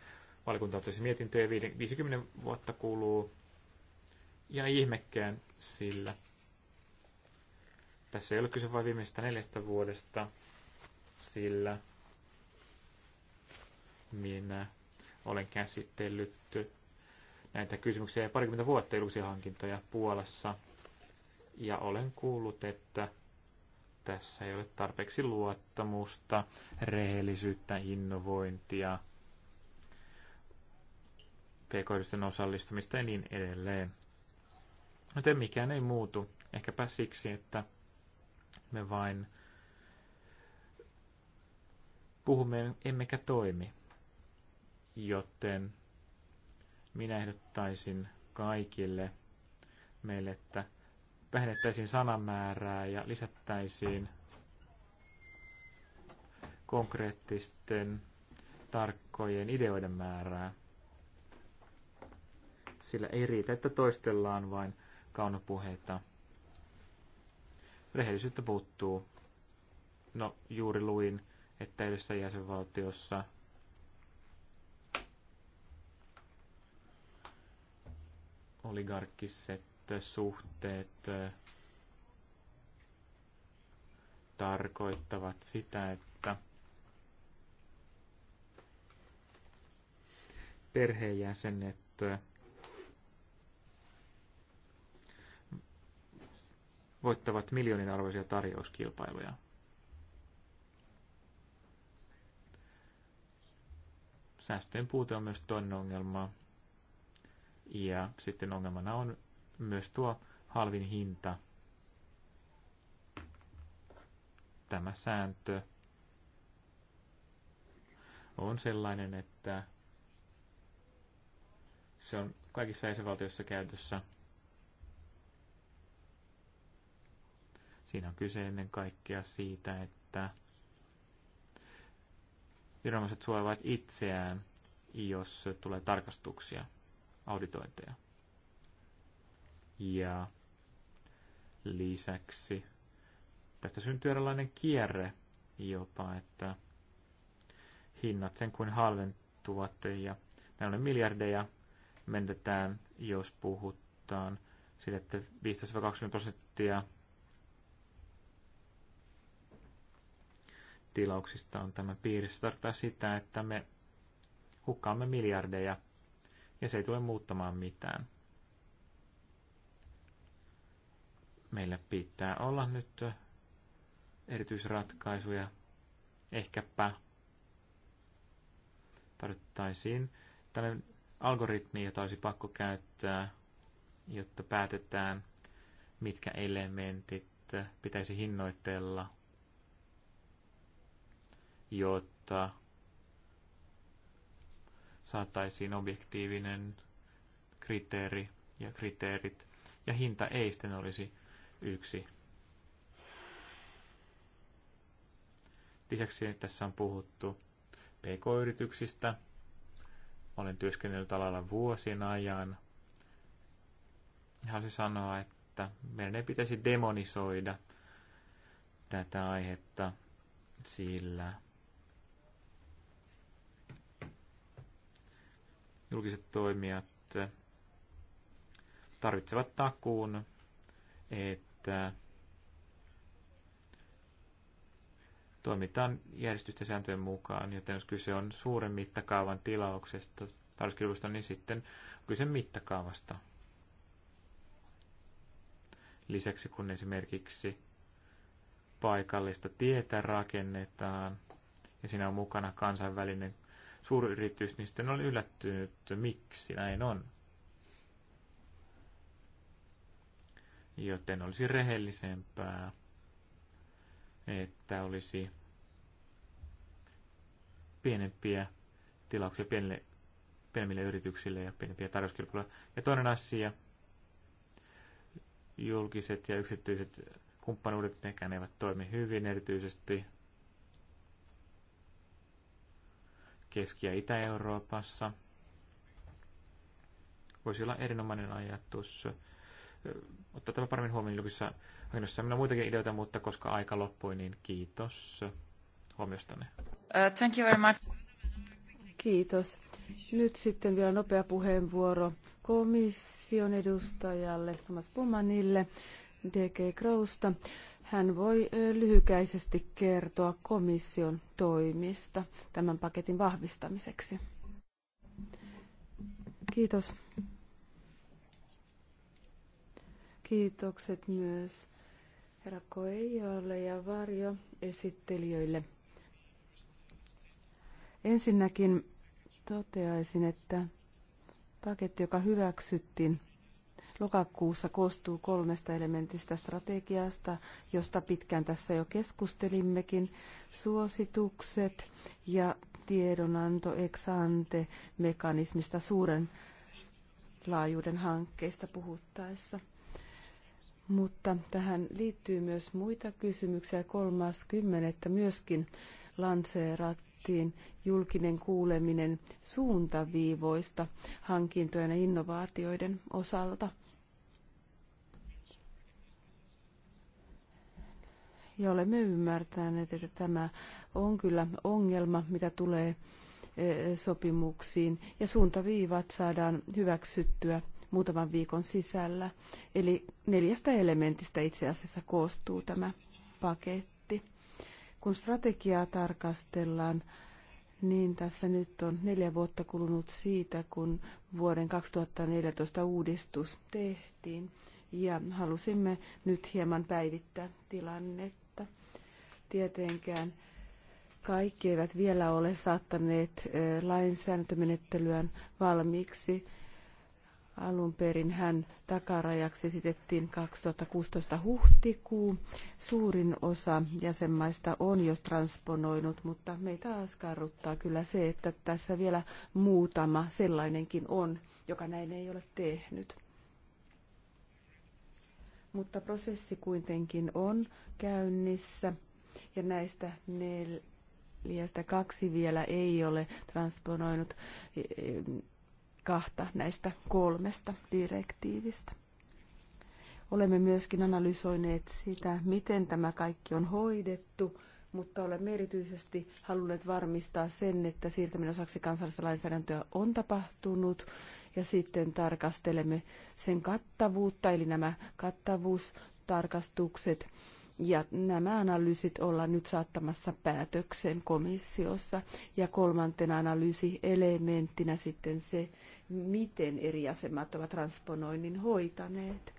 valikunta totesi mietintöjä 50 vuotta kuluu. Ja ihmekkään sillä. Tässä ei ole kyse vain viimeisestä neljästä vuodesta, sillä minä olen käsitellyt näitä kysymyksiä ja parikymmentä vuotta julkisia hankintoja Puolassa. Ja olen kuullut, että tässä ei ole tarpeeksi luottamusta, rehellisyyttä, innovointia, pk osallistumista ja niin edelleen. Joten mikään ei muutu. Ehkäpä siksi, että me vain puhumme emmekä toimi. Joten minä ehdottaisin kaikille meille, että vähennettäisiin sanamäärää ja lisättäisiin konkreettisten tarkkojen ideoiden määrää sillä ei riitä, että toistellaan vain kaunopuheita. Rehellisyyttä puuttuu. No, juuri luin, että yhdessä jäsenvaltiossa oligarkkiset suhteet tarkoittavat sitä, että perheenjäsenet voittavat miljoonin arvoisia tarjouskilpailuja. Säästöjen puute on myös toinen ongelma. Ja sitten ongelmana on myös tuo halvin hinta. Tämä sääntö on sellainen, että se on kaikissa jäsenvaltioissa käytössä – Siinä on kyse ennen kaikkea siitä, että viranomaiset suojaavat itseään, jos tulee tarkastuksia, auditointeja. Ja lisäksi tästä syntyy erilainen kierre jopa, että hinnat sen kuin halventuvat ja näin on miljardeja menetetään, jos puhutaan siitä, että 15-20 prosenttia tilauksista on tämä piirissä. Se tarkoittaa sitä, että me hukkaamme miljardeja ja se ei tule muuttamaan mitään. Meillä pitää olla nyt erityisratkaisuja. Ehkäpä tarvittaisiin tällainen algoritmi, jota olisi pakko käyttää, jotta päätetään, mitkä elementit pitäisi hinnoitella – jotta saataisiin objektiivinen kriteeri ja kriteerit, ja hinta ei sitten olisi yksi. Lisäksi tässä on puhuttu pk-yrityksistä. Olen työskennellyt alalla vuosien ajan. Haluaisin sanoa, että meidän ei pitäisi demonisoida tätä aihetta, sillä julkiset toimijat tarvitsevat takuun, että toimitaan järjestystä sääntöjen mukaan, joten jos kyse on suuren mittakaavan tilauksesta tarjouskilpailusta, niin sitten kyse mittakaavasta. Lisäksi kun esimerkiksi paikallista tietä rakennetaan ja siinä on mukana kansainvälinen suuryritys, niin sitten oli yllättynyt, miksi näin on. Joten olisi rehellisempää, että olisi pienempiä tilauksia pienille, pienemmille yrityksille ja pienempiä tarjouskilpailuja. Ja toinen asia, julkiset ja yksityiset kumppanuudet, nekään eivät toimi hyvin erityisesti Keski- ja Itä-Euroopassa. Voisi olla erinomainen ajatus ottaa tämä paremmin huomioon julkisessa hankinnassa. Minä on muitakin ideoita, mutta koska aika loppui, niin kiitos huomiostanne. Uh, thank you very much. Kiitos. Nyt sitten vielä nopea puheenvuoro komission edustajalle Thomas Pumanille DG Krausta. Hän voi lyhykäisesti kertoa komission toimista tämän paketin vahvistamiseksi. Kiitos. Kiitokset myös herra Koeijolle ja Varjo esittelijöille. Ensinnäkin toteaisin, että paketti, joka hyväksyttiin lokakuussa koostuu kolmesta elementistä strategiasta, josta pitkään tässä jo keskustelimmekin. Suositukset ja tiedonanto ex ante mekanismista suuren laajuuden hankkeista puhuttaessa. Mutta tähän liittyy myös muita kysymyksiä. Kolmas kymmenettä myöskin lanseerat julkinen kuuleminen suuntaviivoista hankintojen ja innovaatioiden osalta. Ja olemme ymmärtäneet, että tämä on kyllä ongelma, mitä tulee eh, sopimuksiin. Ja suuntaviivat saadaan hyväksyttyä muutaman viikon sisällä. Eli neljästä elementistä itse asiassa koostuu tämä paketti. Kun strategiaa tarkastellaan, niin tässä nyt on neljä vuotta kulunut siitä, kun vuoden 2014 uudistus tehtiin ja halusimme nyt hieman päivittää tilannetta. Tietenkään kaikki eivät vielä ole saattaneet lainsäädäntömenettelyään valmiiksi. Alun perin hän takarajaksi esitettiin 2016 huhtikuun. Suurin osa jäsenmaista on jo transponoinut, mutta meitä askarruttaa kyllä se, että tässä vielä muutama sellainenkin on, joka näin ei ole tehnyt. Mutta prosessi kuitenkin on käynnissä ja näistä neljästä kaksi vielä ei ole transponoinut e, e, kahta näistä kolmesta direktiivistä. Olemme myöskin analysoineet sitä, miten tämä kaikki on hoidettu, mutta olemme erityisesti halunneet varmistaa sen, että siirtäminen osaksi kansallista lainsäädäntöä on tapahtunut ja sitten tarkastelemme sen kattavuutta, eli nämä kattavuustarkastukset ja nämä analyysit ollaan nyt saattamassa päätökseen komissiossa. Ja kolmantena analyysielementtinä sitten se, miten eri asemat ovat transponoinnin hoitaneet.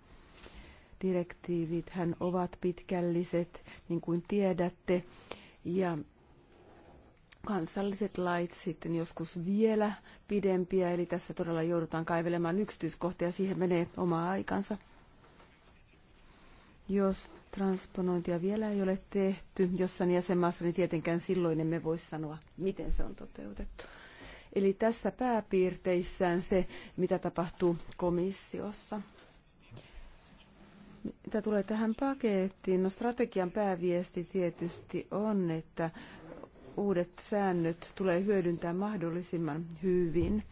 Direktiivithän ovat pitkälliset, niin kuin tiedätte, ja kansalliset lait sitten joskus vielä pidempiä, eli tässä todella joudutaan kaivelemaan yksityiskohtia, siihen menee oma aikansa. Jos transponointia vielä ei ole tehty jossain jäsenmaassa, niin tietenkään silloin emme voi sanoa, miten se on toteutettu. Eli tässä pääpiirteissään se, mitä tapahtuu komissiossa. Mitä tulee tähän pakettiin? No strategian pääviesti tietysti on, että uudet säännöt tulee hyödyntää mahdollisimman hyvin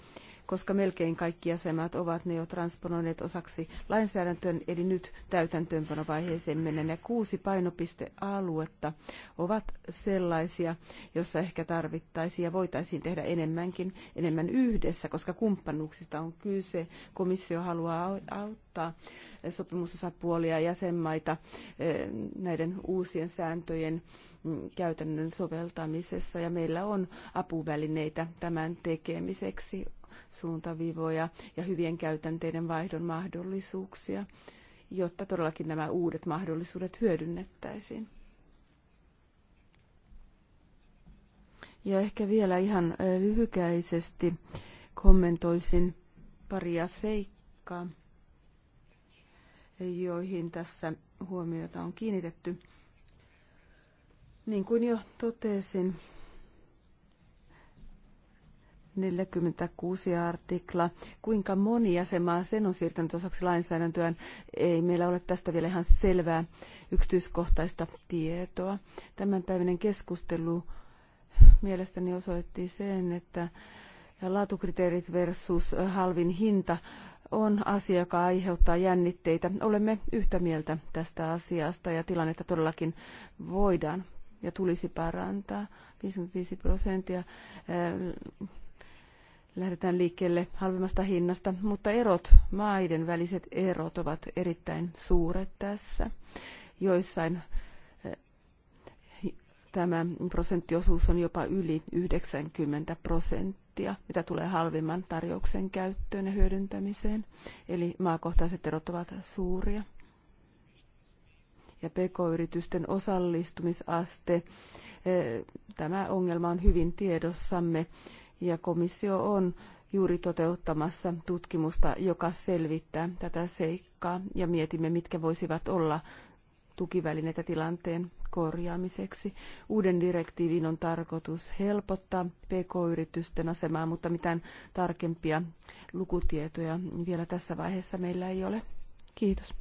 koska melkein kaikki jäsenmaat ovat ne jo transponoineet osaksi lainsäädäntöön, eli nyt täytäntöönpanovaiheeseen mennään. Ja kuusi painopistealuetta ovat sellaisia, joissa ehkä tarvittaisiin ja voitaisiin tehdä enemmänkin, enemmän yhdessä, koska kumppanuuksista on kyse. Komissio haluaa auttaa sopimusosapuolia jäsenmaita eh, näiden uusien sääntöjen mm, käytännön soveltamisessa ja meillä on apuvälineitä tämän tekemiseksi suuntavivoja ja hyvien käytänteiden vaihdon mahdollisuuksia, jotta todellakin nämä uudet mahdollisuudet hyödynnettäisiin. Ja ehkä vielä ihan lyhykäisesti kommentoisin paria seikkaa, joihin tässä huomiota on kiinnitetty. Niin kuin jo totesin, 46 artikla. Kuinka moni jäsenmaa sen on siirtänyt osaksi lainsäädäntöään? Ei meillä ole tästä vielä ihan selvää yksityiskohtaista tietoa. Tämänpäiväinen keskustelu mielestäni osoitti sen, että laatukriteerit versus halvin hinta on asia, joka aiheuttaa jännitteitä. Olemme yhtä mieltä tästä asiasta ja tilannetta todellakin voidaan ja tulisi parantaa. 55 prosenttia lähdetään liikkeelle halvemmasta hinnasta, mutta erot, maiden väliset erot ovat erittäin suuret tässä. Joissain eh, tämä prosenttiosuus on jopa yli 90 prosenttia, mitä tulee halvimman tarjouksen käyttöön ja hyödyntämiseen. Eli maakohtaiset erot ovat suuria. Ja pk-yritysten osallistumisaste, eh, tämä ongelma on hyvin tiedossamme ja komissio on juuri toteuttamassa tutkimusta, joka selvittää tätä seikkaa ja mietimme, mitkä voisivat olla tukivälineitä tilanteen korjaamiseksi. Uuden direktiivin on tarkoitus helpottaa pk-yritysten asemaa, mutta mitään tarkempia lukutietoja vielä tässä vaiheessa meillä ei ole. Kiitos.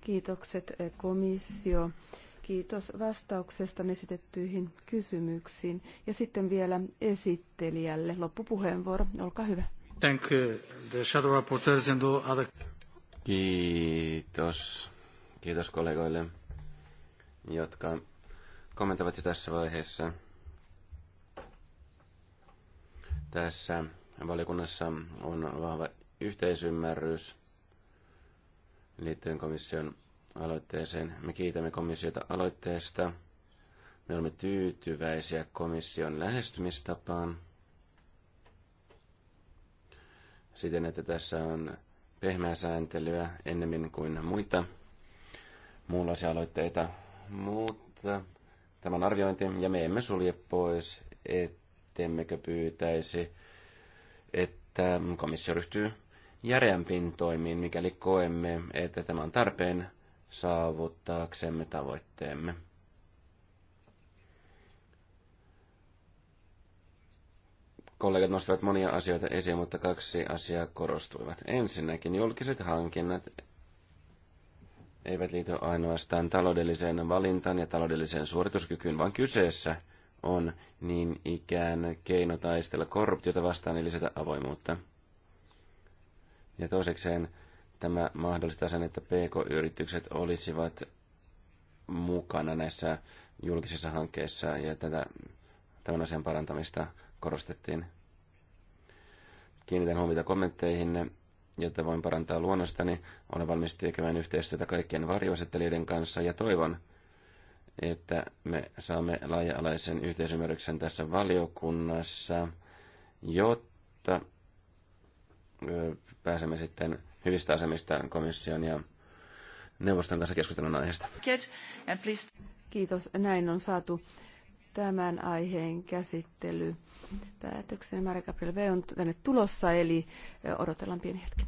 Kiitokset eh, komissio Kiitos vastauksesta esitettyihin kysymyksiin. Ja sitten vielä esittelijälle loppupuheenvuoro. Olkaa hyvä. Thank the shadow rapporteurs and other... Kiitos. Kiitos kollegoille, jotka kommentoivat jo tässä vaiheessa. Tässä valiokunnassa on vahva yhteisymmärrys liittyen komission aloitteeseen. Me kiitämme komissiota aloitteesta. Me olemme tyytyväisiä komission lähestymistapaan siten, että tässä on pehmeää sääntelyä ennemmin kuin muita muunlaisia aloitteita, mutta tämän arviointi, ja me emme sulje pois, ettemmekö pyytäisi, että komissio ryhtyy järeämpiin toimiin, mikäli koemme, että tämä on tarpeen saavuttaaksemme tavoitteemme. Kollegat nostivat monia asioita esiin, mutta kaksi asiaa korostuivat. Ensinnäkin julkiset hankinnat eivät liity ainoastaan taloudelliseen valintaan ja taloudelliseen suorituskykyyn, vaan kyseessä on niin ikään keino taistella korruptiota vastaan ja lisätä avoimuutta. Ja toisekseen Tämä mahdollistaa sen, että PK-yritykset olisivat mukana näissä julkisissa hankkeissa ja tätä, tämän asian parantamista korostettiin. Kiinnitän huomiota kommentteihin, jotta voin parantaa luonnostani. Olen valmis tekemään yhteistyötä kaikkien varjoasettelijoiden kanssa ja toivon, että me saamme laaja-alaisen yhteisymmärryksen tässä valiokunnassa, jotta pääsemme sitten hyvistä asemista komission ja neuvoston kanssa keskustelun aiheesta. Kiitos. Näin on saatu tämän aiheen käsittely päätöksen. Marika Pilve on tänne tulossa, eli odotellaan pieni hetki.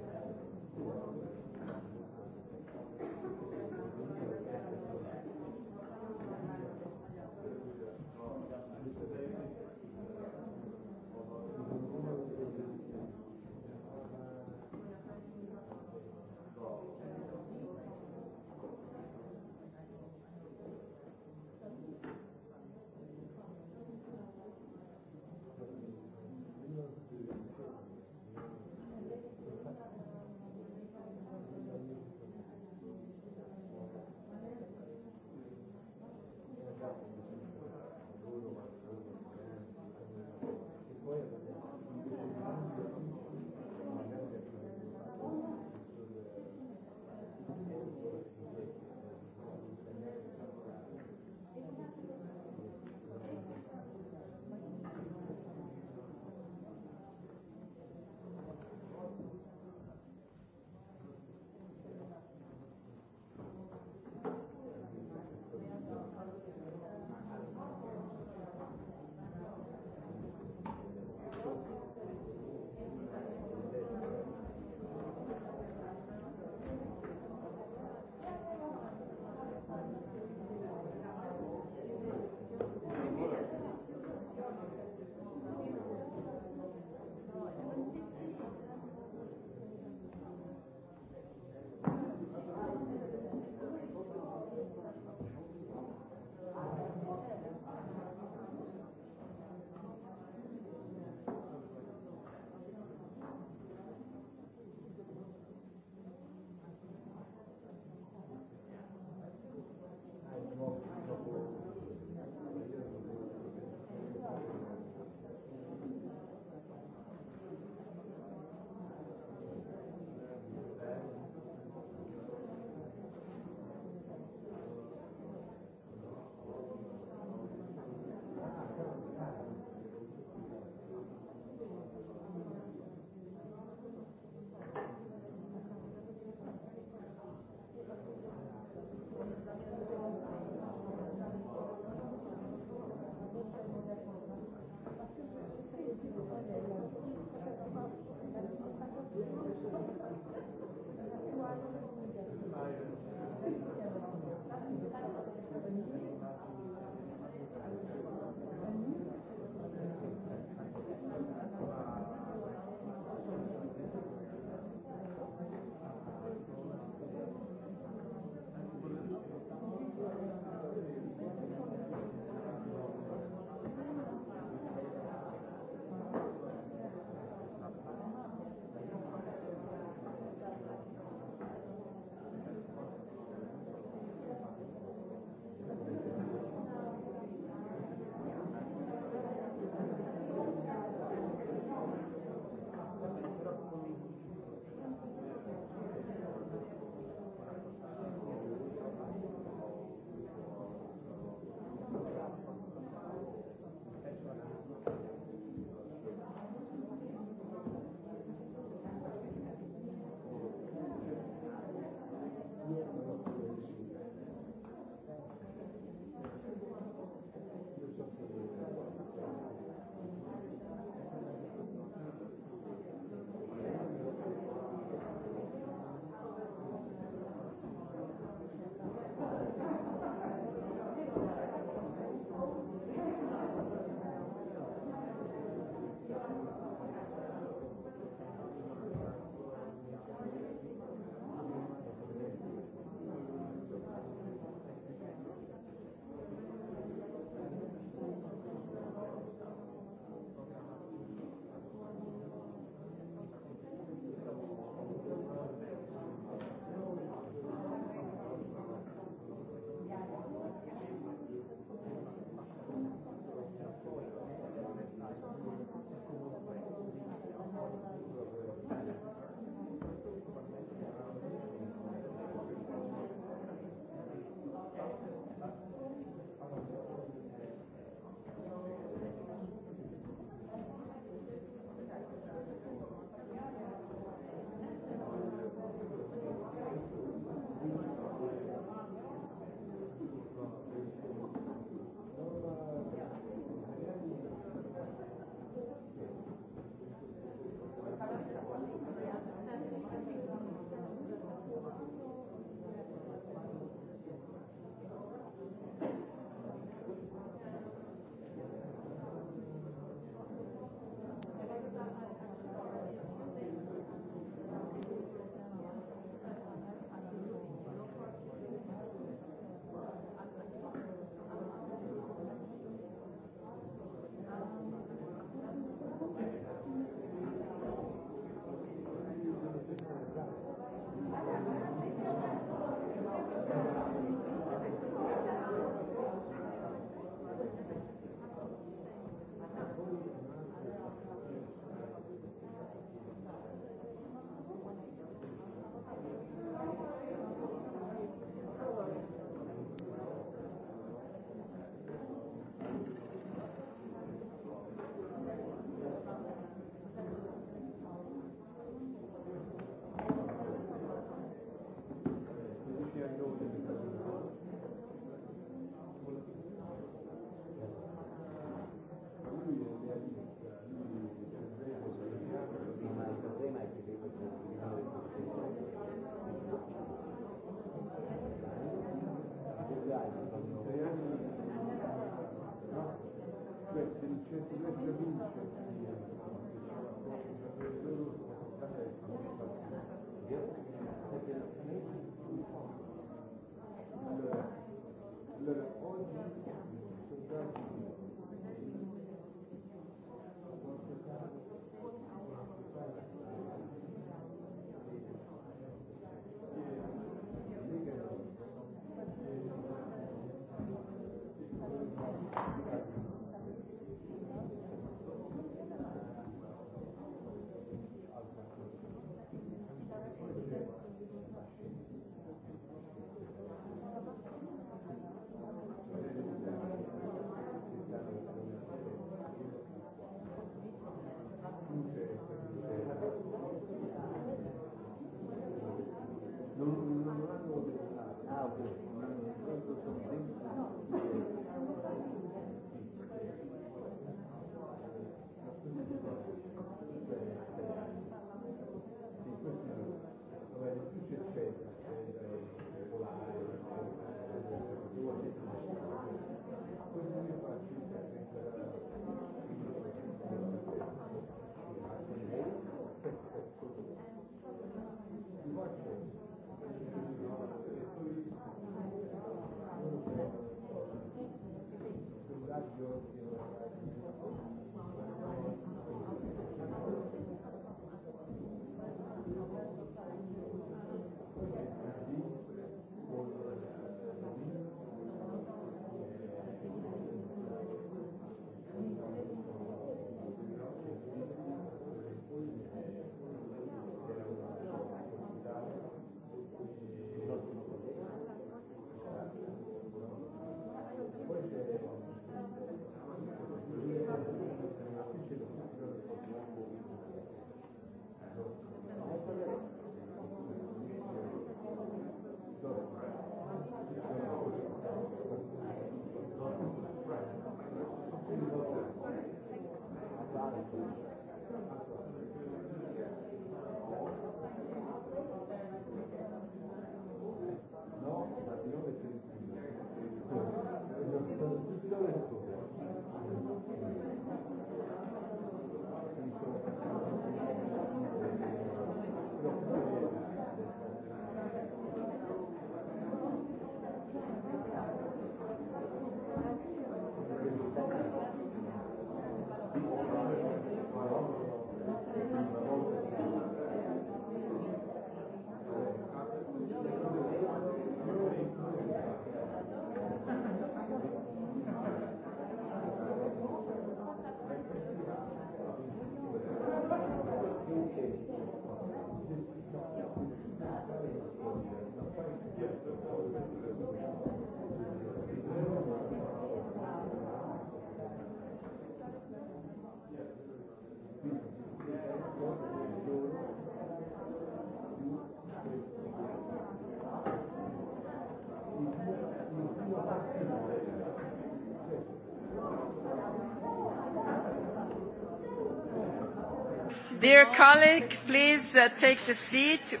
Dear colleagues, please uh, take the seat.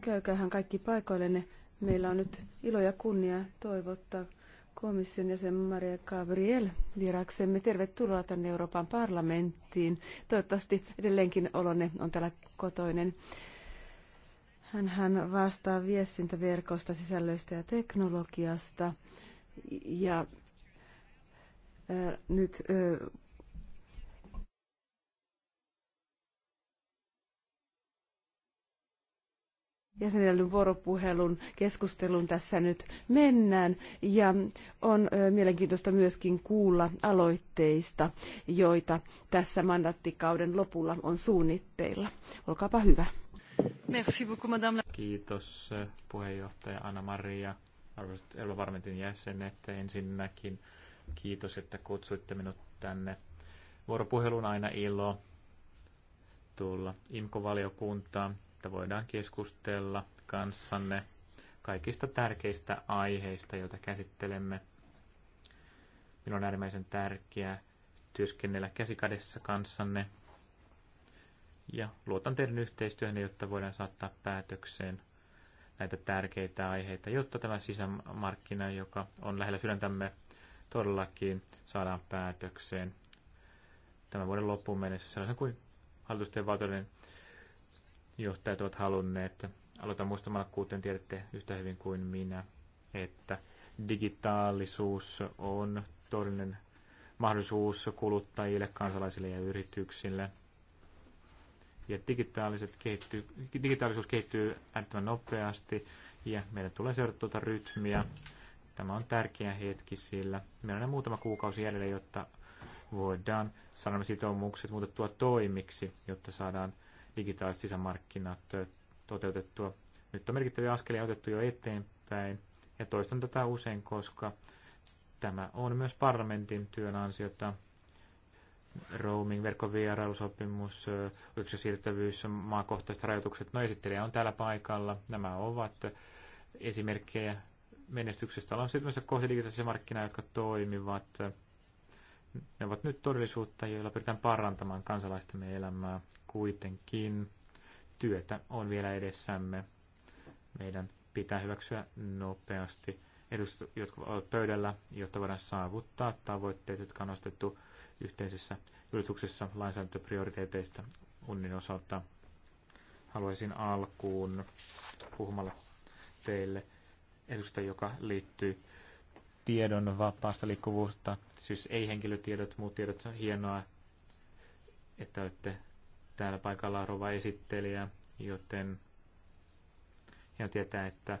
Käykähän kaikki paikoillenne. Meillä on nyt ilo ja kunnia toivottaa komission jäsen Maria Gabriel vieraksemme. Tervetuloa tänne Euroopan parlamenttiin. Toivottavasti edelleenkin olonne on täällä kotoinen. Hän vastaa viestintäverkosta, sisällöistä ja teknologiasta. Ja nyt jäsenellyn vuoropuhelun keskustelun tässä nyt mennään. Ja on mielenkiintoista myöskin kuulla aloitteista, joita tässä mandattikauden lopulla on suunnitteilla. Olkaapa hyvä. Merci beaucoup, madame. Kiitos puheenjohtaja Anna-Maria, arvoisat Elva Varmentin jäsenet. Ensinnäkin kiitos, että kutsuitte minut tänne. Vuoropuhelun aina ilo tulla imkovaliokuntaan että voidaan keskustella kanssanne kaikista tärkeistä aiheista, joita käsittelemme. Minun on äärimmäisen tärkeää työskennellä käsikädessä kanssanne ja luotan teidän yhteistyöhön, jotta voidaan saattaa päätökseen näitä tärkeitä aiheita, jotta tämä sisämarkkina, joka on lähellä sydäntämme, todellakin saadaan päätökseen tämän vuoden loppuun mennessä sellaisen kuin hallitusten valtioiden johtajat ovat halunneet. Aloitan muistamalla, kuten tiedätte yhtä hyvin kuin minä, että digitaalisuus on todellinen mahdollisuus kuluttajille, kansalaisille ja yrityksille. Ja digitaaliset kehittyy, digitaalisuus kehittyy äärettömän nopeasti ja meidän tulee seurata tuota rytmiä. Tämä on tärkeä hetki, sillä meillä on muutama kuukausi jäljellä, jotta voidaan sanomme sitoumukset muutettua toimiksi, jotta saadaan digitaaliset sisämarkkinat toteutettua. Nyt on merkittäviä askelia otettu jo eteenpäin ja toistan tätä usein, koska tämä on myös parlamentin työn ansiota. Roaming, verkkovierailusopimus, yksi siirtävyys, maakohtaiset rajoitukset. No esittelijä on täällä paikalla. Nämä ovat esimerkkejä menestyksestä. Ollaan siirtymässä kohti digitaalisia markkinoita, jotka toimivat ne ovat nyt todellisuutta, joilla pyritään parantamaan kansalaistemme elämää. Kuitenkin työtä on vielä edessämme. Meidän pitää hyväksyä nopeasti edustus, jotka ovat pöydällä, jotta voidaan saavuttaa tavoitteet, jotka on nostettu yhteisessä julistuksessa lainsäädäntöprioriteeteista unnin osalta. Haluaisin alkuun puhumalla teille edusta, joka liittyy tiedon vapaasta liikkuvuutta, siis ei henkilötiedot, muut tiedot, on hienoa, että olette täällä paikalla rova esittelijä, joten ja tietää, että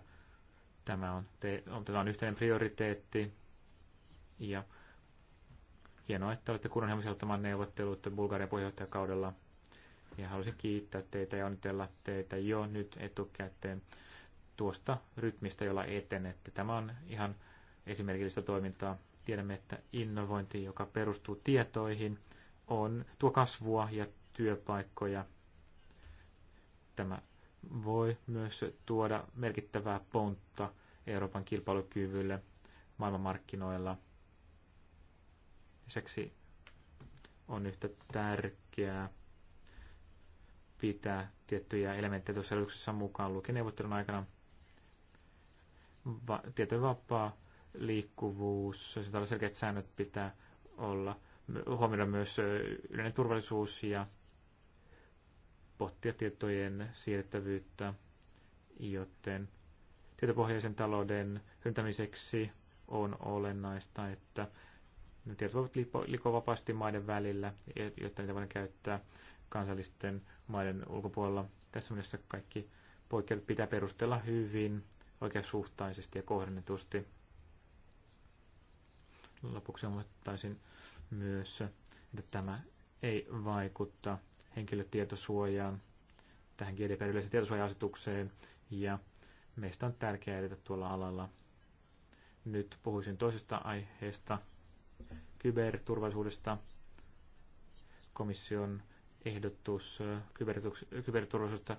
tämä on, te, on, tämä on yhteinen prioriteetti ja hienoa, että olette kunnianhimoisia ottamaan neuvottelut Bulgarian puheenjohtajakaudella ja haluaisin kiittää teitä ja onnitella teitä jo nyt etukäteen tuosta rytmistä, jolla etenette. Tämä on ihan esimerkillistä toimintaa. Tiedämme, että innovointi, joka perustuu tietoihin, on tuo kasvua ja työpaikkoja. Tämä voi myös tuoda merkittävää pontta Euroopan kilpailukyvylle maailmanmarkkinoilla. Lisäksi on yhtä tärkeää pitää tiettyjä elementtejä tuossa mukaan mukaan neuvottelun aikana. Va- tietojen vapaa liikkuvuus, tällaiset selkeät säännöt pitää olla, huomioida myös yleinen turvallisuus ja pohtia tietojen siirrettävyyttä, joten tietopohjaisen talouden hyödyntämiseksi on olennaista, että ne tiedot voivat liikkua vapaasti maiden välillä, jotta niitä voidaan käyttää kansallisten maiden ulkopuolella. Tässä mielessä kaikki poikkeudet pitää perustella hyvin, oikeasuhtaisesti ja kohdennetusti. Lopuksi huomattaisin myös, että tämä ei vaikuta henkilötietosuojaan, tähän GDPR yleiseen tietosuoja-asetukseen, ja meistä on tärkeää edetä tuolla alalla. Nyt puhuisin toisesta aiheesta, kyberturvallisuudesta. Komission ehdotus kyberturvallisuudesta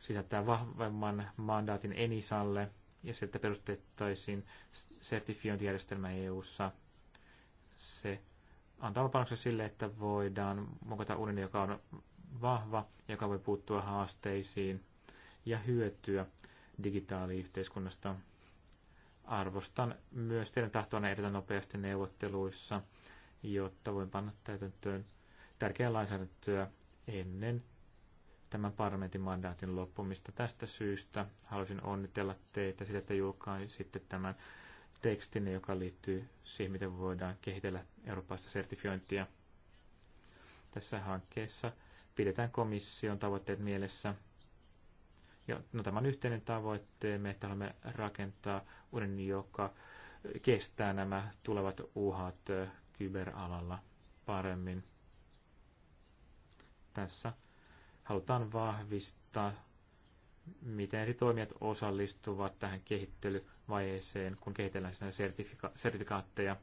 sisältää vahvemman mandaatin Enisalle – ja sieltä perustettaisiin sertifiointijärjestelmä EU-ssa, se antaa panoksen sille, että voidaan mokata unioni, joka on vahva, joka voi puuttua haasteisiin ja hyötyä digitaaliyhteiskunnasta. Arvostan myös teidän tahtoanne edetä nopeasti neuvotteluissa, jotta voin panna täytäntöön tärkeää lainsäädäntöä ennen tämän parlamentin mandaatin loppumista. Tästä syystä halusin onnitella teitä siitä, että julkaisitte tämän tekstin, joka liittyy siihen, miten voidaan kehitellä eurooppalaista sertifiointia. Tässä hankkeessa pidetään komission tavoitteet mielessä. Ja, no, tämä on yhteinen tavoitteemme, että haluamme rakentaa uuden, joka kestää nämä tulevat uhat kyberalalla paremmin. Tässä halutaan vahvistaa, miten eri toimijat osallistuvat tähän kehittelyvaiheeseen, kun kehitellään sitä siis sertifika- sertifikaatteja.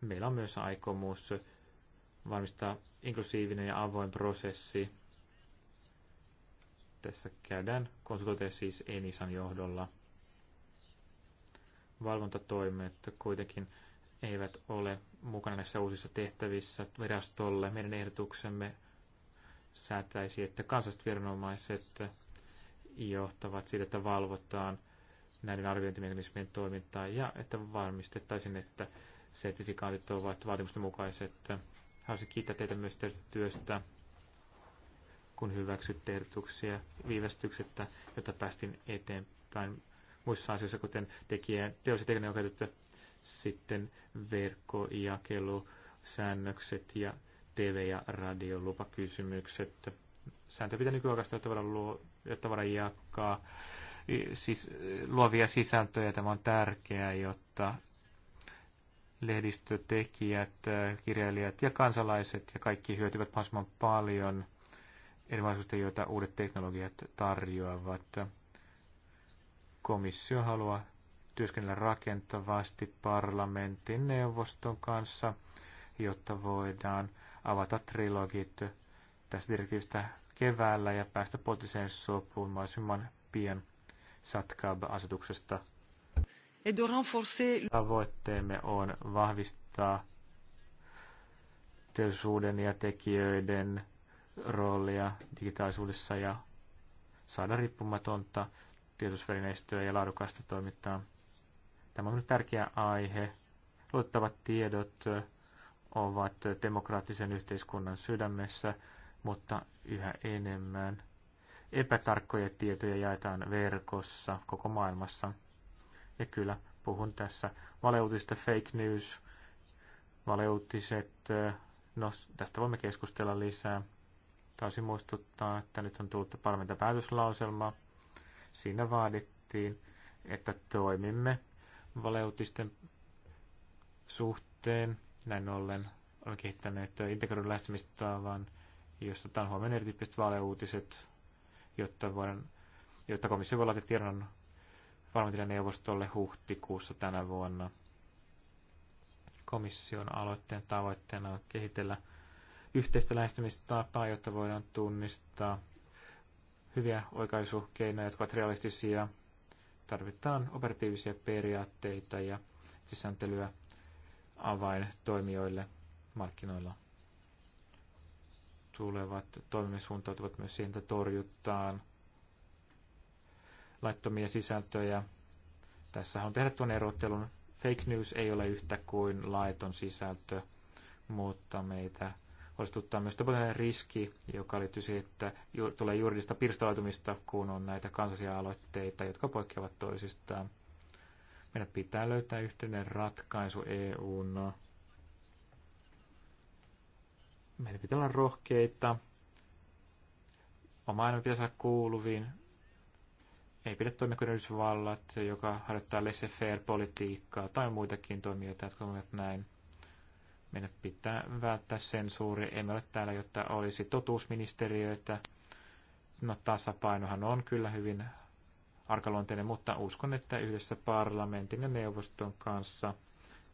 Meillä on myös aikomus varmistaa inklusiivinen ja avoin prosessi. Tässä käydään konsultointeja siis Enisan johdolla. Valvontatoimet kuitenkin eivät ole mukana näissä uusissa tehtävissä virastolle. Meidän ehdotuksemme säätäisi, että kansalliset viranomaiset johtavat siitä, että valvotaan näiden arviointimekanismien toimintaa ja että varmistettaisiin, että sertifikaatit ovat vaatimusten mukaiset. Haluaisin kiittää teitä myös tästä työstä, kun hyväksytte ehdotuksia viivästyksettä, jotta päästiin eteenpäin muissa asioissa, kuten tekijän, teos- ja tekijän sitten verkkojakelusäännökset säännökset ja TV- ja radiolupakysymykset. Sääntö pitää nykyaikaista, jotta voidaan, luo, jotta voidaan jakaa siis, luovia sisältöjä. Tämä on tärkeää, jotta lehdistötekijät, kirjailijat ja kansalaiset ja kaikki hyötyvät mahdollisimman paljon erilaisuutta, joita uudet teknologiat tarjoavat. Komissio haluaa työskennellä rakentavasti parlamentin neuvoston kanssa, jotta voidaan avata trilogit tästä direktiivistä keväällä ja päästä poliittiseen sopuun mahdollisimman pian SATCAB-asetuksesta. Tavoitteemme on vahvistaa teollisuuden ja tekijöiden roolia digitaalisuudessa ja saada riippumatonta tietosvälineistöä ja laadukasta toimintaa. Tämä on nyt tärkeä aihe. Luottavat tiedot ovat demokraattisen yhteiskunnan sydämessä, mutta yhä enemmän epätarkkoja tietoja jaetaan verkossa koko maailmassa. Ja kyllä, puhun tässä valeutista fake news, valeutiset, no tästä voimme keskustella lisää. Taisi muistuttaa, että nyt on tullut parlamentin päätöslauselma. Siinä vaadittiin, että toimimme valeutisten suhteen näin ollen on kehittäneet integroidun lähestymistavan, jossa otetaan huomioon erityyppiset vaaleuutiset, jotta, voidaan, jotta komissio voi laittaa tiedon neuvostolle huhtikuussa tänä vuonna. Komission aloitteen tavoitteena on kehitellä yhteistä lähestymistapaa, jotta voidaan tunnistaa hyviä oikaisukeinoja, jotka ovat realistisia. Tarvitaan operatiivisia periaatteita ja sisääntelyä avaintoimijoille markkinoilla tulevat toimimiset suuntautuvat myös siihen, että torjuttaan laittomia sisältöjä. Tässä on tehdä tuon erottelun. Fake news ei ole yhtä kuin laiton sisältö, mutta meitä huolestuttaa myös tämmöinen riski, joka liittyy siihen, että ju- tulee juridista pirstaloitumista, kun on näitä kansallisia aloitteita, jotka poikkeavat toisistaan. Meidän pitää löytää yhteinen ratkaisu EUn. Meidän pitää olla rohkeita. Oma aina pitää saada kuuluviin. Ei pidä toimia kuin Yhdysvallat, joka harjoittaa laissez-faire-politiikkaa tai muitakin toimijoita, jotka ovat näin. Meidän pitää välttää sensuuri. Emme ole täällä, jotta olisi totuusministeriöitä. No tasapainohan on kyllä hyvin arkaluonteinen, mutta uskon, että yhdessä parlamentin ja neuvoston kanssa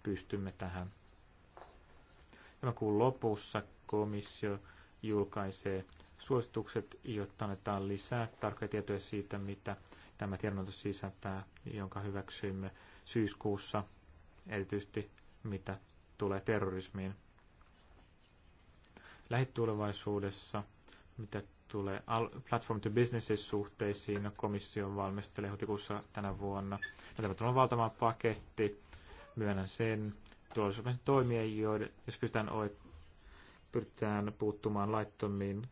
pystymme tähän. Tämä kuun lopussa komissio julkaisee suositukset, jotta annetaan lisää tarkkoja tietoja siitä, mitä tämä tiedonanto sisältää, jonka hyväksyimme syyskuussa, erityisesti mitä tulee terrorismiin. Lähitulevaisuudessa, mitä tulee Platform to Businesses suhteisiin. Komissio valmistelee huhtikuussa tänä vuonna. No, tämä on valtava paketti. Myönnän sen. Turvallisuusopimisen toimia, joiden, jos pystytään, pyritään puuttumaan laittomiin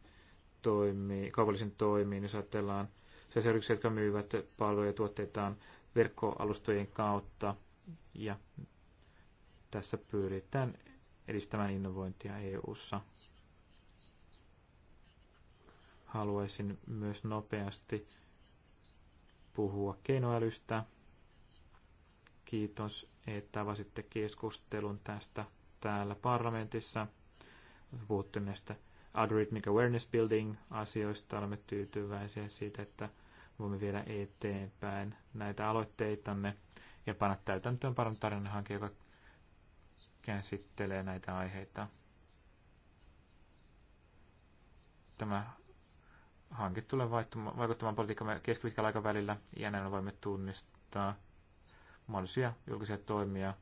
toimiin, kaupallisiin toimiin, jos ajatellaan sellaisia yrityksiä, jotka myyvät palveluja ja tuotteitaan verkkoalustojen kautta. Ja tässä pyritään edistämään innovointia EU-ssa. Haluaisin myös nopeasti puhua keinoälystä. Kiitos, että avasitte keskustelun tästä täällä parlamentissa. Puhuttiin näistä algorithmic awareness building asioista. Olemme tyytyväisiä siitä, että voimme viedä eteenpäin näitä aloitteitanne ja panna täytäntöön parantarin hanke, joka käsittelee näitä aiheita. Tämä hanke tulee vaikuttamaan politiikkamme keskipitkällä aikavälillä ja näin voimme tunnistaa mahdollisia julkisia toimia,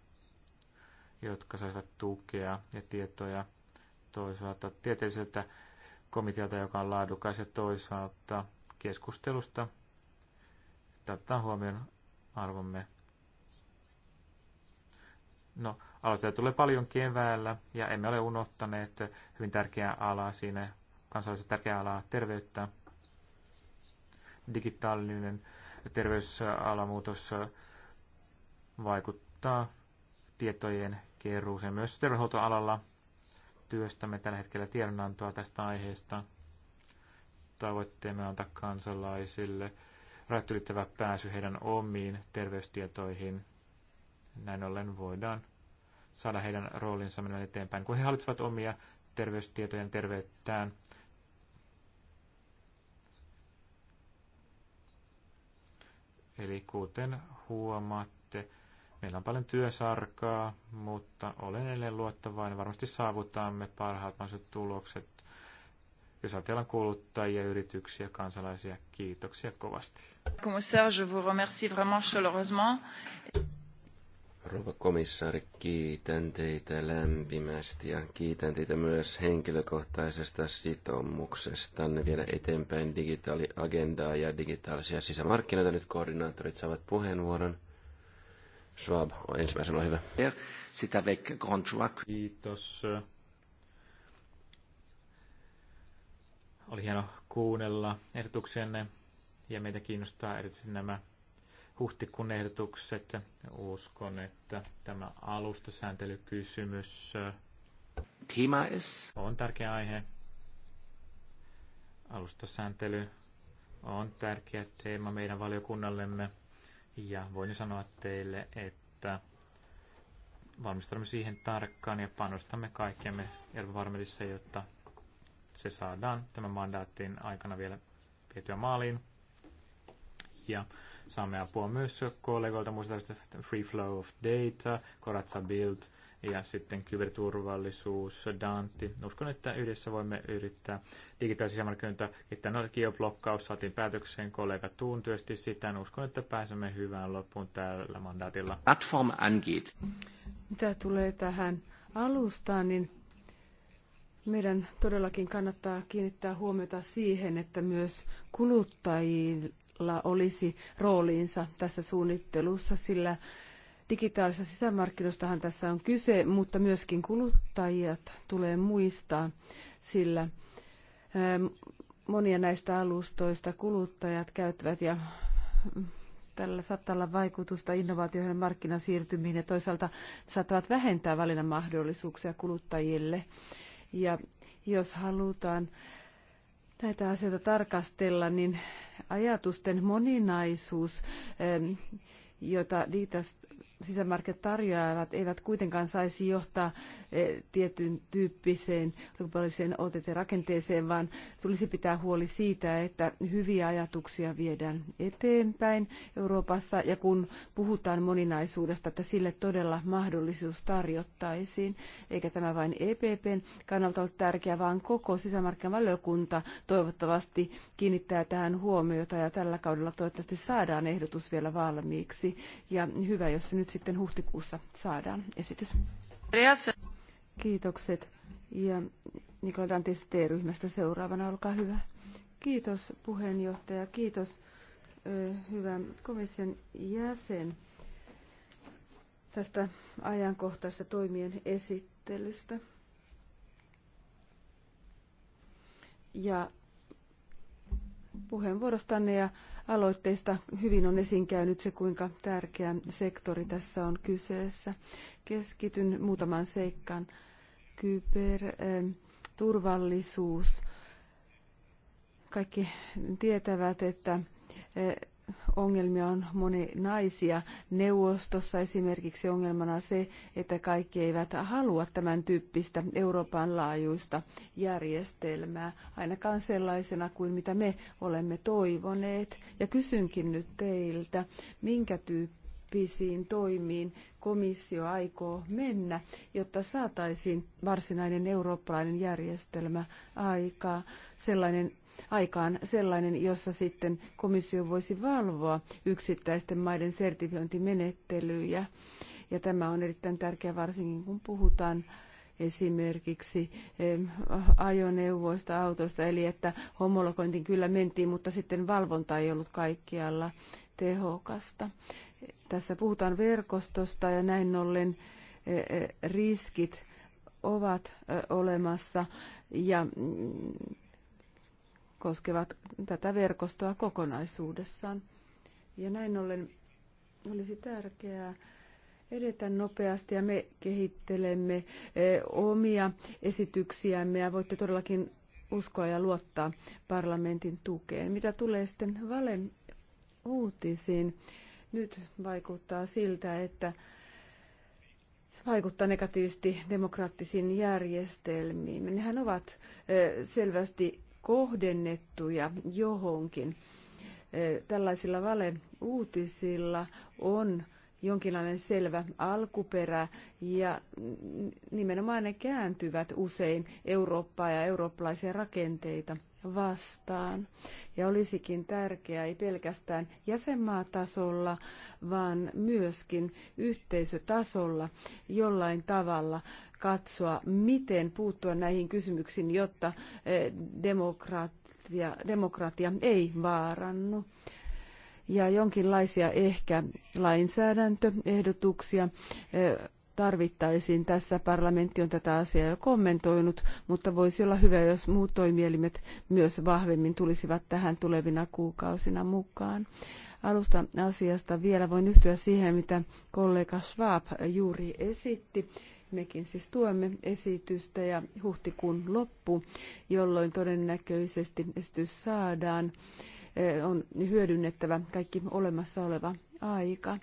jotka saisivat tukea ja tietoja toisaalta tieteelliseltä komitealta, joka on laadukas, ja toisaalta keskustelusta otetaan huomioon arvomme. No, aloitteita tulee paljon keväällä ja emme ole unohtaneet hyvin tärkeää alaa siinä kansallisesti tärkeä ala terveyttä. Digitaalinen terveysalamuutos vaikuttaa tietojen keruuseen myös terveydenhuoltoalalla. Työstämme tällä hetkellä tiedonantoa tästä aiheesta. Tavoitteemme on antaa kansalaisille rajat ylittävä pääsy heidän omiin terveystietoihin. Näin ollen voidaan saada heidän roolinsa mennä eteenpäin, kun he hallitsevat omia terveystietojen terveyttään. Eli kuten huomaatte, meillä on paljon työsarkaa, mutta olen edelleen luottavainen. Varmasti saavutamme parhaat mahdolliset tulokset, jos ajatellaan kuluttajia, yrityksiä, kansalaisia. Kiitoksia kovasti. Commissaire, je vous remercie vraiment chaleureusement. Rouva komissaari, kiitän teitä lämpimästi ja kiitän teitä myös henkilökohtaisesta ne vielä eteenpäin digitaaliagendaa ja digitaalisia sisämarkkinoita. Nyt koordinaattorit saavat puheenvuoron. Schwab, ensimmäisenä hyvä. Sitä Kiitos. Oli hieno kuunnella ehdotuksenne ja meitä kiinnostaa erityisesti nämä huhtikuun ehdotukset. Uskon, että tämä alustasääntelykysymys äh, Thema on tärkeä aihe. Alustasääntely on tärkeä teema meidän valiokunnallemme ja voin sanoa teille, että valmistamme siihen tarkkaan ja panostamme kaikkemme Ervavarmetissa, jotta se saadaan tämän mandaattiin aikana vielä vietyä maaliin. Ja Saamme apua myös kollegoilta muista Free Flow of Data, Koratsa Build ja sitten kyberturvallisuus, Dante. Uskon, että yhdessä voimme yrittää digitaalisia markkinoita että No, geoblokkaus saatiin päätökseen, kollega Tuun työsti sitä. Uskon, että pääsemme hyvään loppuun tällä mandaatilla. Platform Angit. Mitä tulee tähän alustaan, niin meidän todellakin kannattaa kiinnittää huomiota siihen, että myös kuluttajille digitaalisella olisi rooliinsa tässä suunnittelussa, sillä digitaalisesta sisämarkkinoistahan tässä on kyse, mutta myöskin kuluttajat tulee muistaa, sillä ähm, monia näistä alustoista kuluttajat käyttävät ja mm, tällä saattaa olla vaikutusta innovaatioihin ja markkinasiirtymiin ja toisaalta saattavat vähentää valinnan mahdollisuuksia kuluttajille. Ja jos halutaan näitä asioita tarkastella, niin ajatusten moninaisuus, jota Diitas sisämarkkinat tarjoavat eivät kuitenkaan saisi johtaa eh, tietyn tyyppiseen globaaliseen OTT-rakenteeseen, vaan tulisi pitää huoli siitä, että hyviä ajatuksia viedään eteenpäin Euroopassa ja kun puhutaan moninaisuudesta, että sille todella mahdollisuus tarjottaisiin, eikä tämä vain EPPn kannalta ole tärkeä, vaan koko sisämarkkinavaliokunta toivottavasti kiinnittää tähän huomiota ja tällä kaudella toivottavasti saadaan ehdotus vielä valmiiksi ja hyvä, jos se nyt nyt sitten huhtikuussa saadaan esitys. Kiitokset. Ja Nikola Dantis T-ryhmästä seuraavana, olkaa hyvä. Kiitos puheenjohtaja, kiitos hyvä komission jäsen tästä ajankohtaista toimien esittelystä. Ja puheenvuorostanne ja aloitteista hyvin on esiin käynyt se, kuinka tärkeä sektori tässä on kyseessä. Keskityn muutamaan seikkaan. Kyberturvallisuus. Eh, Kaikki tietävät, että eh, ongelmia on moninaisia. Neuvostossa esimerkiksi ongelmana se, että kaikki eivät halua tämän tyyppistä Euroopan laajuista järjestelmää, ainakaan sellaisena kuin mitä me olemme toivoneet. Ja kysynkin nyt teiltä, minkä tyyppisiin toimiin komissio aikoo mennä, jotta saataisiin varsinainen eurooppalainen järjestelmä aikaa, sellainen aikaan sellainen, jossa sitten komissio voisi valvoa yksittäisten maiden sertifiointimenettelyjä. Ja tämä on erittäin tärkeää varsinkin, kun puhutaan esimerkiksi ajoneuvoista, autoista, eli että homologointiin kyllä mentiin, mutta sitten valvonta ei ollut kaikkialla tehokasta. Tässä puhutaan verkostosta ja näin ollen e, e, riskit ovat olemassa ja mm, koskevat tätä verkostoa kokonaisuudessaan. Ja näin ollen olisi tärkeää edetä nopeasti ja me kehittelemme eh, omia esityksiämme ja voitte todellakin uskoa ja luottaa parlamentin tukeen. Mitä tulee sitten valen uutisiin, nyt vaikuttaa siltä, että se vaikuttaa negatiivisesti demokraattisiin järjestelmiin. Nehän ovat eh, selvästi kohdennettuja johonkin. Tällaisilla valeuutisilla on jonkinlainen selvä alkuperä ja nimenomaan ne kääntyvät usein Eurooppaa ja eurooppalaisia rakenteita vastaan. Ja olisikin tärkeää ei pelkästään jäsenmaatasolla, vaan myöskin yhteisötasolla jollain tavalla katsoa, miten puuttua näihin kysymyksiin, jotta eh, demokratia, demokratia ei vaarannu. Ja jonkinlaisia ehkä lainsäädäntöehdotuksia eh, tarvittaisiin. Tässä parlamentti on tätä asiaa jo kommentoinut, mutta voisi olla hyvä, jos muut toimielimet myös vahvemmin tulisivat tähän tulevina kuukausina mukaan. Alusta asiasta vielä voin yhtyä siihen, mitä kollega Schwab juuri esitti Mekin siis tuemme esitystä ja huhtikuun loppu, jolloin todennäköisesti esitys saadaan, eh, on hyödynnettävä kaikki olemassa oleva aika.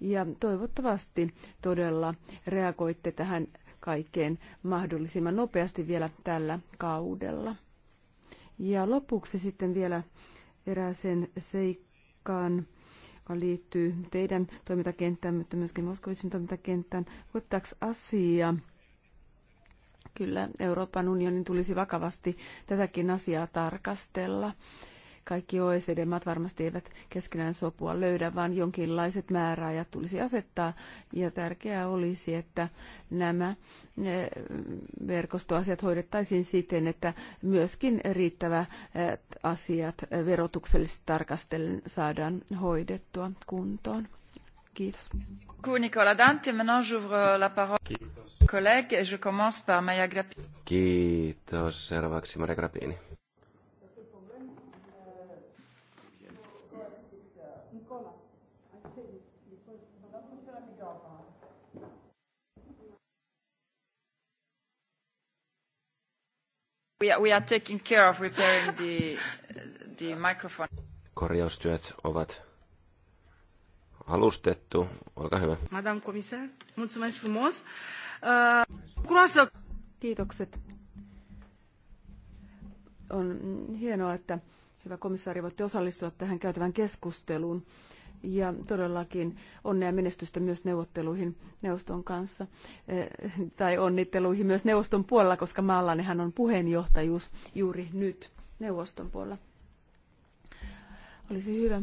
Ja toivottavasti todella reagoitte tähän kaikkeen mahdollisimman nopeasti vielä tällä kaudella. Ja lopuksi sitten vielä erääseen seikkaan, joka liittyy teidän toimintakenttään, mutta myöskin Moskovitsin toimintakenttään. Voittaako asia Kyllä Euroopan unionin tulisi vakavasti tätäkin asiaa tarkastella kaikki OECD-maat varmasti eivät keskenään sopua löydä, vaan jonkinlaiset määräajat tulisi asettaa. Ja tärkeää olisi, että nämä eh, verkostoasiat hoidettaisiin siten, että myöskin riittävä eh, asiat eh, verotuksellisesti tarkastellen saadaan hoidettua kuntoon. Kiitos. Nicolas Dante, maintenant j'ouvre la parole Kiitos. collègue je commence par Maya Grappini. Kiitos. Seuraavaksi Maria Grappini. We Korjaustyöt ovat alustettu. Olkaa hyvä. Madame Comisar, mulțumesc frumos. Uh, Kiitokset. On hienoa, että hyvä komissaari voitte osallistua tähän käytävän keskusteluun. Uh, ja todellakin onnea menestystä myös neuvotteluihin neuvoston kanssa eh, tai onnitteluihin myös neuvoston puolella, koska maallannehan on puheenjohtajuus juuri nyt neuvoston puolella. Olisi hyvä,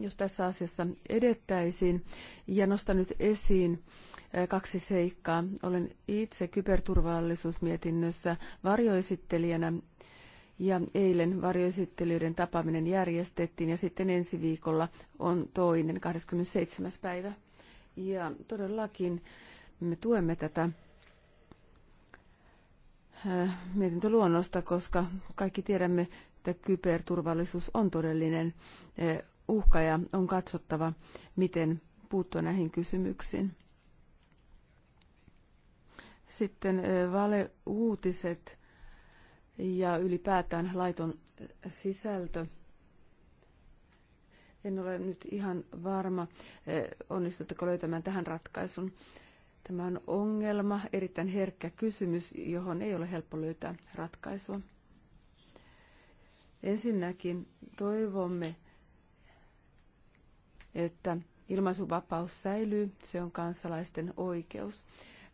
jos tässä asiassa edettäisiin ja nostan nyt esiin eh, kaksi seikkaa. Olen itse kyberturvallisuusmietinnössä varjoesittelijänä ja eilen varjoesittelyiden tapaaminen järjestettiin ja sitten ensi viikolla on toinen 27. päivä. Ja todellakin me tuemme tätä äh, mietintöluonnosta, koska kaikki tiedämme, että kyberturvallisuus on todellinen äh, uhka ja on katsottava, miten puuttua näihin kysymyksiin. Sitten äh, valeuutiset ja ylipäätään laiton äh, sisältö. En ole nyt ihan varma, äh, onnistutteko löytämään tähän ratkaisun. Tämä on ongelma, erittäin herkkä kysymys, johon ei ole helppo löytää ratkaisua. Ensinnäkin toivomme, että ilmaisuvapaus säilyy, se on kansalaisten oikeus.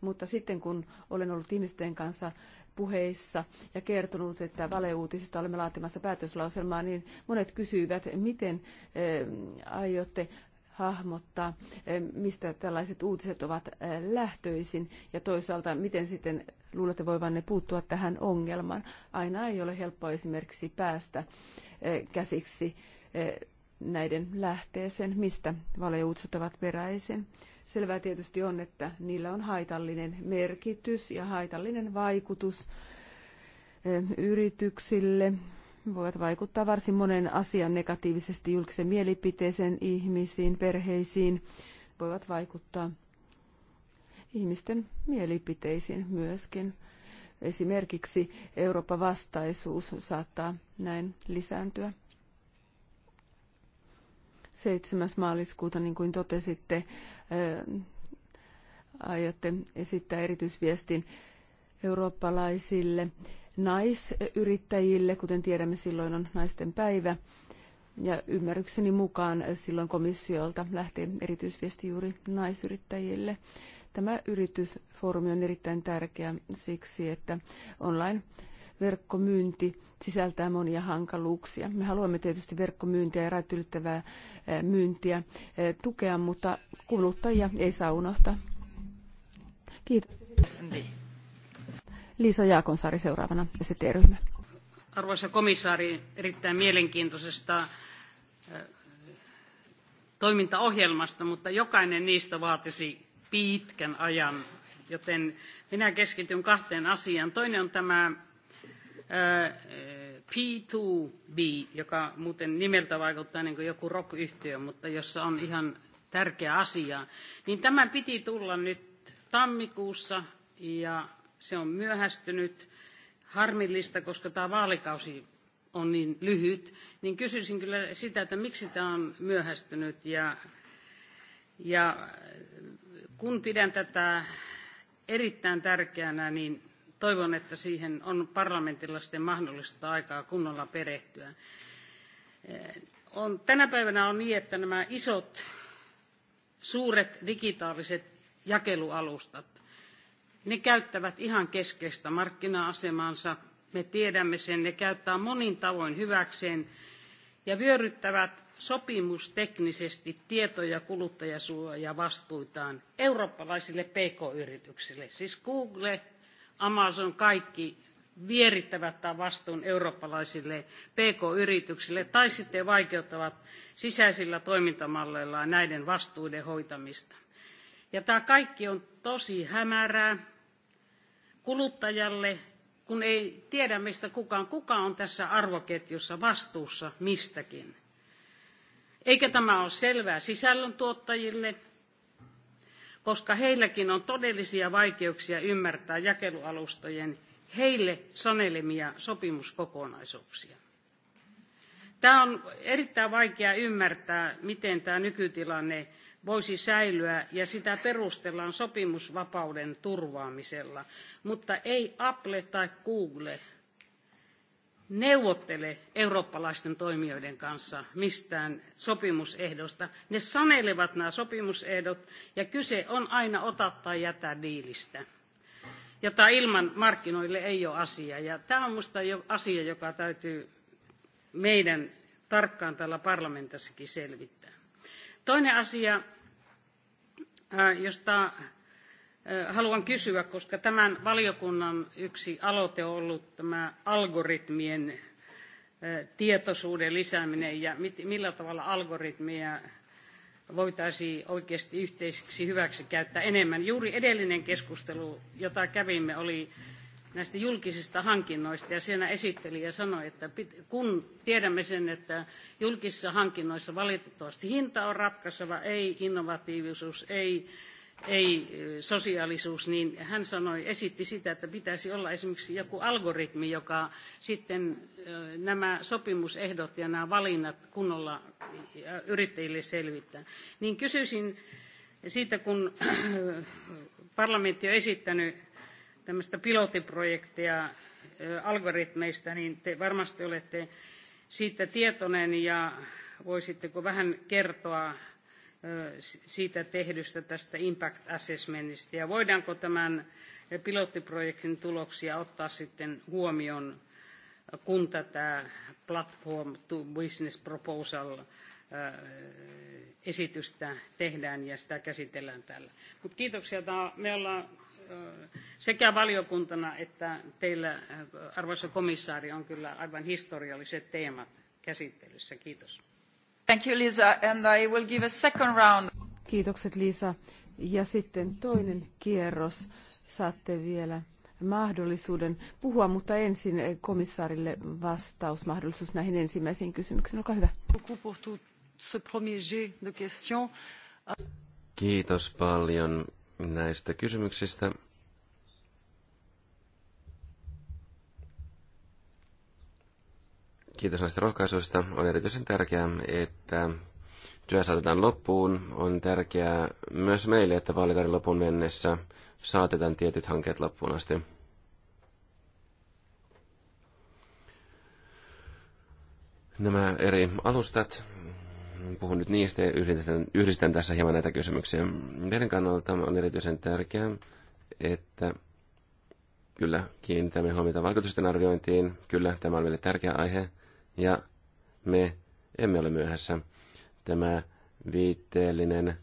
Mutta sitten kun olen ollut ihmisten kanssa puheissa ja kertonut, että valeuutisista olemme laatimassa päätöslauselmaa, niin monet kysyivät, miten eh, aiotte hahmottaa, eh, mistä tällaiset uutiset ovat eh, lähtöisin ja toisaalta miten sitten luulette voivanne puuttua tähän ongelmaan. Aina ei ole helppoa esimerkiksi päästä käsiksi näiden lähteeseen, mistä valeuutiset ovat peräisin. Selvää tietysti on, että niillä on haitallinen merkitys ja haitallinen vaikutus eh, yrityksille. Voivat vaikuttaa varsin monen asian negatiivisesti julkisen mielipiteeseen, ihmisiin, perheisiin. Voivat vaikuttaa ihmisten mielipiteisiin myöskin. Esimerkiksi Eurooppa-vastaisuus saattaa näin lisääntyä. 7. maaliskuuta, niin kuin totesitte, aiotte esittää erityisviestin eurooppalaisille naisyrittäjille, kuten tiedämme, silloin on naisten päivä. Ja ymmärrykseni mukaan silloin komissiolta lähti erityisviesti juuri naisyrittäjille. Tämä yritysfoorumi on erittäin tärkeä siksi, että online verkkomyynti sisältää monia hankaluuksia. Me haluamme tietysti verkkomyyntiä ja rajat ylittävää myyntiä tukea, mutta kuluttajia ei saa unohtaa. Kiitos. Liisa Jaakonsaari seuraavana ja sitten ryhmä. Arvoisa komissaari, erittäin mielenkiintoisesta toimintaohjelmasta, mutta jokainen niistä vaatisi pitkän ajan, joten minä keskityn kahteen asiaan. Toinen on tämä P2B, joka muuten nimeltä vaikuttaa niin kuin joku rock mutta jossa on ihan tärkeä asia, niin tämä piti tulla nyt tammikuussa ja se on myöhästynyt. Harmillista, koska tämä vaalikausi on niin lyhyt, niin kysyisin kyllä sitä, että miksi tämä on myöhästynyt ja, ja kun pidän tätä erittäin tärkeänä, niin toivon, että siihen on parlamentilla sitten mahdollista aikaa kunnolla perehtyä. Eh, on, tänä päivänä on niin, että nämä isot, suuret digitaaliset jakelualustat, ne käyttävät ihan keskeistä markkina-asemansa. Me tiedämme sen, ne käyttää monin tavoin hyväkseen ja vyöryttävät sopimusteknisesti tietoja kuluttajasuoja vastuitaan eurooppalaisille pk-yrityksille, siis Google, Amazon kaikki vierittävät tämän vastuun eurooppalaisille PK-yrityksille tai sitten vaikeuttavat sisäisillä toimintamalleilla näiden vastuiden hoitamista. Ja tämä kaikki on tosi hämärää kuluttajalle, kun ei tiedä meistä kukaan, kuka on tässä arvoketjussa vastuussa mistäkin. Eikä tämä ole selvää sisällöntuottajille, koska heilläkin on todellisia vaikeuksia ymmärtää jakelualustojen heille sanelemia sopimuskokonaisuuksia. Tämä on erittäin vaikea ymmärtää, miten tämä nykytilanne voisi säilyä ja sitä perustellaan sopimusvapauden turvaamisella. Mutta ei Apple tai Google neuvottele eurooppalaisten toimijoiden kanssa mistään sopimusehdosta. Ne sanelevat nämä sopimusehdot ja kyse on aina ota tai jätä diilistä jota ilman markkinoille ei ole asiaa. Ja tämä on minusta jo asia, joka täytyy meidän tarkkaan täällä parlamentissakin selvittää. Toinen asia, josta haluan kysyä, koska tämän valiokunnan yksi aloite on ollut tämä algoritmien tietoisuuden lisääminen ja millä tavalla algoritmia voitaisiin oikeasti yhteiseksi hyväksi käyttää enemmän. Juuri edellinen keskustelu, jota kävimme, oli näistä julkisista hankinnoista ja siinä esittelijä sanoi, että kun tiedämme sen, että julkisissa hankinnoissa valitettavasti hinta on ratkaiseva, ei innovatiivisuus, ei ei eh, sosiaalisuus, niin hän sanoi, esitti sitä, että pitäisi olla esimerkiksi joku algoritmi, joka sitten eh, nämä sopimusehdot ja nämä valinnat kunnolla eh, yrittäjille selvittää. Niin kysyisin siitä, kun parlamentti on esittänyt tämmöistä pilottiprojektia algoritmeista, niin te varmasti olette siitä tietoinen ja voisitteko vähän kertoa siitä tehdystä tästä impact assessmentista ja voidaanko tämän pilottiprojektin tuloksia ottaa sitten huomioon, kun tätä platform to business proposal esitystä tehdään ja sitä käsitellään täällä. Mut kiitoksia. Me ollaan sekä valiokuntana että teillä, arvoisa komissaari, on kyllä aivan historialliset teemat käsittelyssä. Kiitos. Thank you, Lisa, and I will give a second round. Kiitokset, Lisa. Ja sitten toinen kierros. Saatte vielä mahdollisuuden puhua, mutta ensin komissaarille vastausmahdollisuus näihin ensimmäisiin kysymyksiin. Olkaa hyvä. Kiitos paljon näistä kysymyksistä. Kiitos näistä rohkaisuista. On erityisen tärkeää, että työ saatetaan loppuun. On tärkeää myös meille, että vaalikauden lopun mennessä saatetaan tietyt hankkeet loppuun asti. Nämä eri alustat, puhun nyt niistä ja yhdistän, yhdistän tässä hieman näitä kysymyksiä. Meidän kannalta on erityisen tärkeää, että kyllä kiinnitämme huomiota vaikutusten arviointiin. Kyllä, tämä on meille tärkeä aihe ja me emme ole myöhässä. Tämä viitteellinen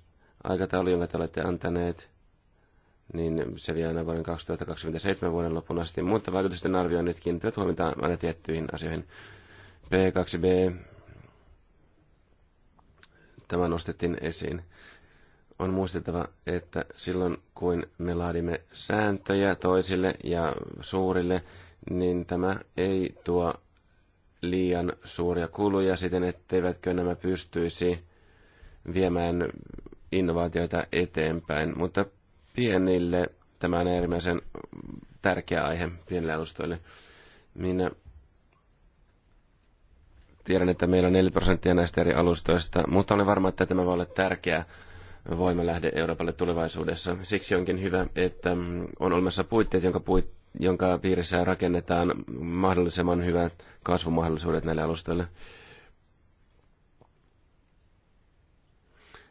aikataulu, jonka te olette antaneet, niin se vie aina vuoden 2027 vuoden lopun asti, mutta vaikutusten arvioinnit kiinnittävät huomiota aina tiettyihin asioihin. P2B, tämä nostettiin esiin. On muistettava, että silloin kun me laadimme sääntöjä toisille ja suurille, niin tämä ei tuo liian suuria kuluja siten, etteivätkö nämä pystyisi viemään innovaatioita eteenpäin. Mutta pienille tämä on äärimmäisen tärkeä aihe pienille alustoille. Minä tiedän, että meillä on 4 prosenttia näistä eri alustoista, mutta olen varma, että tämä voi olla tärkeä voimalähde Euroopalle tulevaisuudessa. Siksi onkin hyvä, että on olemassa puitteet, jonka puitteet jonka piirissä rakennetaan mahdollisimman hyvät kasvumahdollisuudet näille alustoille.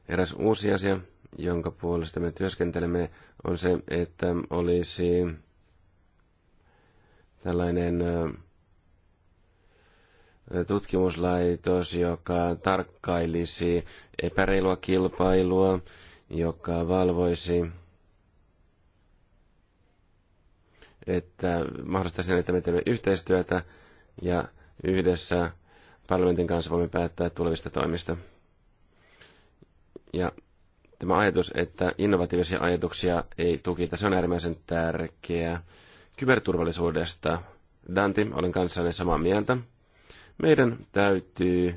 Eräs uusi asia, jonka puolesta me työskentelemme, on se, että olisi tällainen tutkimuslaitos, joka tarkkailisi epäreilua kilpailua, joka valvoisi että mahdollistaa sen, että me teemme yhteistyötä ja yhdessä parlamentin kanssa voimme päättää tulevista toimista. Ja tämä ajatus, että innovatiivisia ajatuksia ei tukita, se on äärimmäisen tärkeää. Kyberturvallisuudesta, Danti, olen kanssanne samaa mieltä. Meidän täytyy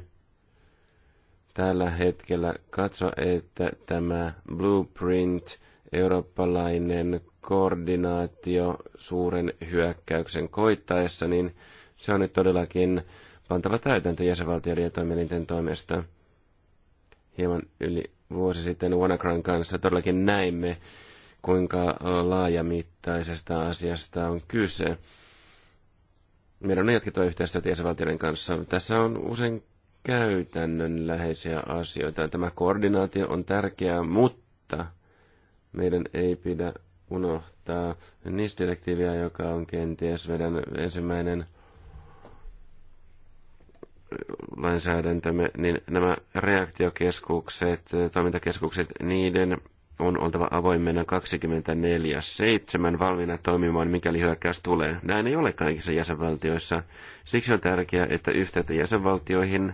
tällä hetkellä katsoa, että tämä blueprint eurooppalainen koordinaatio suuren hyökkäyksen koittaessa, niin se on nyt todellakin pantava täytäntö jäsenvaltioiden ja toimielinten toimesta. Hieman yli vuosi sitten WannaCryn kanssa todellakin näimme, kuinka laajamittaisesta asiasta on kyse. Meidän on jatkettava yhteistyötä jäsenvaltioiden kanssa. Tässä on usein käytännönläheisiä asioita. Tämä koordinaatio on tärkeää, mutta meidän ei pidä unohtaa NIS-direktiiviä, joka on kenties meidän ensimmäinen lainsäädäntömme, niin nämä reaktiokeskukset, toimintakeskukset, niiden on oltava avoimena 24-7 valmiina toimimaan, mikäli hyökkäys tulee. Näin ei ole kaikissa jäsenvaltioissa. Siksi on tärkeää, että yhteyttä jäsenvaltioihin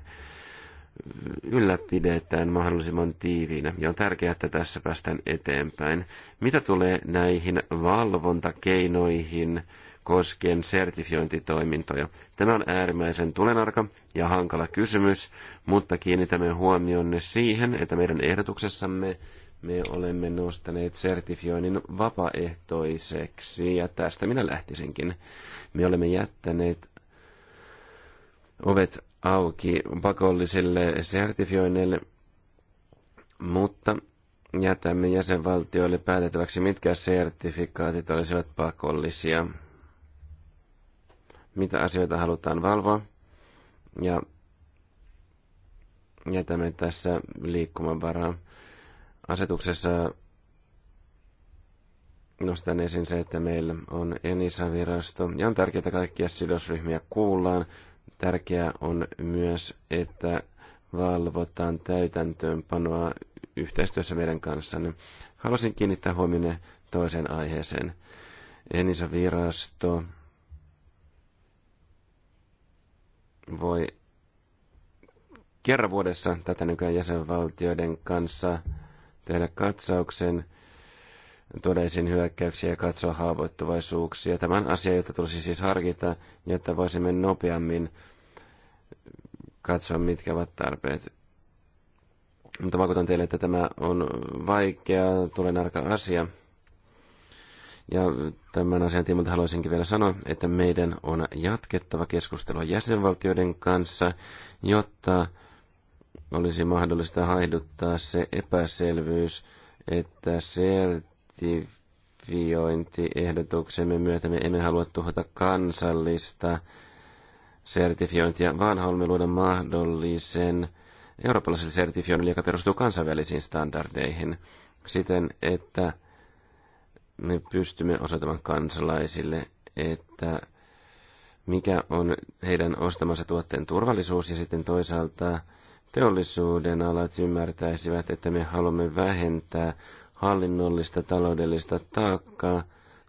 ylläpidetään mahdollisimman tiiviinä ja on tärkeää, että tässä päästään eteenpäin. Mitä tulee näihin valvontakeinoihin koskien sertifiointitoimintoja? Tämä on äärimmäisen tulenarka ja hankala kysymys, mutta kiinnitämme huomionne siihen, että meidän ehdotuksessamme me olemme nostaneet sertifioinnin vapaaehtoiseksi ja tästä minä lähtisinkin. Me olemme jättäneet ovet auki pakollisille sertifioinneille, mutta jätämme jäsenvaltioille päätettäväksi, mitkä sertifikaatit olisivat pakollisia, mitä asioita halutaan valvoa, ja jätämme tässä liikkumavaraa. Asetuksessa nostan esiin se, että meillä on Enisa-virasto, ja on tärkeää kaikkia sidosryhmiä kuullaan, Tärkeää on myös, että valvotaan täytäntöönpanoa yhteistyössä meidän kanssanne. Haluaisin kiinnittää huomioon toiseen aiheeseen. Enisa-virasto voi kerran vuodessa tätä nykyään jäsenvaltioiden kanssa tehdä katsauksen – tuoda esiin hyökkäyksiä ja katsoa haavoittuvaisuuksia. Tämän asia, jota tulisi siis harkita, jotta voisimme nopeammin katsoa, mitkä ovat tarpeet. Mutta vakuutan teille, että tämä on vaikea, tulee arka asia. Ja tämän asian tiimoilta haluaisinkin vielä sanoa, että meidän on jatkettava keskustelua jäsenvaltioiden kanssa, jotta olisi mahdollista haiduttaa se epäselvyys, että se sertifiointiehdotuksemme myötä me emme halua tuhota kansallista sertifiointia, vaan haluamme luoda mahdollisen eurooppalaisen sertifioinnin, joka perustuu kansainvälisiin standardeihin siten, että me pystymme osoittamaan kansalaisille, että mikä on heidän ostamansa tuotteen turvallisuus ja sitten toisaalta teollisuuden alat ymmärtäisivät, että me haluamme vähentää hallinnollista taloudellista taakkaa,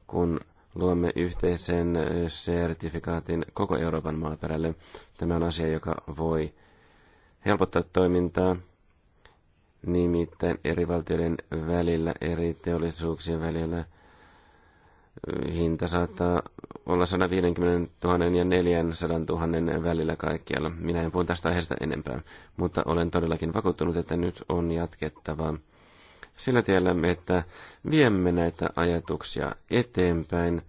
kun luomme yhteisen sertifikaatin koko Euroopan maaperälle. Tämä on asia, joka voi helpottaa toimintaa nimittäin eri valtioiden välillä, eri teollisuuksien välillä. Hinta saattaa olla 150 000 ja 400 000 välillä kaikkialla. Minä en puhu tästä aiheesta enempää, mutta olen todellakin vakuuttunut, että nyt on jatkettava sillä tiellä, että viemme näitä ajatuksia eteenpäin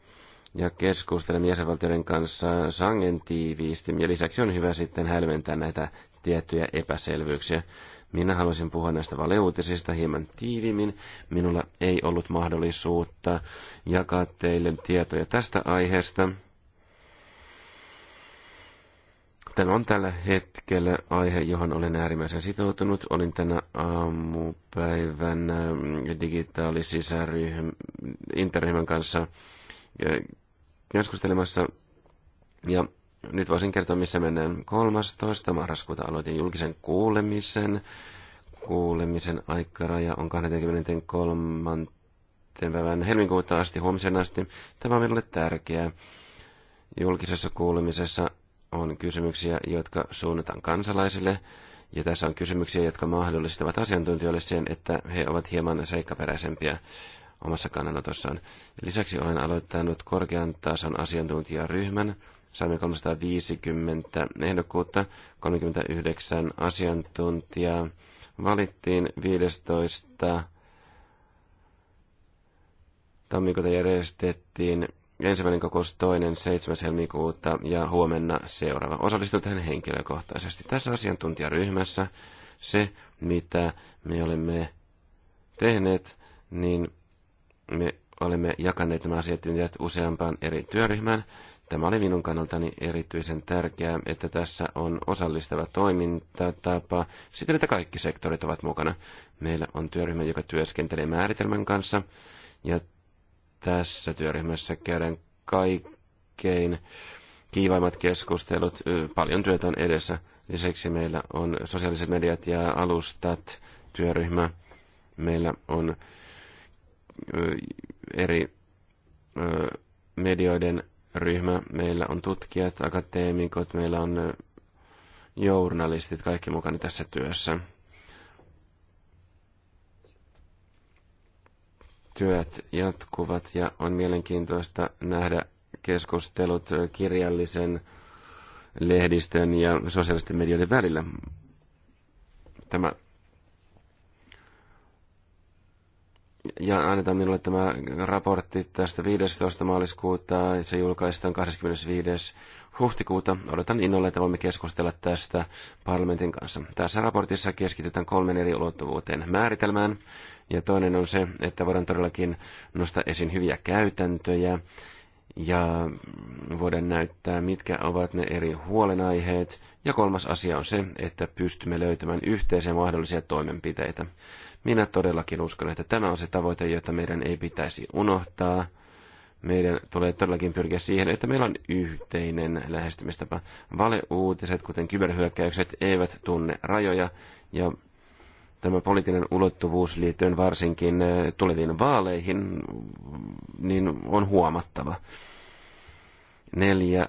ja keskustelemme jäsenvaltioiden kanssa sangen tiiviisti. Ja lisäksi on hyvä sitten hälventää näitä tiettyjä epäselvyyksiä. Minä haluaisin puhua näistä valeuutisista hieman tiivimmin. Minulla ei ollut mahdollisuutta jakaa teille tietoja tästä aiheesta. Tämä on tällä hetkellä aihe, johon olen äärimmäisen sitoutunut. Olin tänä aamupäivän mm, digitaalisisäryhmän interryhmän kanssa keskustelemassa. Ja nyt voisin kertoa, missä mennään. 13. marraskuuta aloitin julkisen kuulemisen. Kuulemisen aikaraja on 23. päivän helmikuuta asti, huomisen asti. Tämä on minulle tärkeää. Julkisessa kuulemisessa on kysymyksiä, jotka suunnataan kansalaisille, ja tässä on kysymyksiä, jotka mahdollistavat asiantuntijoille sen, että he ovat hieman seikkaperäisempiä omassa kannanotossaan. Lisäksi olen aloittanut korkean tason asiantuntijaryhmän. Saimme 350 ehdokkuutta, 39 asiantuntijaa. Valittiin 15 tammikuuta järjestettiin ensimmäinen kokous toinen 7. helmikuuta ja huomenna seuraava. Osallistu tähän henkilökohtaisesti. Tässä asiantuntijaryhmässä se, mitä me olemme tehneet, niin me olemme jakaneet nämä asiantuntijat useampaan eri työryhmään. Tämä oli minun kannaltani erityisen tärkeää, että tässä on osallistava toimintatapa Sitten että kaikki sektorit ovat mukana. Meillä on työryhmä, joka työskentelee määritelmän kanssa, ja tässä työryhmässä käydään kaikkein kiivaimmat keskustelut. Paljon työtä on edessä. Lisäksi meillä on sosiaaliset mediat ja alustat työryhmä. Meillä on eri medioiden ryhmä. Meillä on tutkijat, akateemikot, meillä on journalistit, kaikki mukana tässä työssä. työt jatkuvat ja on mielenkiintoista nähdä keskustelut kirjallisen lehdistön ja sosiaalisten medioiden välillä. Tämä ja annetaan minulle tämä raportti tästä 15. maaliskuuta. Se julkaistaan 25. huhtikuuta. Odotan innolla, että voimme keskustella tästä parlamentin kanssa. Tässä raportissa keskitytään kolmen eri ulottuvuuteen. Määritelmään, ja toinen on se, että voidaan todellakin nostaa esiin hyviä käytäntöjä ja voidaan näyttää, mitkä ovat ne eri huolenaiheet. Ja kolmas asia on se, että pystymme löytämään yhteisiä mahdollisia toimenpiteitä. Minä todellakin uskon, että tämä on se tavoite, jota meidän ei pitäisi unohtaa. Meidän tulee todellakin pyrkiä siihen, että meillä on yhteinen lähestymistapa. Valeuutiset, kuten kyberhyökkäykset, eivät tunne rajoja ja tämä poliittinen ulottuvuus liittyen varsinkin eh, tuleviin vaaleihin, niin on huomattava. Neljä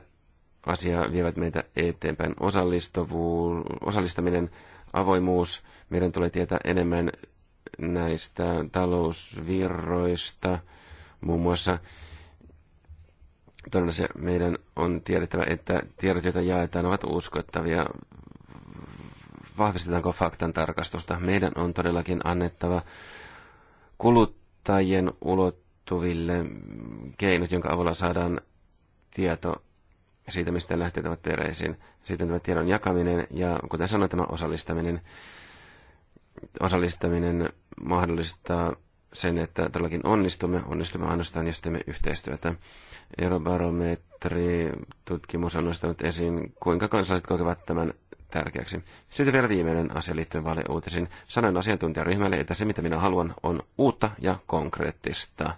asiaa vievät meitä eteenpäin. Osallistuvuus, osallistaminen, avoimuus. Meidän tulee tietää enemmän näistä talousvirroista, muun muassa todennäköisesti meidän on tiedettävä, että tiedot, joita jaetaan, ovat uskottavia vahvistetaanko faktan tarkastusta. Meidän on todellakin annettava kuluttajien ulottuville keinot, jonka avulla saadaan tieto siitä, mistä lähteet ovat peräisin. Sitten tämä tiedon jakaminen ja kuten sanoin, tämä osallistaminen, osallistaminen mahdollistaa sen, että todellakin onnistumme, onnistumme ainoastaan, jos teemme yhteistyötä. Eurobarometri-tutkimus on nostanut esiin, kuinka kansalaiset kokevat tämän tärkeäksi. Sitten vielä viimeinen asia liittyen vaaleuutisiin. Sanoin asiantuntijaryhmälle, että se mitä minä haluan on uutta ja konkreettista.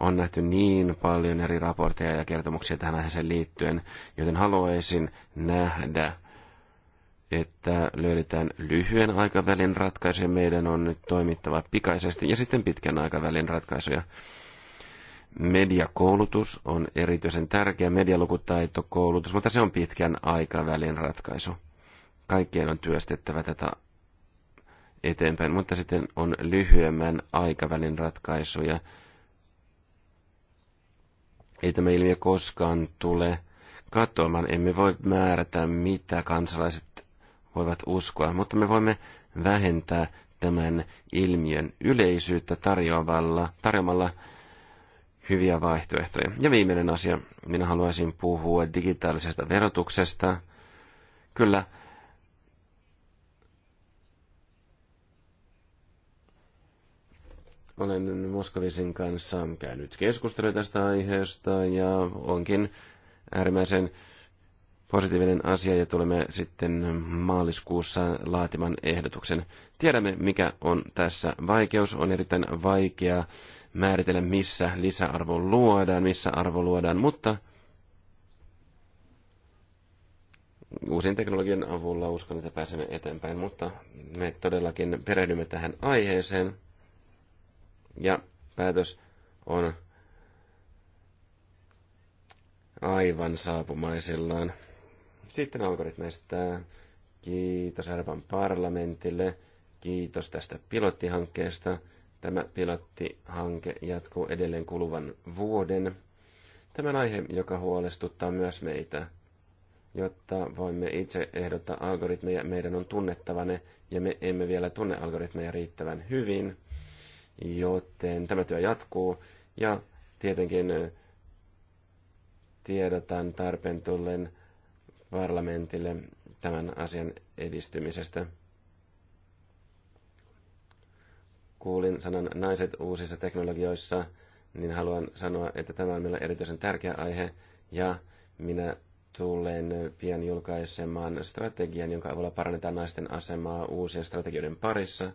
On nähty niin paljon eri raportteja ja kertomuksia tähän aiheeseen liittyen, joten haluaisin nähdä, että löydetään lyhyen aikavälin ratkaisuja. Meidän on nyt toimittava pikaisesti ja sitten pitkän aikavälin ratkaisuja. Mediakoulutus on erityisen tärkeä medialukutaitokoulutus, mutta se on pitkän aikavälin ratkaisu kaikkien on työstettävä tätä eteenpäin, mutta sitten on lyhyemmän aikavälin ratkaisuja. Ei tämä ilmiö koskaan tule katoamaan. Emme voi määrätä, mitä kansalaiset voivat uskoa, mutta me voimme vähentää tämän ilmiön yleisyyttä tarjoamalla, tarjoamalla hyviä vaihtoehtoja. Ja viimeinen asia, minä haluaisin puhua digitaalisesta verotuksesta. Kyllä, Olen Moskovisin kanssa käynyt keskustelua tästä aiheesta ja onkin äärimmäisen positiivinen asia ja tulemme sitten maaliskuussa laatimaan ehdotuksen. Tiedämme, mikä on tässä vaikeus. On erittäin vaikea määritellä, missä lisäarvo luodaan, missä arvo luodaan, mutta uusin teknologian avulla uskon, että pääsemme eteenpäin, mutta me todellakin perehdymme tähän aiheeseen. Ja päätös on aivan saapumaisillaan. Sitten algoritmeista. Kiitos Arvan parlamentille. Kiitos tästä pilottihankkeesta. Tämä pilottihanke jatkuu edelleen kuluvan vuoden. Tämä aihe, joka huolestuttaa myös meitä. Jotta voimme itse ehdottaa algoritmeja, meidän on tunnettava ne, ja me emme vielä tunne algoritmeja riittävän hyvin – joten tämä työ jatkuu ja tietenkin eh, tiedotan tarpeen tullen parlamentille tämän asian edistymisestä. Kuulin sanan naiset uusissa teknologioissa, niin haluan sanoa, että tämä on meillä erityisen tärkeä aihe ja minä tulen eh, pian julkaisemaan strategian, jonka avulla parannetaan naisten asemaa uusien strategioiden parissa,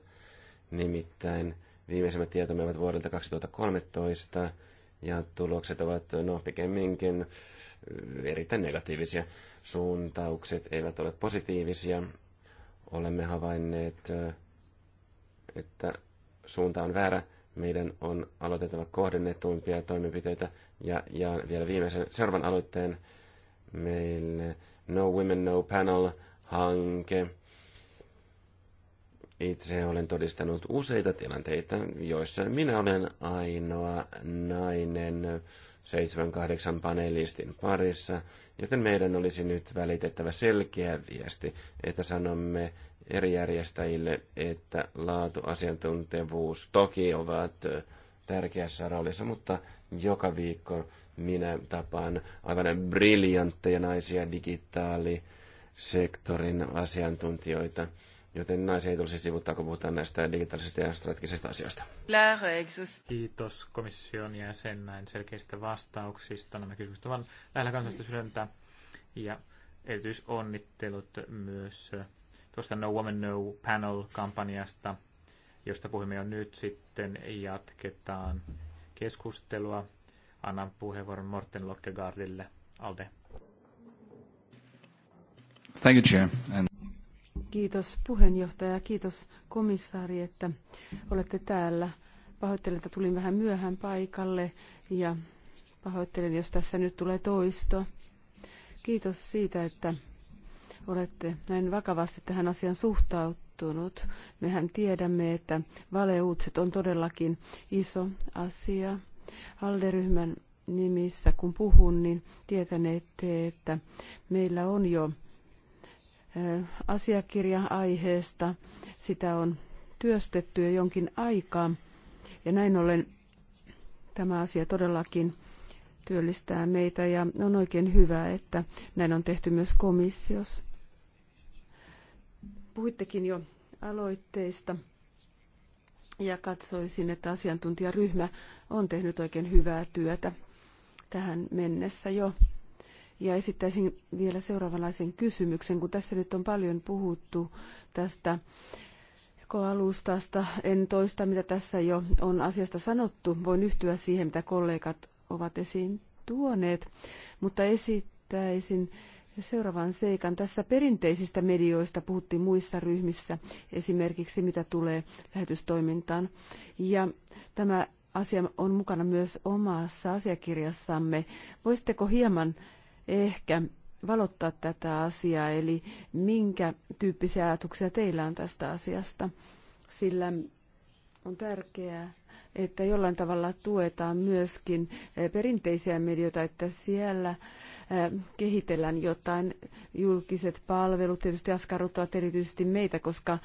nimittäin – Viimeisimmät tietomme ovat vuodelta 2013 ja tulokset ovat no, pikemminkin äh, erittäin negatiivisia. Suuntaukset eivät ole positiivisia. Olemme havainneet, äh, että suunta on väärä. Meidän on aloitettava kohdennetuimpia toimenpiteitä. Ja, ja vielä viimeisen seuraavan aloitteen meille No Women No Panel hanke itse olen todistanut useita tilanteita, joissa minä olen ainoa nainen 7-8 panelistin parissa, joten meidän olisi nyt välitettävä selkeä viesti, että sanomme eri järjestäjille, että asiantuntevuus toki ovat tärkeässä roolissa, mutta joka viikko minä tapaan aivan briljantteja naisia digitaalisektorin asiantuntijoita joten naisia ei tulisi sivuttaa, kun puhutaan näistä digitaalisista ja strategisista asioista. Kiitos komission jäsen näin selkeistä vastauksista. Nämä kysymykset ovat lähellä kansallista sydäntä ja erityisonnittelut myös äh, tuosta No Woman No Panel-kampanjasta, josta puhumme jo nyt sitten. Jatketaan keskustelua. Annan puheenvuoron Morten Lokkegaardille. Alde. Thank you, Chair. And... Kiitos puheenjohtaja, kiitos komissaari, että olette täällä. Pahoittelen, että tulin vähän myöhään paikalle ja pahoittelen, jos tässä nyt tulee toisto. Kiitos siitä, että olette näin vakavasti tähän asiaan suhtautunut. Mehän tiedämme, että valeuutset on todellakin iso asia. Alderyhmän nimissä, kun puhun, niin tietäneette, että meillä on jo asiakirja aiheesta. Sitä on työstetty jo jonkin aikaa. Ja näin ollen tämä asia todellakin työllistää meitä ja on oikein hyvä, että näin on tehty myös komissiossa. Puhuittekin jo aloitteista ja katsoisin, että asiantuntijaryhmä on tehnyt oikein hyvää työtä tähän mennessä jo. Ja esittäisin vielä seuraavanlaisen kysymyksen, kun tässä nyt on paljon puhuttu tästä koalustasta, En toista, mitä tässä jo on asiasta sanottu. Voin yhtyä siihen, mitä kollegat ovat esiin tuoneet, mutta esittäisin seuraavan seikan. Tässä perinteisistä medioista puhuttiin muissa ryhmissä, esimerkiksi mitä tulee lähetystoimintaan. Ja tämä asia on mukana myös omassa asiakirjassamme. Voisitteko hieman ehkä valottaa tätä asiaa, eli minkä tyyppisiä ajatuksia teillä on tästä asiasta, sillä on tärkeää, että jollain tavalla tuetaan myöskin eh, perinteisiä medioita, että siellä eh, kehitellään jotain. Julkiset palvelut tietysti askarruttavat erityisesti meitä, koska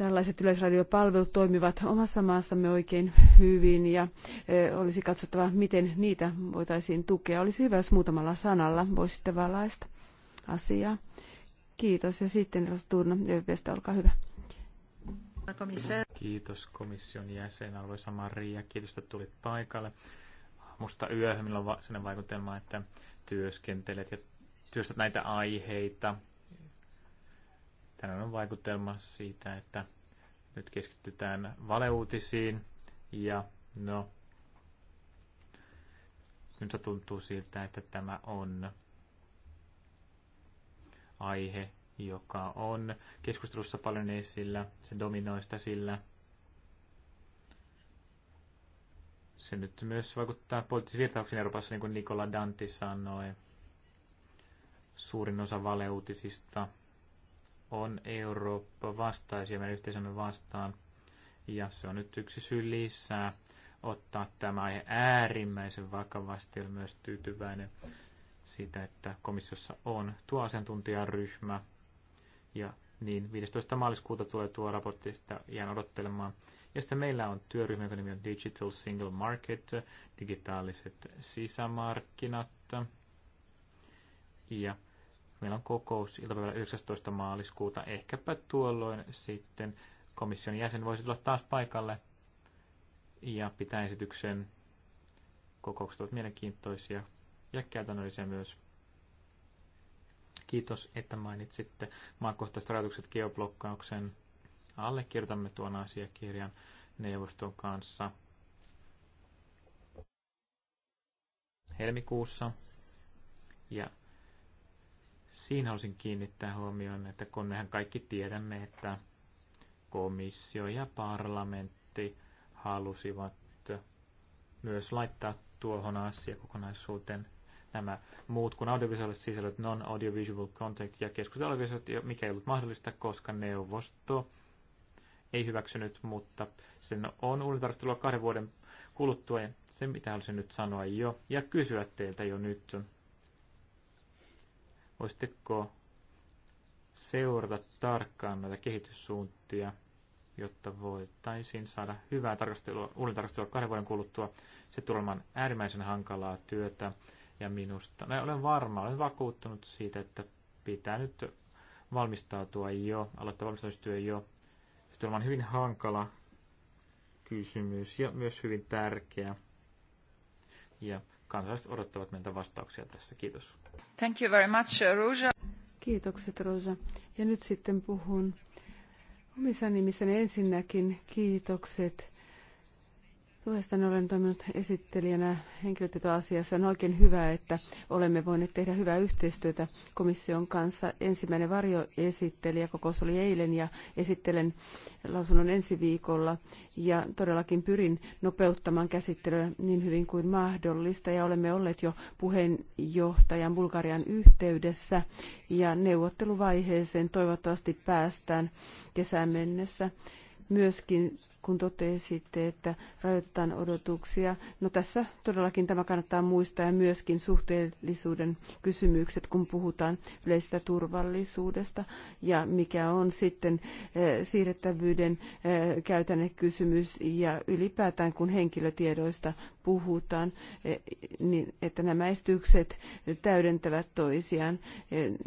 Tällaiset yleisradiopalvelut toimivat omassa maassamme oikein hyvin ja e, olisi katsottava, miten niitä voitaisiin tukea. Olisi hyvä, jos muutamalla sanalla voisitte valaista asiaa. Kiitos ja sitten Rosa Turna, YVstä, olkaa hyvä. Kiitos komission jäsen, arvoisa Maria. Kiitos, että tulit paikalle. Musta yöhön, millä on sellainen vaikutelma, että työskentelet ja työstät näitä aiheita, Tänään on vaikutelma siitä, että nyt keskitytään valeuutisiin ja no, nyt tuntuu siltä, että tämä on aihe, joka on keskustelussa paljon esillä, se dominoi sitä sillä. Se nyt myös vaikuttaa poliittisiin virtauksiin Euroopassa, niin kuin Nikola Danti sanoi. Suurin osa valeuutisista on Eurooppa vastaisia meidän yhteisömme vastaan. Ja se on nyt yksi syy lisää ottaa tämä aihe äärimmäisen vakavasti. ja myös tyytyväinen siitä, että komissiossa on tuo asiantuntijaryhmä. Ja niin 15. maaliskuuta tulee tuo raportti, sitä jään odottelemaan. Ja sitten meillä on työryhmä, jonka nimi on Digital Single Market, digitaaliset sisämarkkinat. Ja Meillä on kokous iltapäivällä 19. maaliskuuta. Ehkäpä tuolloin sitten komission jäsen voisi tulla taas paikalle ja pitää esityksen. Kokoukset ovat mielenkiintoisia ja käytännöllisiä myös. Kiitos, että mainitsitte maakohtaiset rajoitukset geoblokkauksen. Allekirjoitamme tuon asiakirjan neuvoston kanssa. Helmikuussa ja Siinä olisin kiinnittää huomioon, että kun mehän kaikki tiedämme, että komissio ja parlamentti halusivat myös laittaa tuohon asiakokonaisuuteen nämä muut kuin audiovisuaaliset sisällöt, non-audiovisual content ja keskustelavisuaaliset, mikä ei ollut mahdollista, koska neuvosto ei hyväksynyt, mutta sen on uudelleen kahden vuoden kuluttua ja se mitä haluaisin nyt sanoa jo ja kysyä teiltä jo nyt Voisitteko seurata tarkkaan näitä kehityssuuntia, jotta voitaisiin saada hyvää tarkastelua, uuden tarkastelua kahden vuoden kuluttua. Se tulee olemaan äärimmäisen hankalaa työtä ja minusta. No, olen varma, olen vakuuttunut siitä, että pitää nyt valmistautua jo, aloittaa valmistautumistyö jo. Se tulee olemaan hyvin hankala kysymys ja myös hyvin tärkeä. Ja kansalaiset odottavat meiltä vastauksia tässä. Kiitos. Thank you very much, Ruja. Kiitokset, Rosa. Ja nyt sitten puhun omissa nimissäni ensinnäkin kiitokset Tuestanne olen toiminut esittelijänä henkilötietoasiassa. On oikein hyvä, että olemme voineet tehdä hyvää yhteistyötä komission kanssa. Ensimmäinen varjoesittelijä kokous oli eilen ja esittelen lausunnon ensi viikolla. Ja todellakin pyrin nopeuttamaan käsittelyä niin hyvin kuin mahdollista. Ja olemme olleet jo puheenjohtajan Bulgarian yhteydessä ja neuvotteluvaiheeseen toivottavasti päästään kesään mennessä myöskin kun totesitte, että rajoitetaan odotuksia. No tässä todellakin tämä kannattaa muistaa ja myöskin suhteellisuuden kysymykset, kun puhutaan yleisestä turvallisuudesta ja mikä on sitten eh, siirrettävyyden eh, käytännön kysymys ja ylipäätään kun henkilötiedoista puhutaan, eh, niin että nämä estykset täydentävät toisiaan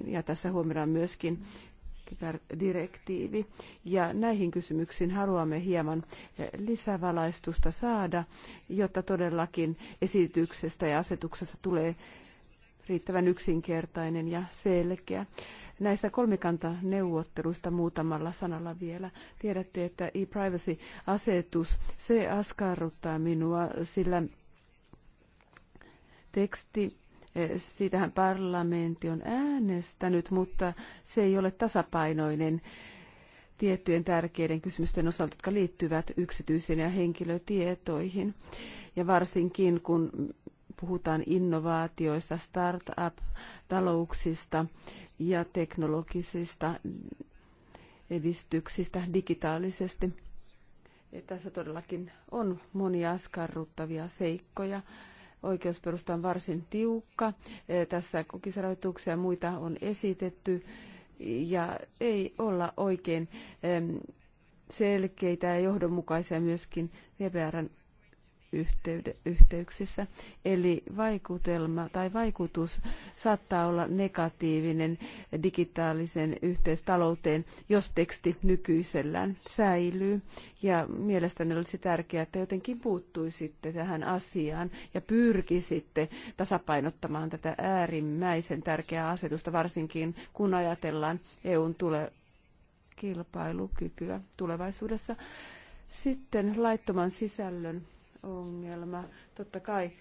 ja tässä huomioidaan myöskin direktiivi. Ja näihin kysymyksiin haluamme hieman eh, lisävalaistusta saada, jotta todellakin esityksestä ja asetuksesta tulee riittävän yksinkertainen ja selkeä. Näistä kolmikantaneuvotteluista muutamalla sanalla vielä. Tiedätte, että e-privacy-asetus, se askarruttaa minua, sillä teksti Siitähän parlamentti on äänestänyt, mutta se ei ole tasapainoinen tiettyjen tärkeiden kysymysten osalta, jotka liittyvät yksityisiin ja henkilötietoihin. Ja varsinkin kun puhutaan innovaatioista, startup-talouksista ja teknologisista edistyksistä digitaalisesti. Ja tässä todellakin on monia askarruttavia seikkoja Oikeusperusta on varsin tiukka. E, tässä kokisrajoituksia ja muita on esitetty ja ei olla oikein selkeitä ja johdonmukaisia myöskin VPRn e yhteyksissä. Eli vaikutelma tai vaikutus saattaa olla negatiivinen digitaalisen yhteistalouteen, jos teksti nykyisellään säilyy. Ja mielestäni olisi tärkeää, että jotenkin puuttuisitte tähän asiaan ja pyrkisitte tasapainottamaan tätä äärimmäisen tärkeää asetusta, varsinkin kun ajatellaan EUn tule kilpailukykyä tulevaisuudessa. Sitten laittoman sisällön ongelma. Totta kai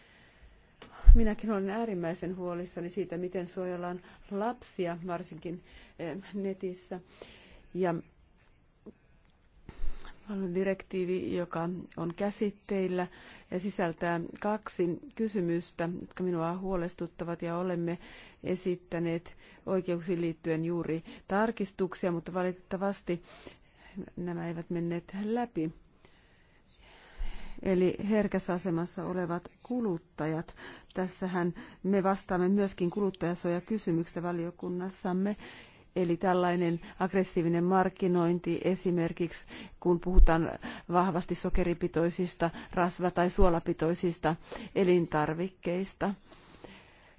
minäkin olen äärimmäisen huolissani siitä, miten suojellaan lapsia, varsinkin eh, netissä. Ja direktiivi, joka on käsitteillä ja sisältää kaksi kysymystä, jotka minua huolestuttavat ja olemme esittäneet oikeuksiin liittyen juuri tarkistuksia, mutta valitettavasti nämä eivät menneet läpi eli herkässä asemassa olevat kuluttajat. Tässähän me vastaamme myöskin kuluttajasuojakysymyksistä valiokunnassamme. Eli tällainen aggressiivinen markkinointi esimerkiksi, kun puhutaan vahvasti sokeripitoisista, rasva- tai suolapitoisista elintarvikkeista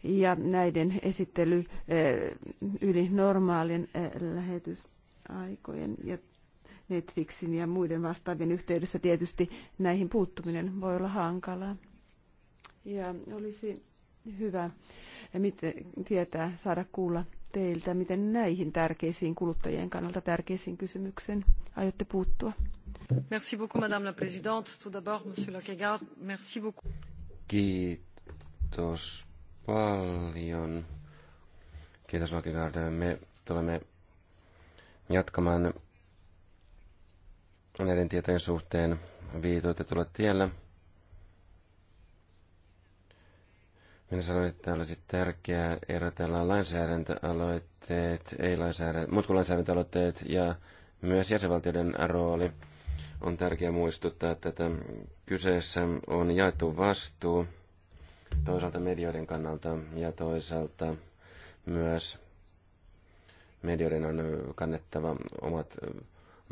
ja näiden esittely eh, yli normaalin eh, lähetysaikojen. Ja Netflixin ja muiden vastaavien yhteydessä tietysti näihin puuttuminen voi olla hankalaa. Ja olisi hyvä eh, miten tietää, saada kuulla teiltä, miten näihin tärkeisiin kuluttajien kannalta tärkeisiin kysymyksiin aiotte puuttua. Merci beaucoup, Madame la Présidente. Tout d'abord, Monsieur Lockegaard, merci beaucoup. Kiitos paljon. Kiitos Lockegaard. Me tulemme jatkamaan näiden tietojen suhteen viitoitetulla tiellä. Minä sanoin, että olisi tärkeää erotella lainsäädäntöaloitteet, ei lainsäädäntö, muut kuin lainsäädäntöaloitteet ja myös jäsenvaltioiden rooli. On tärkeää muistuttaa tätä. Kyseessä on jaettu vastuu toisaalta medioiden kannalta ja toisaalta myös medioiden on kannettava omat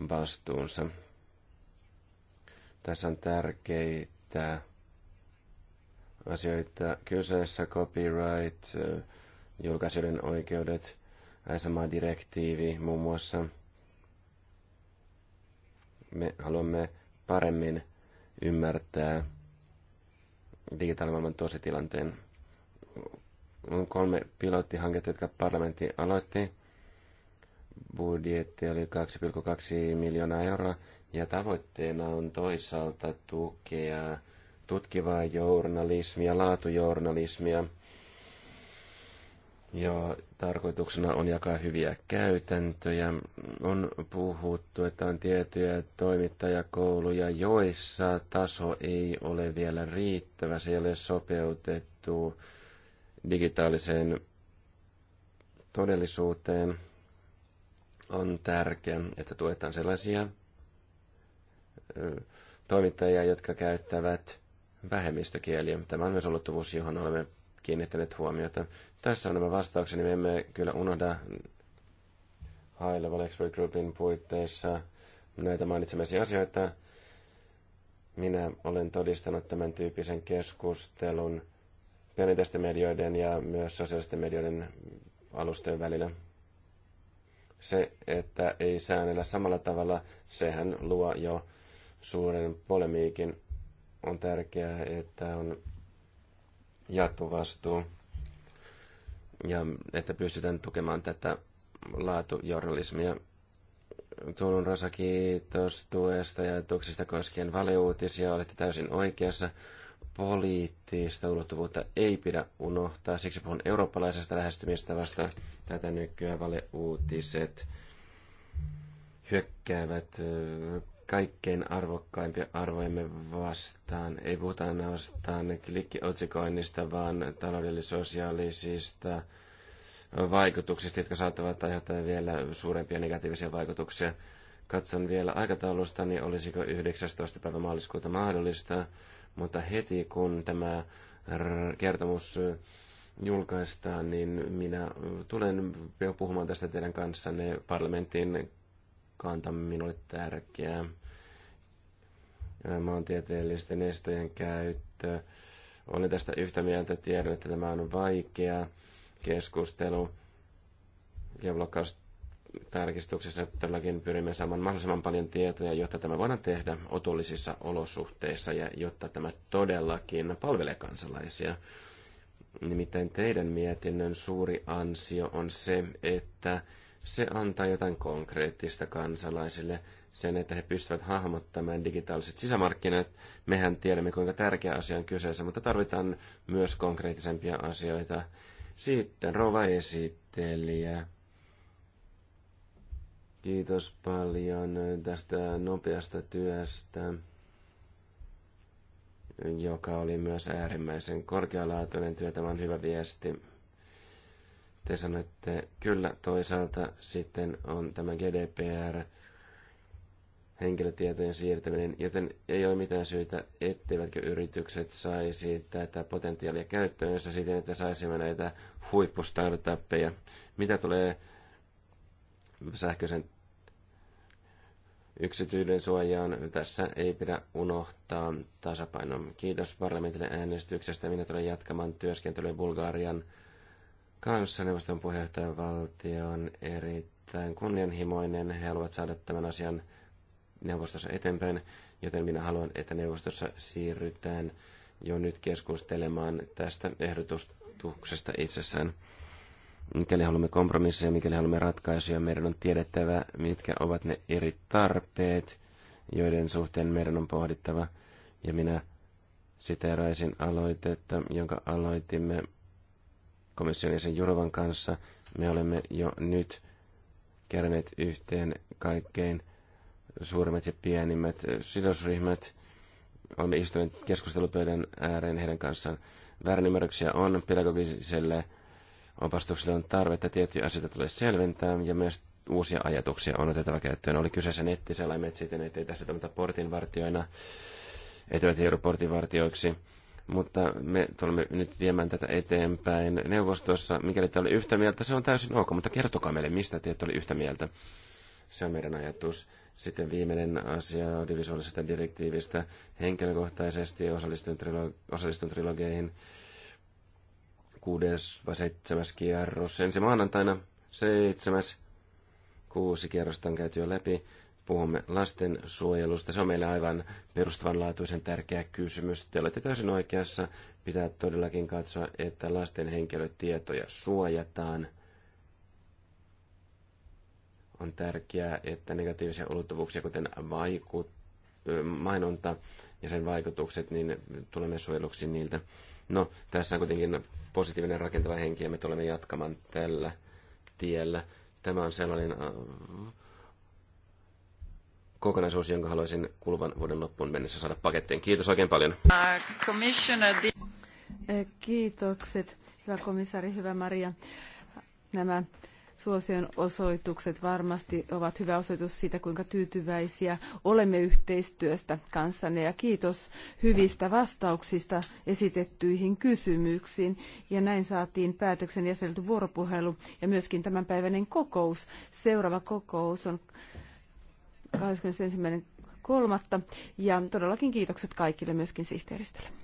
vastuunsa. Tässä on tärkeitä asioita kyseessä, copyright, julkaisijoiden oikeudet, SMA-direktiivi muun muassa. Me haluamme paremmin ymmärtää digitaalimaailman tositilanteen. On kolme pilottihanketta, jotka parlamentti aloitti. Budjetti oli 2,2 miljoonaa euroa ja tavoitteena on toisaalta tukea tutkivaa journalismia, laatujournalismia, ja tarkoituksena on jakaa hyviä käytäntöjä. On puhuttu, että on tiettyjä toimittajakouluja, joissa taso ei ole vielä riittävä, se ei ole sopeutettu digitaaliseen todellisuuteen. On tärkeää, että tuetaan sellaisia toimittajia, jotka käyttävät vähemmistökieliä. Tämä on myös ulottuvuus, johon olemme kiinnittäneet huomiota. Tässä on nämä vastaukseni. Me emme kyllä unohda High Level Expert Groupin puitteissa näitä mainitsemasi asioita. Minä olen todistanut tämän tyyppisen keskustelun perinteisten medioiden ja myös sosiaalisten medioiden alustojen välillä. Se, että ei säännellä samalla tavalla, sehän luo jo suuren polemiikin, on tärkeää, että on jaettu vastuu ja että pystytään tukemaan tätä laatujournalismia. Tuulun Rosa, kiitos tuesta ja tuksista koskien valeuutisia. Olette täysin oikeassa. Poliittista ulottuvuutta ei pidä unohtaa. Siksi puhun eurooppalaisesta lähestymistä vasta tätä nykyään valeuutiset hyökkäävät kaikkein arvokkaimpia arvojemme vastaan. Ei puhuta ainoastaan klikkiotsikoinnista, vaan taloudellis-sosiaalisista vaikutuksista, jotka saattavat aiheuttaa vielä suurempia negatiivisia vaikutuksia. Katson vielä aikataulusta, niin olisiko 19. päivä maaliskuuta mahdollista, mutta heti kun tämä kertomus julkaistaan, niin minä tulen puhumaan tästä teidän kanssanne parlamentin kanta minulle tärkeää maantieteellisten estojen käyttö. Olen tästä yhtä mieltä, tiedon, että tämä on vaikea keskustelu. Geoblokkaustarkistuksessa todellakin pyrimme saamaan mahdollisimman paljon tietoja, jotta tämä voidaan tehdä otollisissa olosuhteissa ja jotta tämä todellakin palvelee kansalaisia. Nimittäin teidän mietinnön suuri ansio on se, että se antaa jotain konkreettista kansalaisille – sen, että he pystyvät hahmottamaan digitaaliset sisämarkkinat. Mehän tiedämme, kuinka tärkeä asia on kyseessä, mutta tarvitaan myös konkreettisempia asioita. Sitten Rova esittelijä. Kiitos paljon tästä nopeasta työstä, joka oli myös äärimmäisen korkealaatuinen työ. Tämä on hyvä viesti. Te sanoitte kyllä toisaalta, sitten on tämä GDPR, henkilötietojen siirtäminen, joten ei ole mitään syytä, etteivätkö yritykset saisi tätä potentiaalia käyttöönsä siten, että saisimme näitä huippustartuppeja. Mitä tulee sähköisen yksityinen suojaan, tässä ei pidä unohtaa tasapainon. Kiitos parlamentille äänestyksestä. Minä tulen jatkamaan työskentelyä Bulgarian kanssa neuvoston puheenjohtajan valtion erittäin kunnianhimoinen. He haluavat saada tämän asian neuvostossa eteenpäin, joten minä haluan, että neuvostossa siirrytään jo nyt keskustelemaan tästä ehdotuksesta itsessään. Mikäli haluamme kompromisseja, mikäli haluamme ratkaisuja, meidän on tiedettävä, mitkä ovat ne eri tarpeet, joiden suhteen meidän on pohdittava. Ja minä siteeraisin aloitetta, jonka aloitimme komission jäsen Jurovan kanssa. Me olemme jo nyt keränneet yhteen kaikkein suurimmat ja pienimmät sidosryhmät. Olemme istuneet keskustelupöydän ääreen heidän kanssaan. Väärinymmärryksiä on, pedagogiselle opastukselle on tarvetta, tiettyjä asioita tulee selventää ja myös uusia ajatuksia on otettava käyttöön. Oli kyseessä nettiselaimet siten, ettei tässä toimita portinvartioina, etävät joudu portinvartioiksi. Mutta me tulemme nyt viemään tätä eteenpäin neuvostossa. Mikäli te olette yhtä mieltä, se on täysin ok, mutta kertokaa meille, mistä te olette yhtä mieltä. Se on meidän ajatus. Sitten viimeinen asia audiovisuaalisesta direktiivistä. Henkilökohtaisesti osallistun, trilog- osallistun trilogeihin kuudes vai seitsemäs kierros. Ensi maanantaina seitsemäs kuusi kierrosta on käyty jo läpi. Puhumme lastensuojelusta. Se on meille aivan perustavanlaatuisen tärkeä kysymys. Te olette täysin oikeassa. Pitää todellakin katsoa, että lasten henkilötietoja suojataan – on tärkeää, että negatiivisia ulottuvuuksia, kuten vaikut, mainonta ja sen vaikutukset, niin tulemme suojeluksi niiltä. No, tässä on kuitenkin positiivinen rakentava henki ja me tulemme jatkamaan tällä tiellä. Tämä on sellainen kokonaisuus, jonka haluaisin kuluvan vuoden loppuun mennessä saada pakettiin. Kiitos oikein paljon. Uh, Kiitokset, hyvä komissaari, hyvä Maria. Nämä suosion osoitukset varmasti ovat hyvä osoitus siitä, kuinka tyytyväisiä olemme yhteistyöstä kanssanne ja kiitos hyvistä vastauksista esitettyihin kysymyksiin. Ja näin saatiin päätöksen jäsenelty vuoropuhelu ja myöskin tämänpäiväinen kokous. Seuraava kokous on 21.3. ja todellakin kiitokset kaikille myöskin sihteeristölle.